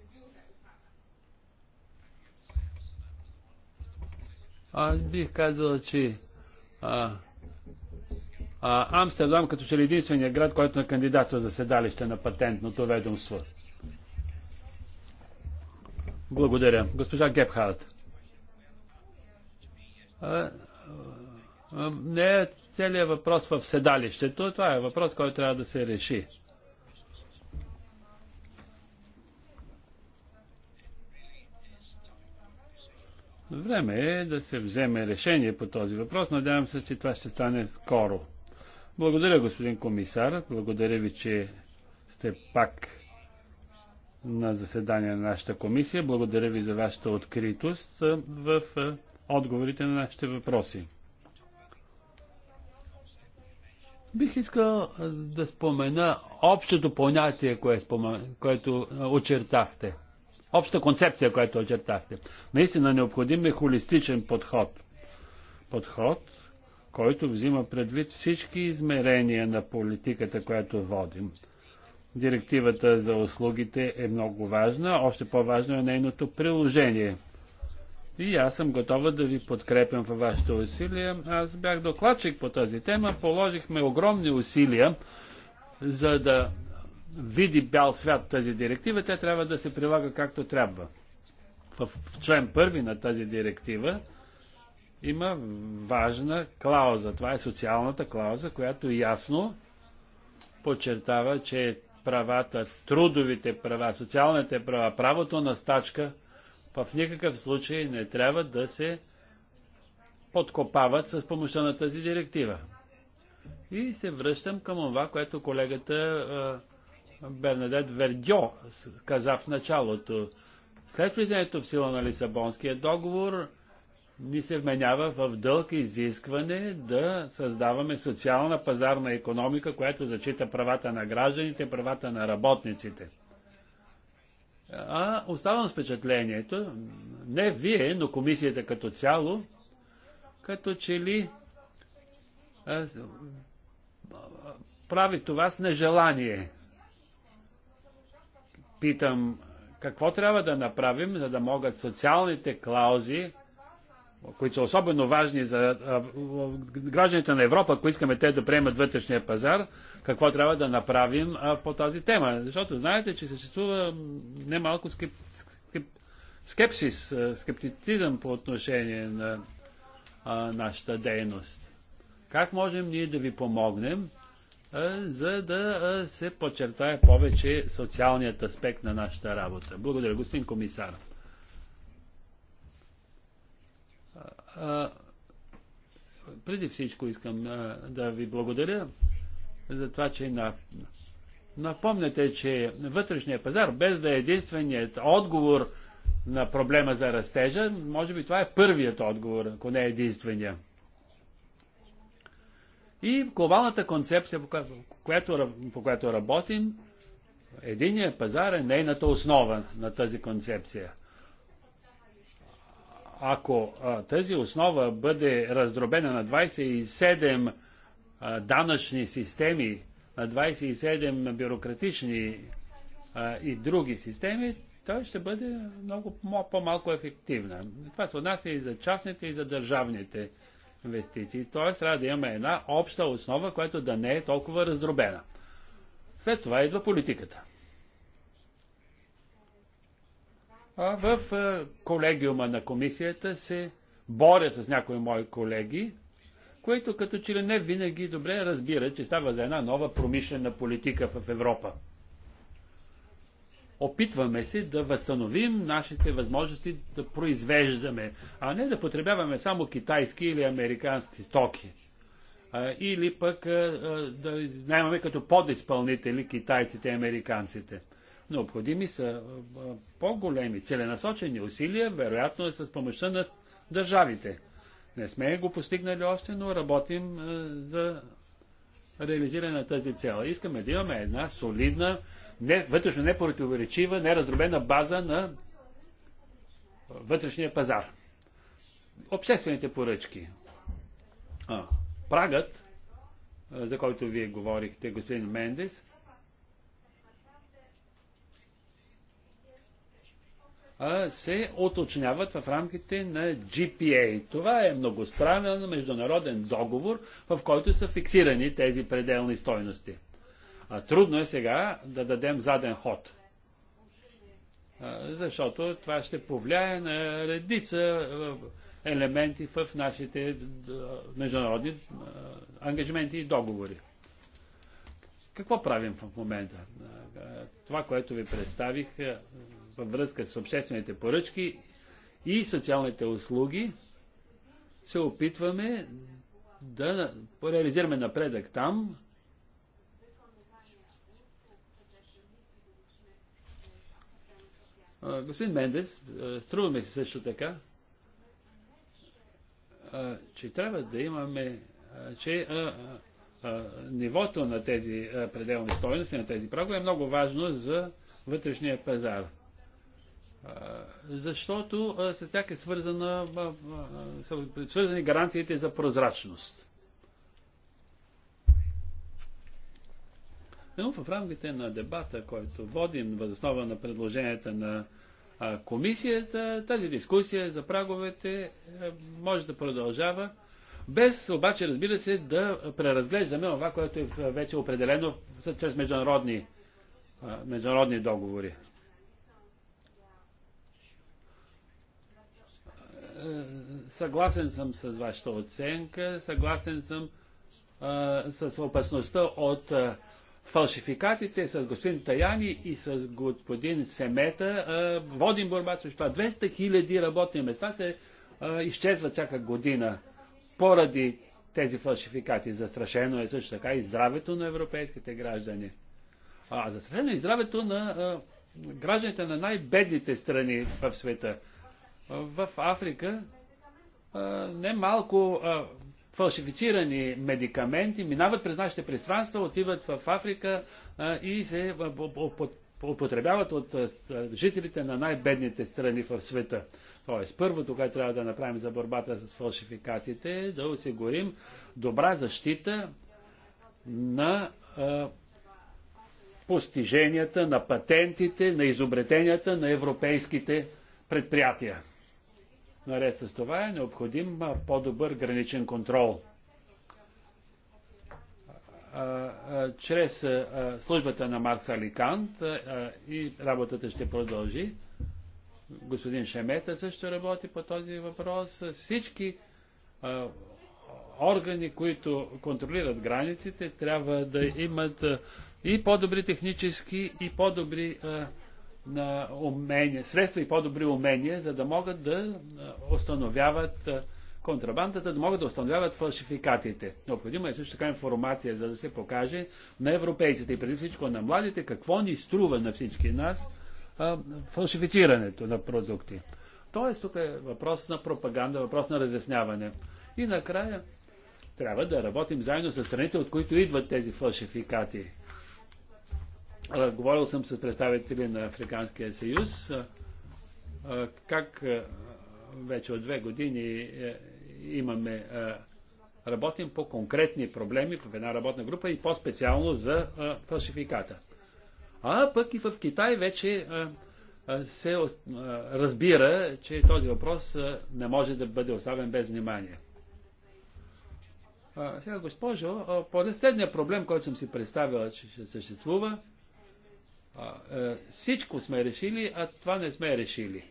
Аз бих казал, че а, а, Амстердам като че е единствения град, който е кандидатства за седалище на патентното ведомство. Благодаря. Госпожа Гепхарт. Не е целият въпрос в седалището, това е въпрос, който трябва да се реши. Време е да се вземе решение по този въпрос. Надявам се, че това ще стане скоро. Благодаря, господин комисар. Благодаря ви, че сте пак на заседание на нашата комисия. Благодаря ви за вашата откритост в отговорите на нашите въпроси. Бих искал да спомена общото понятие, кое спомен... което очертахте. общата концепция, която очертахте. Наистина необходим е холистичен подход. Подход, който взима предвид всички измерения на политиката, която водим. Директивата за услугите е много важна, още по-важно е нейното приложение – и аз съм готова да ви подкрепям във вашите усилия. Аз бях докладчик по тази тема. Положихме огромни усилия, за да види бял свят тази директива. Тя трябва да се прилага както трябва. В член първи на тази директива има важна клауза. Това е социалната клауза, която ясно подчертава, че правата, трудовите права, социалните права, правото на стачка – в никакъв случай не трябва да се подкопават с помощта на тази директива. И се връщам към това, което колегата Бернадет Вердьо каза в началото. След влизането в сила на Лисабонския договор ни се вменява в дълг изискване да създаваме социална пазарна економика, която зачита правата на гражданите, правата на работниците. А оставам с впечатлението, не вие, но комисията като цяло, като че ли а, прави това с нежелание. Питам, какво трябва да направим, за да могат социалните клаузи които са особено важни за гражданите на Европа, ако искаме те да приемат вътрешния пазар, какво трябва да направим по тази тема. Защото знаете, че съществува немалко скеп... скеп... скепсис, скептицизъм по отношение на а, нашата дейност. Как можем ние да ви помогнем, а, за да а, се подчертая повече социалният аспект на нашата работа? Благодаря, господин комисар. преди всичко искам да ви благодаря за това, че на... напомняте, че вътрешния пазар, без да е единственият отговор на проблема за растежа, може би това е първият отговор, ако не е единствения. И глобалната концепция, по която, по която работим, единият пазар е нейната основа на тази концепция – ако а, тази основа бъде раздробена на 27 а, данъчни системи, на 27 бюрократични а, и други системи, той ще бъде много по-малко ефективна. Това се отнася и за частните, и за държавните инвестиции. Тоест, трябва да имаме една обща основа, която да не е толкова раздробена. След това идва политиката. в колегиума на комисията се боря с някои мои колеги, които като че ли не винаги добре разбира, че става за една нова промишлена политика в Европа. Опитваме се да възстановим нашите възможности да произвеждаме, а не да потребяваме само китайски или американски стоки. А, или пък а, да наймаме като подизпълнители китайците и американците. Необходими са по-големи целенасочени усилия, вероятно е с помощта на държавите. Не сме го постигнали още, но работим за реализиране на тази цел. Искаме да имаме една солидна, не, вътрешно непротиворечива, неразробена база на вътрешния пазар. Обществените поръчки. А, прагът, за който вие говорихте, господин Мендес, се оточняват в рамките на GPA. Това е многостранен международен договор, в който са фиксирани тези пределни стойности. А трудно е сега да дадем заден ход. Защото това ще повлияе на редица елементи в нашите международни ангажименти и договори. Какво правим в момента? Това, което ви представих, във връзка с обществените поръчки и социалните услуги се опитваме да реализираме напредък там. Господин Мендес, струваме се също така, че трябва да имаме, че нивото на тези пределни стоености, на тези прагове е много важно за вътрешния пазар защото с тях е свързана, са свързани гаранциите за прозрачност. Но в рамките на дебата, който водим основа на предложенията на комисията, тази дискусия за праговете е, може да продължава, без обаче, разбира се, да преразглеждаме това, което е вече определено чрез международни, международни договори. Е, съгласен съм с вашата оценка, съгласен съм а, е, с опасността от а, е, фалшификатите с господин Таяни и с господин Семета. А, водим борба с това. 200 хиляди работни места се а, изчезват всяка година поради тези фалшификати. Застрашено е също така и здравето на европейските граждани. А застрашено е и здравето на а, гражданите на най-бедните страни в света в Африка немалко фалшифицирани медикаменти минават през нашите пространства, отиват в Африка и се употребяват от жителите на най-бедните страни в света. Тоест, първото, което трябва да направим за борбата с фалшификатите е да осигурим добра защита на постиженията, на патентите, на изобретенията на европейските предприятия. Наред с това е необходим по-добър граничен контрол. Чрез службата на Марс Аликант и работата ще продължи. Господин Шемета също работи по този въпрос. Всички органи, които контролират границите, трябва да имат и по-добри технически, и по-добри на умения, средства и по-добри умения, за да могат да установяват контрабандата, да могат да установяват фалшификатите. Необходима е също така информация, за да се покаже на европейците и преди всичко на младите какво ни струва на всички нас фалшифицирането на продукти. Тоест, тук е въпрос на пропаганда, въпрос на разясняване. И накрая трябва да работим заедно с страните, от които идват тези фалшификати. Говорил съм с представители на Африканския съюз, как вече от две години е, имаме, работим по конкретни проблеми в една работна група и по-специално за фалшификата. А пък и в Китай вече се разбира, че този въпрос не може да бъде оставен без внимание. Сега, госпожо, по следния проблем, който съм си представила, че ще съществува, а, е, всичко сме решили, а това не сме решили.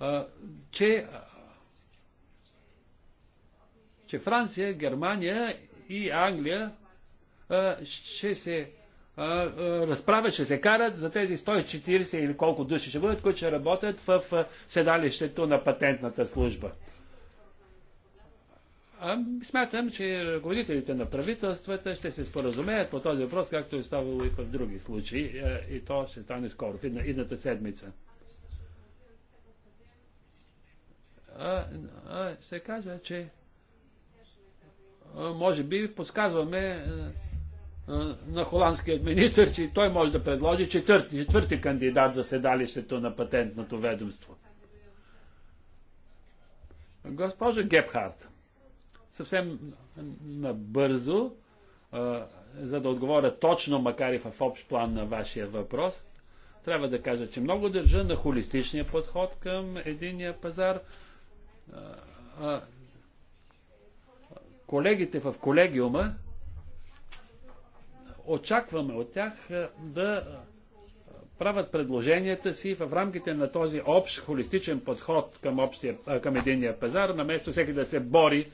А, че, че Франция, Германия и Англия а, ще се разправят, ще се карат за тези 140 или колко души ще бъдат, които ще работят в седалището на патентната служба. А, смятам, че ръководителите на правителствата ще се споразумеят по този въпрос, както е ставало и в други случаи. Е, и то ще стане скоро, в едната седмица. А, а, ще кажа, че а, може би подсказваме е, е, на холандският министр, че той може да предложи четвърти, четвърти кандидат за седалището на патентното ведомство. Госпожа Гепхарта. Съвсем набързо, за да отговоря точно, макар и в общ план на вашия въпрос, трябва да кажа, че много държа на холистичния подход към единия пазар. Колегите в колегиума очакваме от тях да правят предложенията си в рамките на този общ холистичен подход към, общия, към единия пазар, наместо всеки да се бори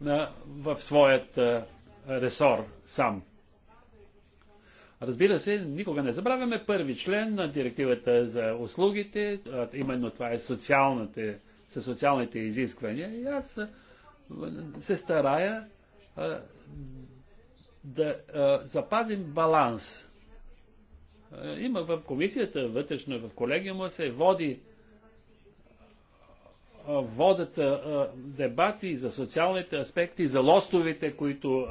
на, в своят а, е, ресор сам. Разбира се, никога не забравяме първи член на директивата за услугите, а, именно това е социалните, са социалните изисквания. И аз е, се старая а, е, да а, запазим баланс. има в комисията, вътрешно в колегиума се води водят дебати за социалните аспекти, за лостовите, които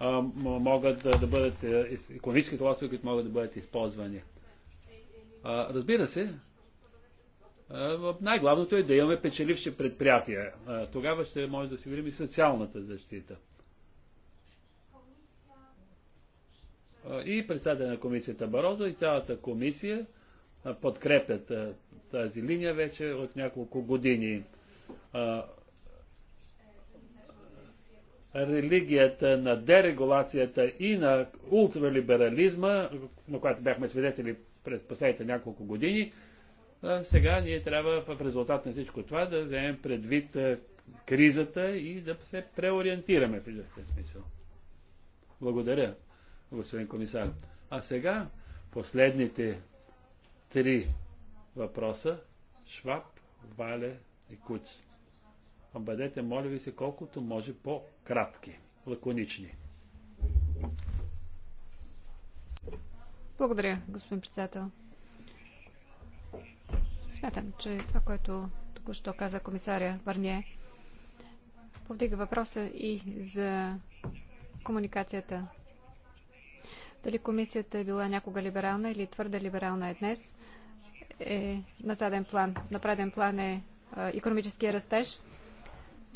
могат да бъдат, економическите лостове, които могат да бъдат използвани. Разбира се, най-главното е да имаме печеливши предприятия. Тогава ще може да си видим и социалната защита. И председателя на комисията Барозо и цялата комисия подкрепят тази линия вече от няколко години. Религията на дерегулацията и на ултралиберализма, на която бяхме свидетели през последните няколко години, сега ние трябва в резултат на всичко това да вземем предвид кризата и да се преориентираме в известен смисъл. Благодаря, господин комисар. А сега последните три въпроса Шваб, Вале и Куц. Бъдете, моля ви се, колкото може по-кратки, лаконични. Благодаря, господин председател. Смятам, че това, което току-що каза комисаря Барние, повдига въпроса и за комуникацията. Дали комисията е била някога либерална или твърде либерална е днес, е на заден план. На преден план е економическия растеж.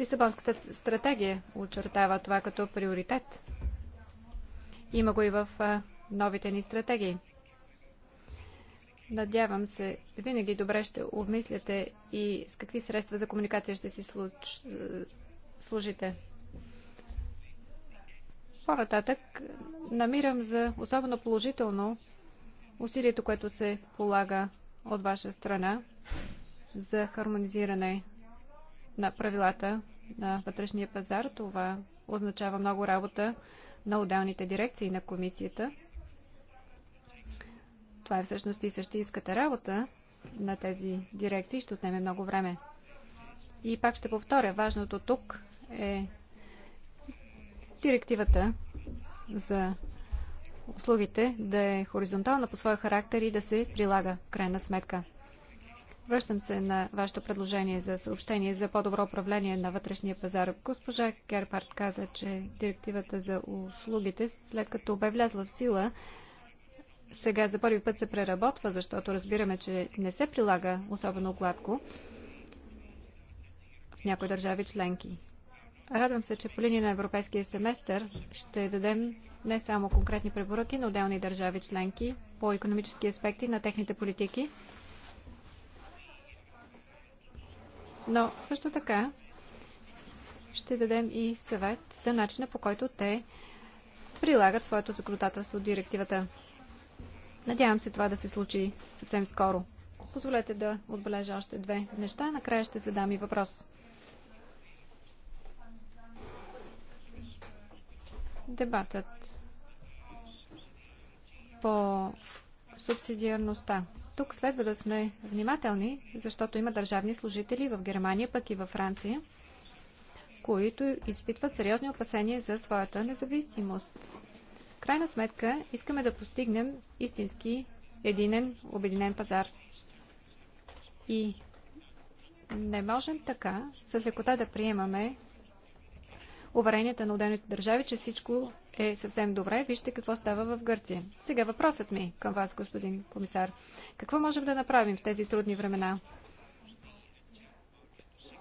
Лисабонската стратегия очертава това като приоритет. Има го и в новите ни стратегии. Надявам се, винаги добре ще обмисляте и с какви средства за комуникация ще си случ... служите. По-нататък намирам за особено положително усилието, което се полага от ваша страна за хармонизиране на правилата на вътрешния пазар. Това означава много работа на отделните дирекции на комисията. Това е всъщност и същинската работа на тези дирекции. Ще отнеме много време. И пак ще повторя, важното тук е директивата за услугите да е хоризонтална по своя характер и да се прилага в крайна сметка. Връщам се на вашето предложение за съобщение за по-добро управление на вътрешния пазар. Госпожа Керпарт каза, че директивата за услугите, след като бе влязла в сила, сега за първи път се преработва, защото разбираме, че не се прилага особено гладко в някои държави членки. Радвам се, че по линия на европейския семестър ще дадем не само конкретни препоръки на отделни държави членки по економически аспекти на техните политики, но също така ще дадем и съвет за начина по който те прилагат своето законодателство от директивата. Надявам се това да се случи съвсем скоро. Позволете да отбележа още две неща. Накрая ще задам и въпрос. Дебатът по субсидиарността. Тук следва да сме внимателни, защото има държавни служители в Германия, пък и във Франция, които изпитват сериозни опасения за своята независимост. В крайна сметка искаме да постигнем истински единен, обединен пазар. И не можем така с лекота да приемаме уверенията на отделните държави, че всичко е съвсем добре. Вижте какво става в Гърция. Сега въпросът ми към вас, господин комисар. Какво можем да направим в тези трудни времена?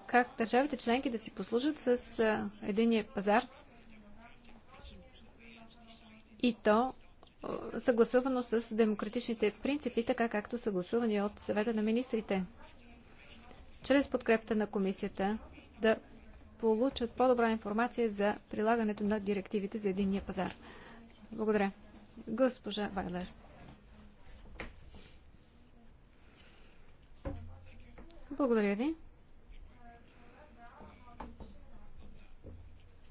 Как държавите членки да си послужат с единия пазар и то съгласувано с демократичните принципи, така както съгласувани от съвета на министрите. Чрез подкрепата на комисията да получат по-добра информация за прилагането на директивите за единния пазар. Благодаря. Госпожа Вайлер. Благодаря ви.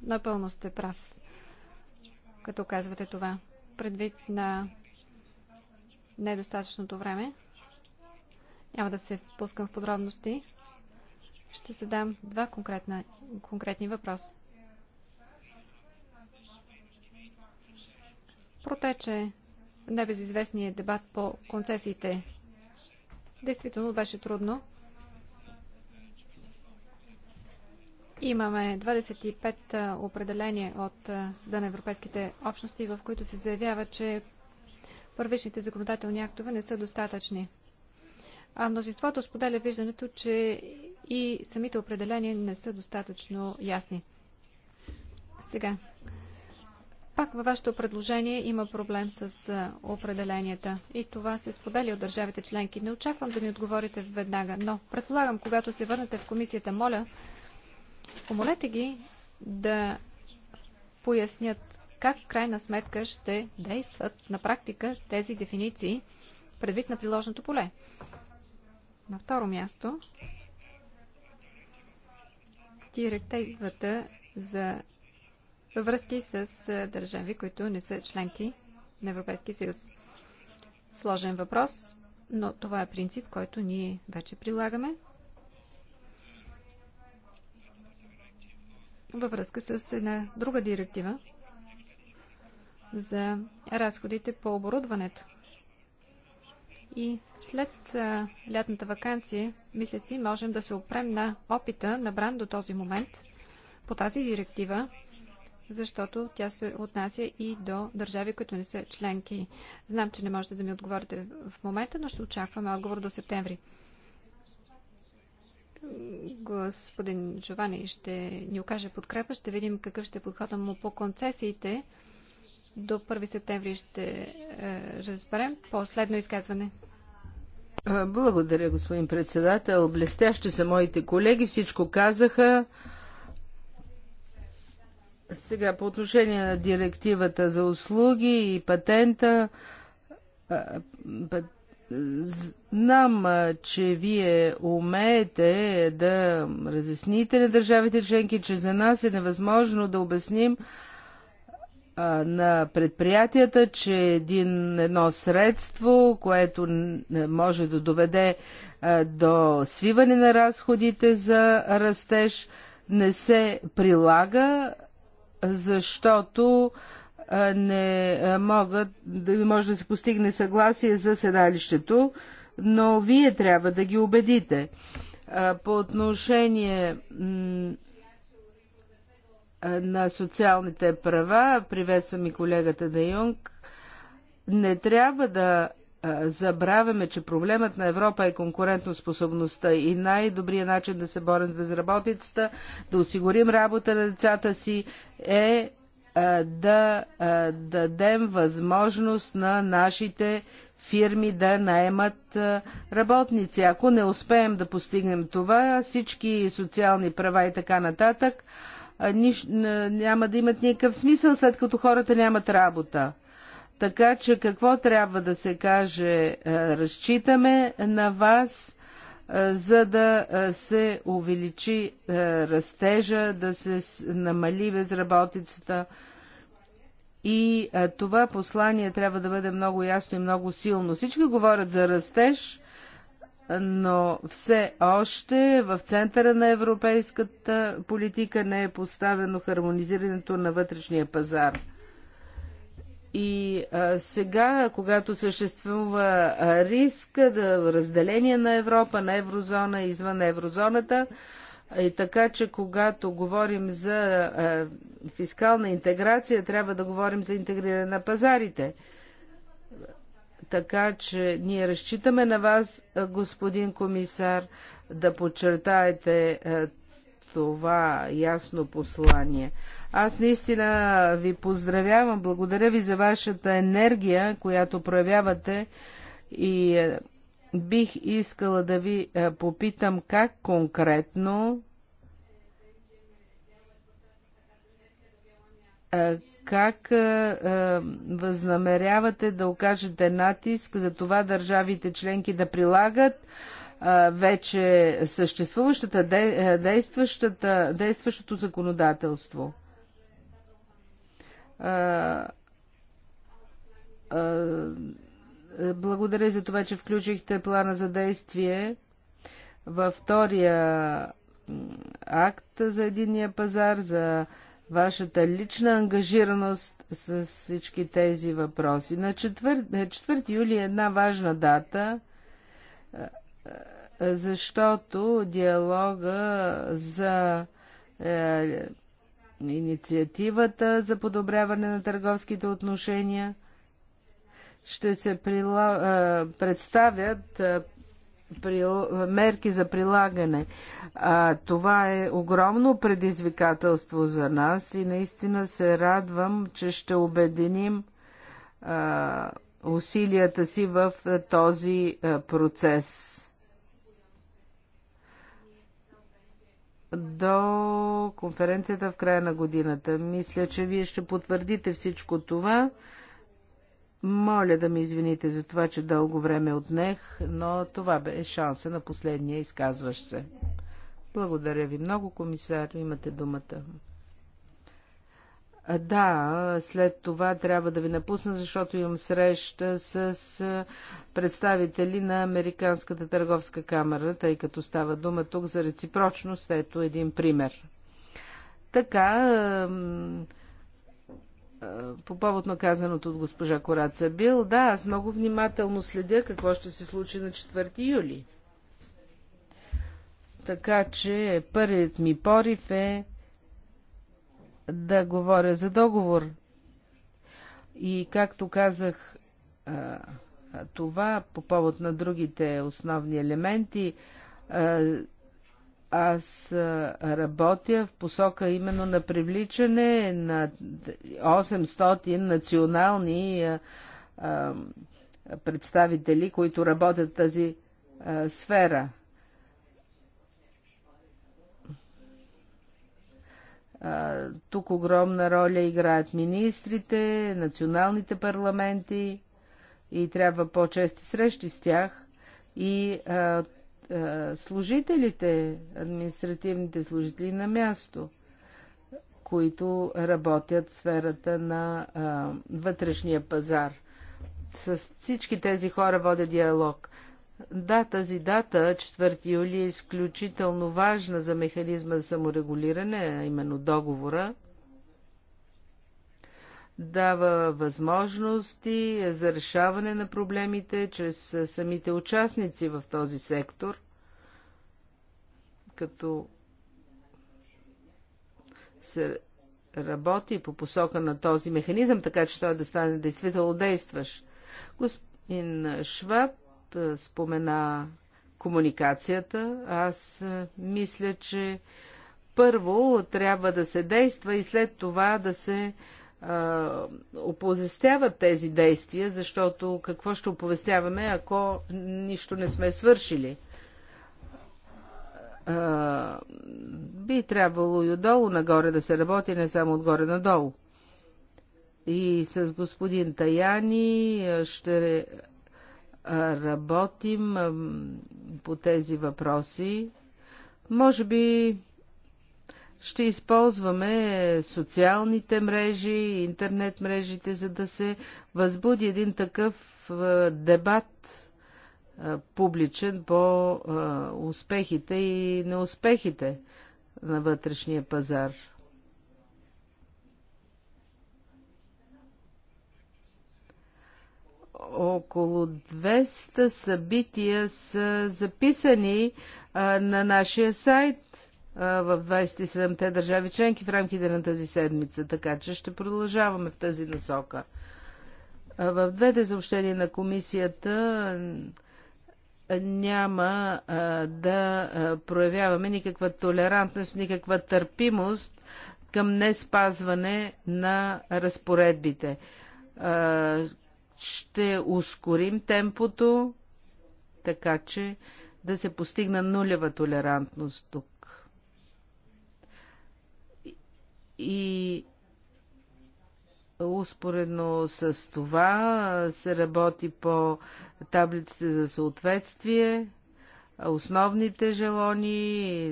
Напълно сте прав, като казвате това. Предвид на недостатъчното време, няма да се впускам в подробности. Ще задам два конкретна, конкретни въпроса. Протече небезизвестният дебат по концесиите. Действително беше трудно. Имаме 25 определения от Съда на Европейските общности, в които се заявява, че първичните законодателни актове не са достатъчни. А множеството споделя виждането, че и самите определения не са достатъчно ясни. Сега, пак във вашето предложение има проблем с определенията и това се споделя от държавите членки. Не очаквам да ми отговорите веднага, но предполагам, когато се върнете в комисията, моля, помолете ги да пояснят как в крайна сметка ще действат на практика тези дефиниции предвид на приложното поле. На второ място, директивата за връзки с държави, които не са членки на Европейския съюз. Сложен въпрос, но това е принцип, който ние вече прилагаме във връзка с една друга директива за разходите по оборудването и след а, лятната вакансия, мисля си, можем да се опрем на опита, набран до този момент по тази директива, защото тя се отнася и до държави, които не са членки. Знам, че не можете да ми отговорите в момента, но ще очакваме отговор до септември. Господин Жовани ще ни окаже подкрепа. Ще видим какъв ще е подходът му по концесиите. До 1 септември ще е, разберем. Последно изказване. Благодаря, господин председател. Блестящи са моите колеги. Всичко казаха. Сега, по отношение на директивата за услуги и патента, знам, че вие умеете да разясните на държавите членки, че за нас е невъзможно да обясним на предприятията, че един, едно средство, което може да доведе до свиване на разходите за растеж, не се прилага, защото не могат, може да се постигне съгласие за седалището, но вие трябва да ги убедите. По отношение на социалните права, приветствам и колегата Де Юнг, не трябва да забравяме, че проблемът на Европа е конкурентоспособността и най-добрият начин да се борим с безработицата, да осигурим работа на децата си е да дадем възможност на нашите фирми да наемат работници. Ако не успеем да постигнем това, всички социални права и така нататък, ниш, няма да имат никакъв смисъл, след като хората нямат работа. Така че какво трябва да се каже? Е, разчитаме на вас, е, за да е, се увеличи растежа, да се намали безработицата. И това послание трябва да бъде много ясно и много силно. Всички говорят за растеж, но все още в центъра на европейската политика не е поставено хармонизирането на вътрешния пазар. И а, сега, когато съществува риск да разделение на Европа, на еврозона, извън еврозоната, и така, че когато говорим за а, фискална интеграция, трябва да говорим за интегриране на пазарите. Така че ние разчитаме на вас, господин комисар, да подчертаете това ясно послание. Аз наистина ви поздравявам, благодаря ви за вашата енергия, която проявявате и бих искала да ви попитам как конкретно как възнамерявате да окажете натиск за това държавите членки да прилагат вече съществуващата, действащата, действащото законодателство? Благодаря за това, че включихте плана за действие във втория акт за единия пазар, за вашата лична ангажираност с всички тези въпроси. На 4, 4 е, юли е една важна дата, е, е, защото диалога за е, инициативата за подобряване на търговските отношения ще се прила... представят мерки за прилагане. А, това е огромно предизвикателство за нас и наистина се радвам, че ще обединим а, усилията си в а, този а, процес. До конференцията в края на годината. Мисля, че вие ще потвърдите всичко това. Моля да ми извините за това, че дълго време отнех, но това бе шанса на последния изказващ се. Благодаря ви много, комисар. Имате думата. Да, след това трябва да ви напусна, защото имам среща с представители на Американската търговска камера, тъй като става дума тук за реципрочност. Ето един пример. Така, е, по повод на казаното от госпожа Кораца Бил, да, аз много внимателно следя какво ще се случи на 4 юли. Така че първият ми порив е да говоря за договор. И както казах, е, това по повод на другите основни елементи, е, аз работя в посока именно на привличане на 800 национални представители, които работят в тази сфера. Тук огромна роля играят министрите, националните парламенти и трябва по-чести срещи с тях. И е, служителите, административните служители на място, които работят в сферата на а, е, вътрешния пазар. С всички тези хора водя диалог. Да, тази дата, 4 юли, е изключително важна за механизма за саморегулиране, а именно договора, дава възможности за решаване на проблемите чрез самите участници в този сектор, като се работи по посока на този механизъм, така че той да стане действително действащ. Господин Шваб спомена комуникацията. Аз мисля, че първо трябва да се действа и след това да се оповестяват тези действия, защото какво ще оповестяваме, ако нищо не сме свършили? А, би трябвало и отдолу нагоре да се работи, не само отгоре надолу. И с господин Таяни ще работим по тези въпроси. Може би ще използваме социалните мрежи, интернет мрежите, за да се възбуди един такъв дебат публичен по успехите и неуспехите на вътрешния пазар. около 200 събития са записани а, на нашия сайт в 27-те държави членки в рамките на тази седмица, така че ще продължаваме в тази насока. В двете съобщения на комисията няма да проявяваме никаква толерантност, никаква търпимост към не спазване на разпоредбите. Ще ускорим темпото, така че да се постигна нулева толерантност тук. и успоредно с това се работи по таблиците за съответствие, основните желони,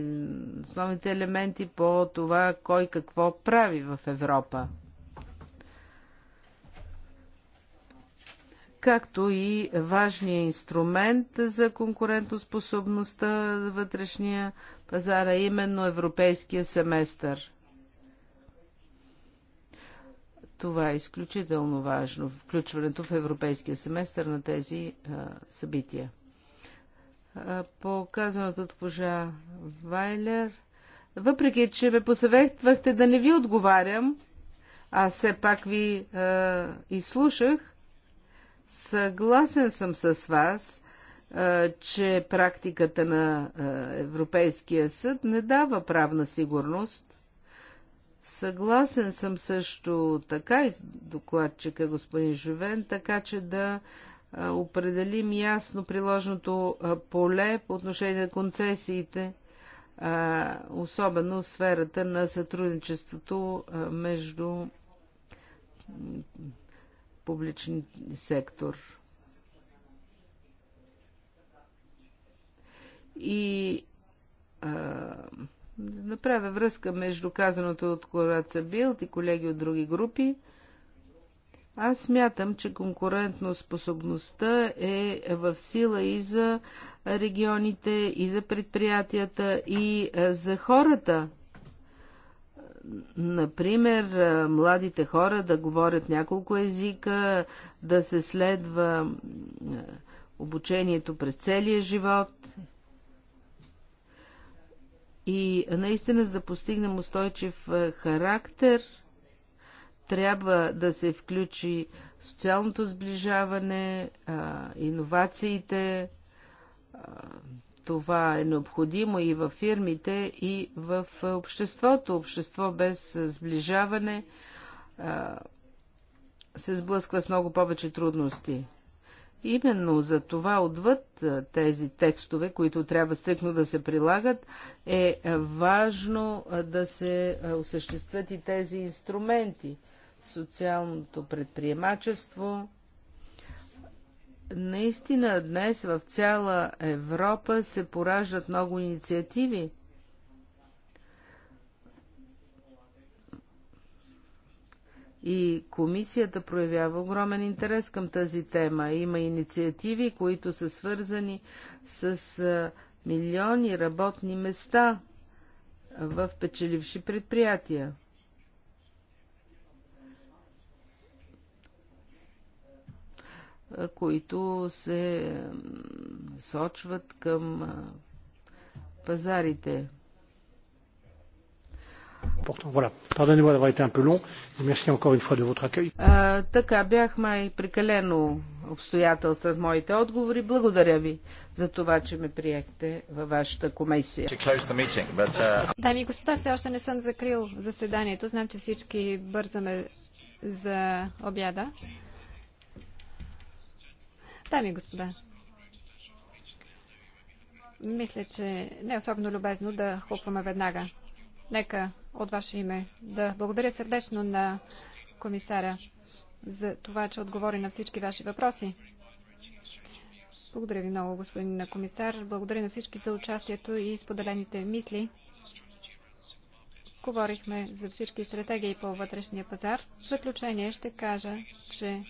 основните елементи по това кой какво прави в Европа. както и важния инструмент за конкурентоспособността вътрешния пазара, именно европейския семестър. Това е изключително важно, включването в европейския семестър на тези а, събития. А, по казаното от госпожа Вайлер, въпреки, че ме посъветвахте да не ви отговарям, аз все пак ви а, изслушах, съгласен съм с вас, а, че практиката на а, Европейския съд не дава правна сигурност Съгласен съм също така и с докладчика господин Жовен, така че да определим ясно приложното поле по отношение на концесиите, особено в сферата на сътрудничеството между публичен сектор. И да направя връзка между казаното от Кораца Билт и колеги от други групи. Аз смятам, че конкурентноспособността е в сила и за регионите, и за предприятията, и за хората. Например, младите хора да говорят няколко езика, да се следва обучението през целия живот – и наистина за да постигнем устойчив е, характер, трябва да се включи социалното сближаване, иновациите. Това е необходимо и във фирмите, и в е, обществото. Общество без е, сближаване се сблъсква с много повече трудности. Именно за това отвъд тези текстове, които трябва стрикно да се прилагат, е важно да се осъществят и тези инструменти. Социалното предприемачество. Наистина днес в цяла Европа се пораждат много инициативи – И комисията проявява огромен интерес към тази тема. Има инициативи, които са свързани с милиони работни места в печеливши предприятия. които се сочват към пазарите important. Voilà. Pardonnez-moi d'avoir été un peu long et merci encore une fois de votre accueil. така, бях май прекалено обстоятелства в моите отговори. Благодаря ви за това, че ме приехте във вашата комисия. Uh, Дами и господа, все още не съм закрил заседанието. Знам, че всички бързаме за обяда. Дами и господа, мисля, че не е особено любезно да хлопваме веднага. Нека от ваше име да благодаря сърдечно на комисаря за това, че отговори на всички ваши въпроси. Благодаря ви много, господин комисар. Благодаря на всички за участието и споделените мисли. Говорихме за всички стратегии по вътрешния пазар. В заключение ще кажа, че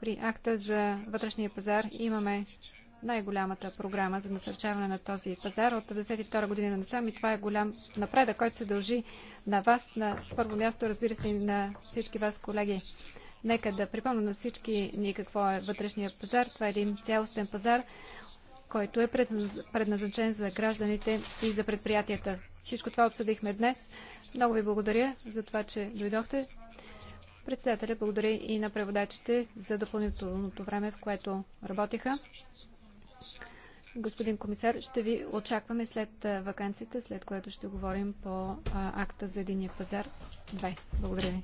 при акта за вътрешния пазар имаме най-голямата програма за насърчаване на този пазар от 1992 година на насам и това е голям напредък, който се дължи на вас, на първо място, разбира се, и на всички вас, колеги. Нека да припомня на всички ние какво е вътрешния пазар. Това е един цялостен пазар, който е предназначен за гражданите и за предприятията. Всичко това обсъдихме днес. Много ви благодаря за това, че дойдохте. Председателя благодаря и на преводачите за допълнителното време, в което работиха. Господин комисар, ще ви очакваме след вакансията, след което ще говорим по акта за единия пазар 2. Благодаря ви.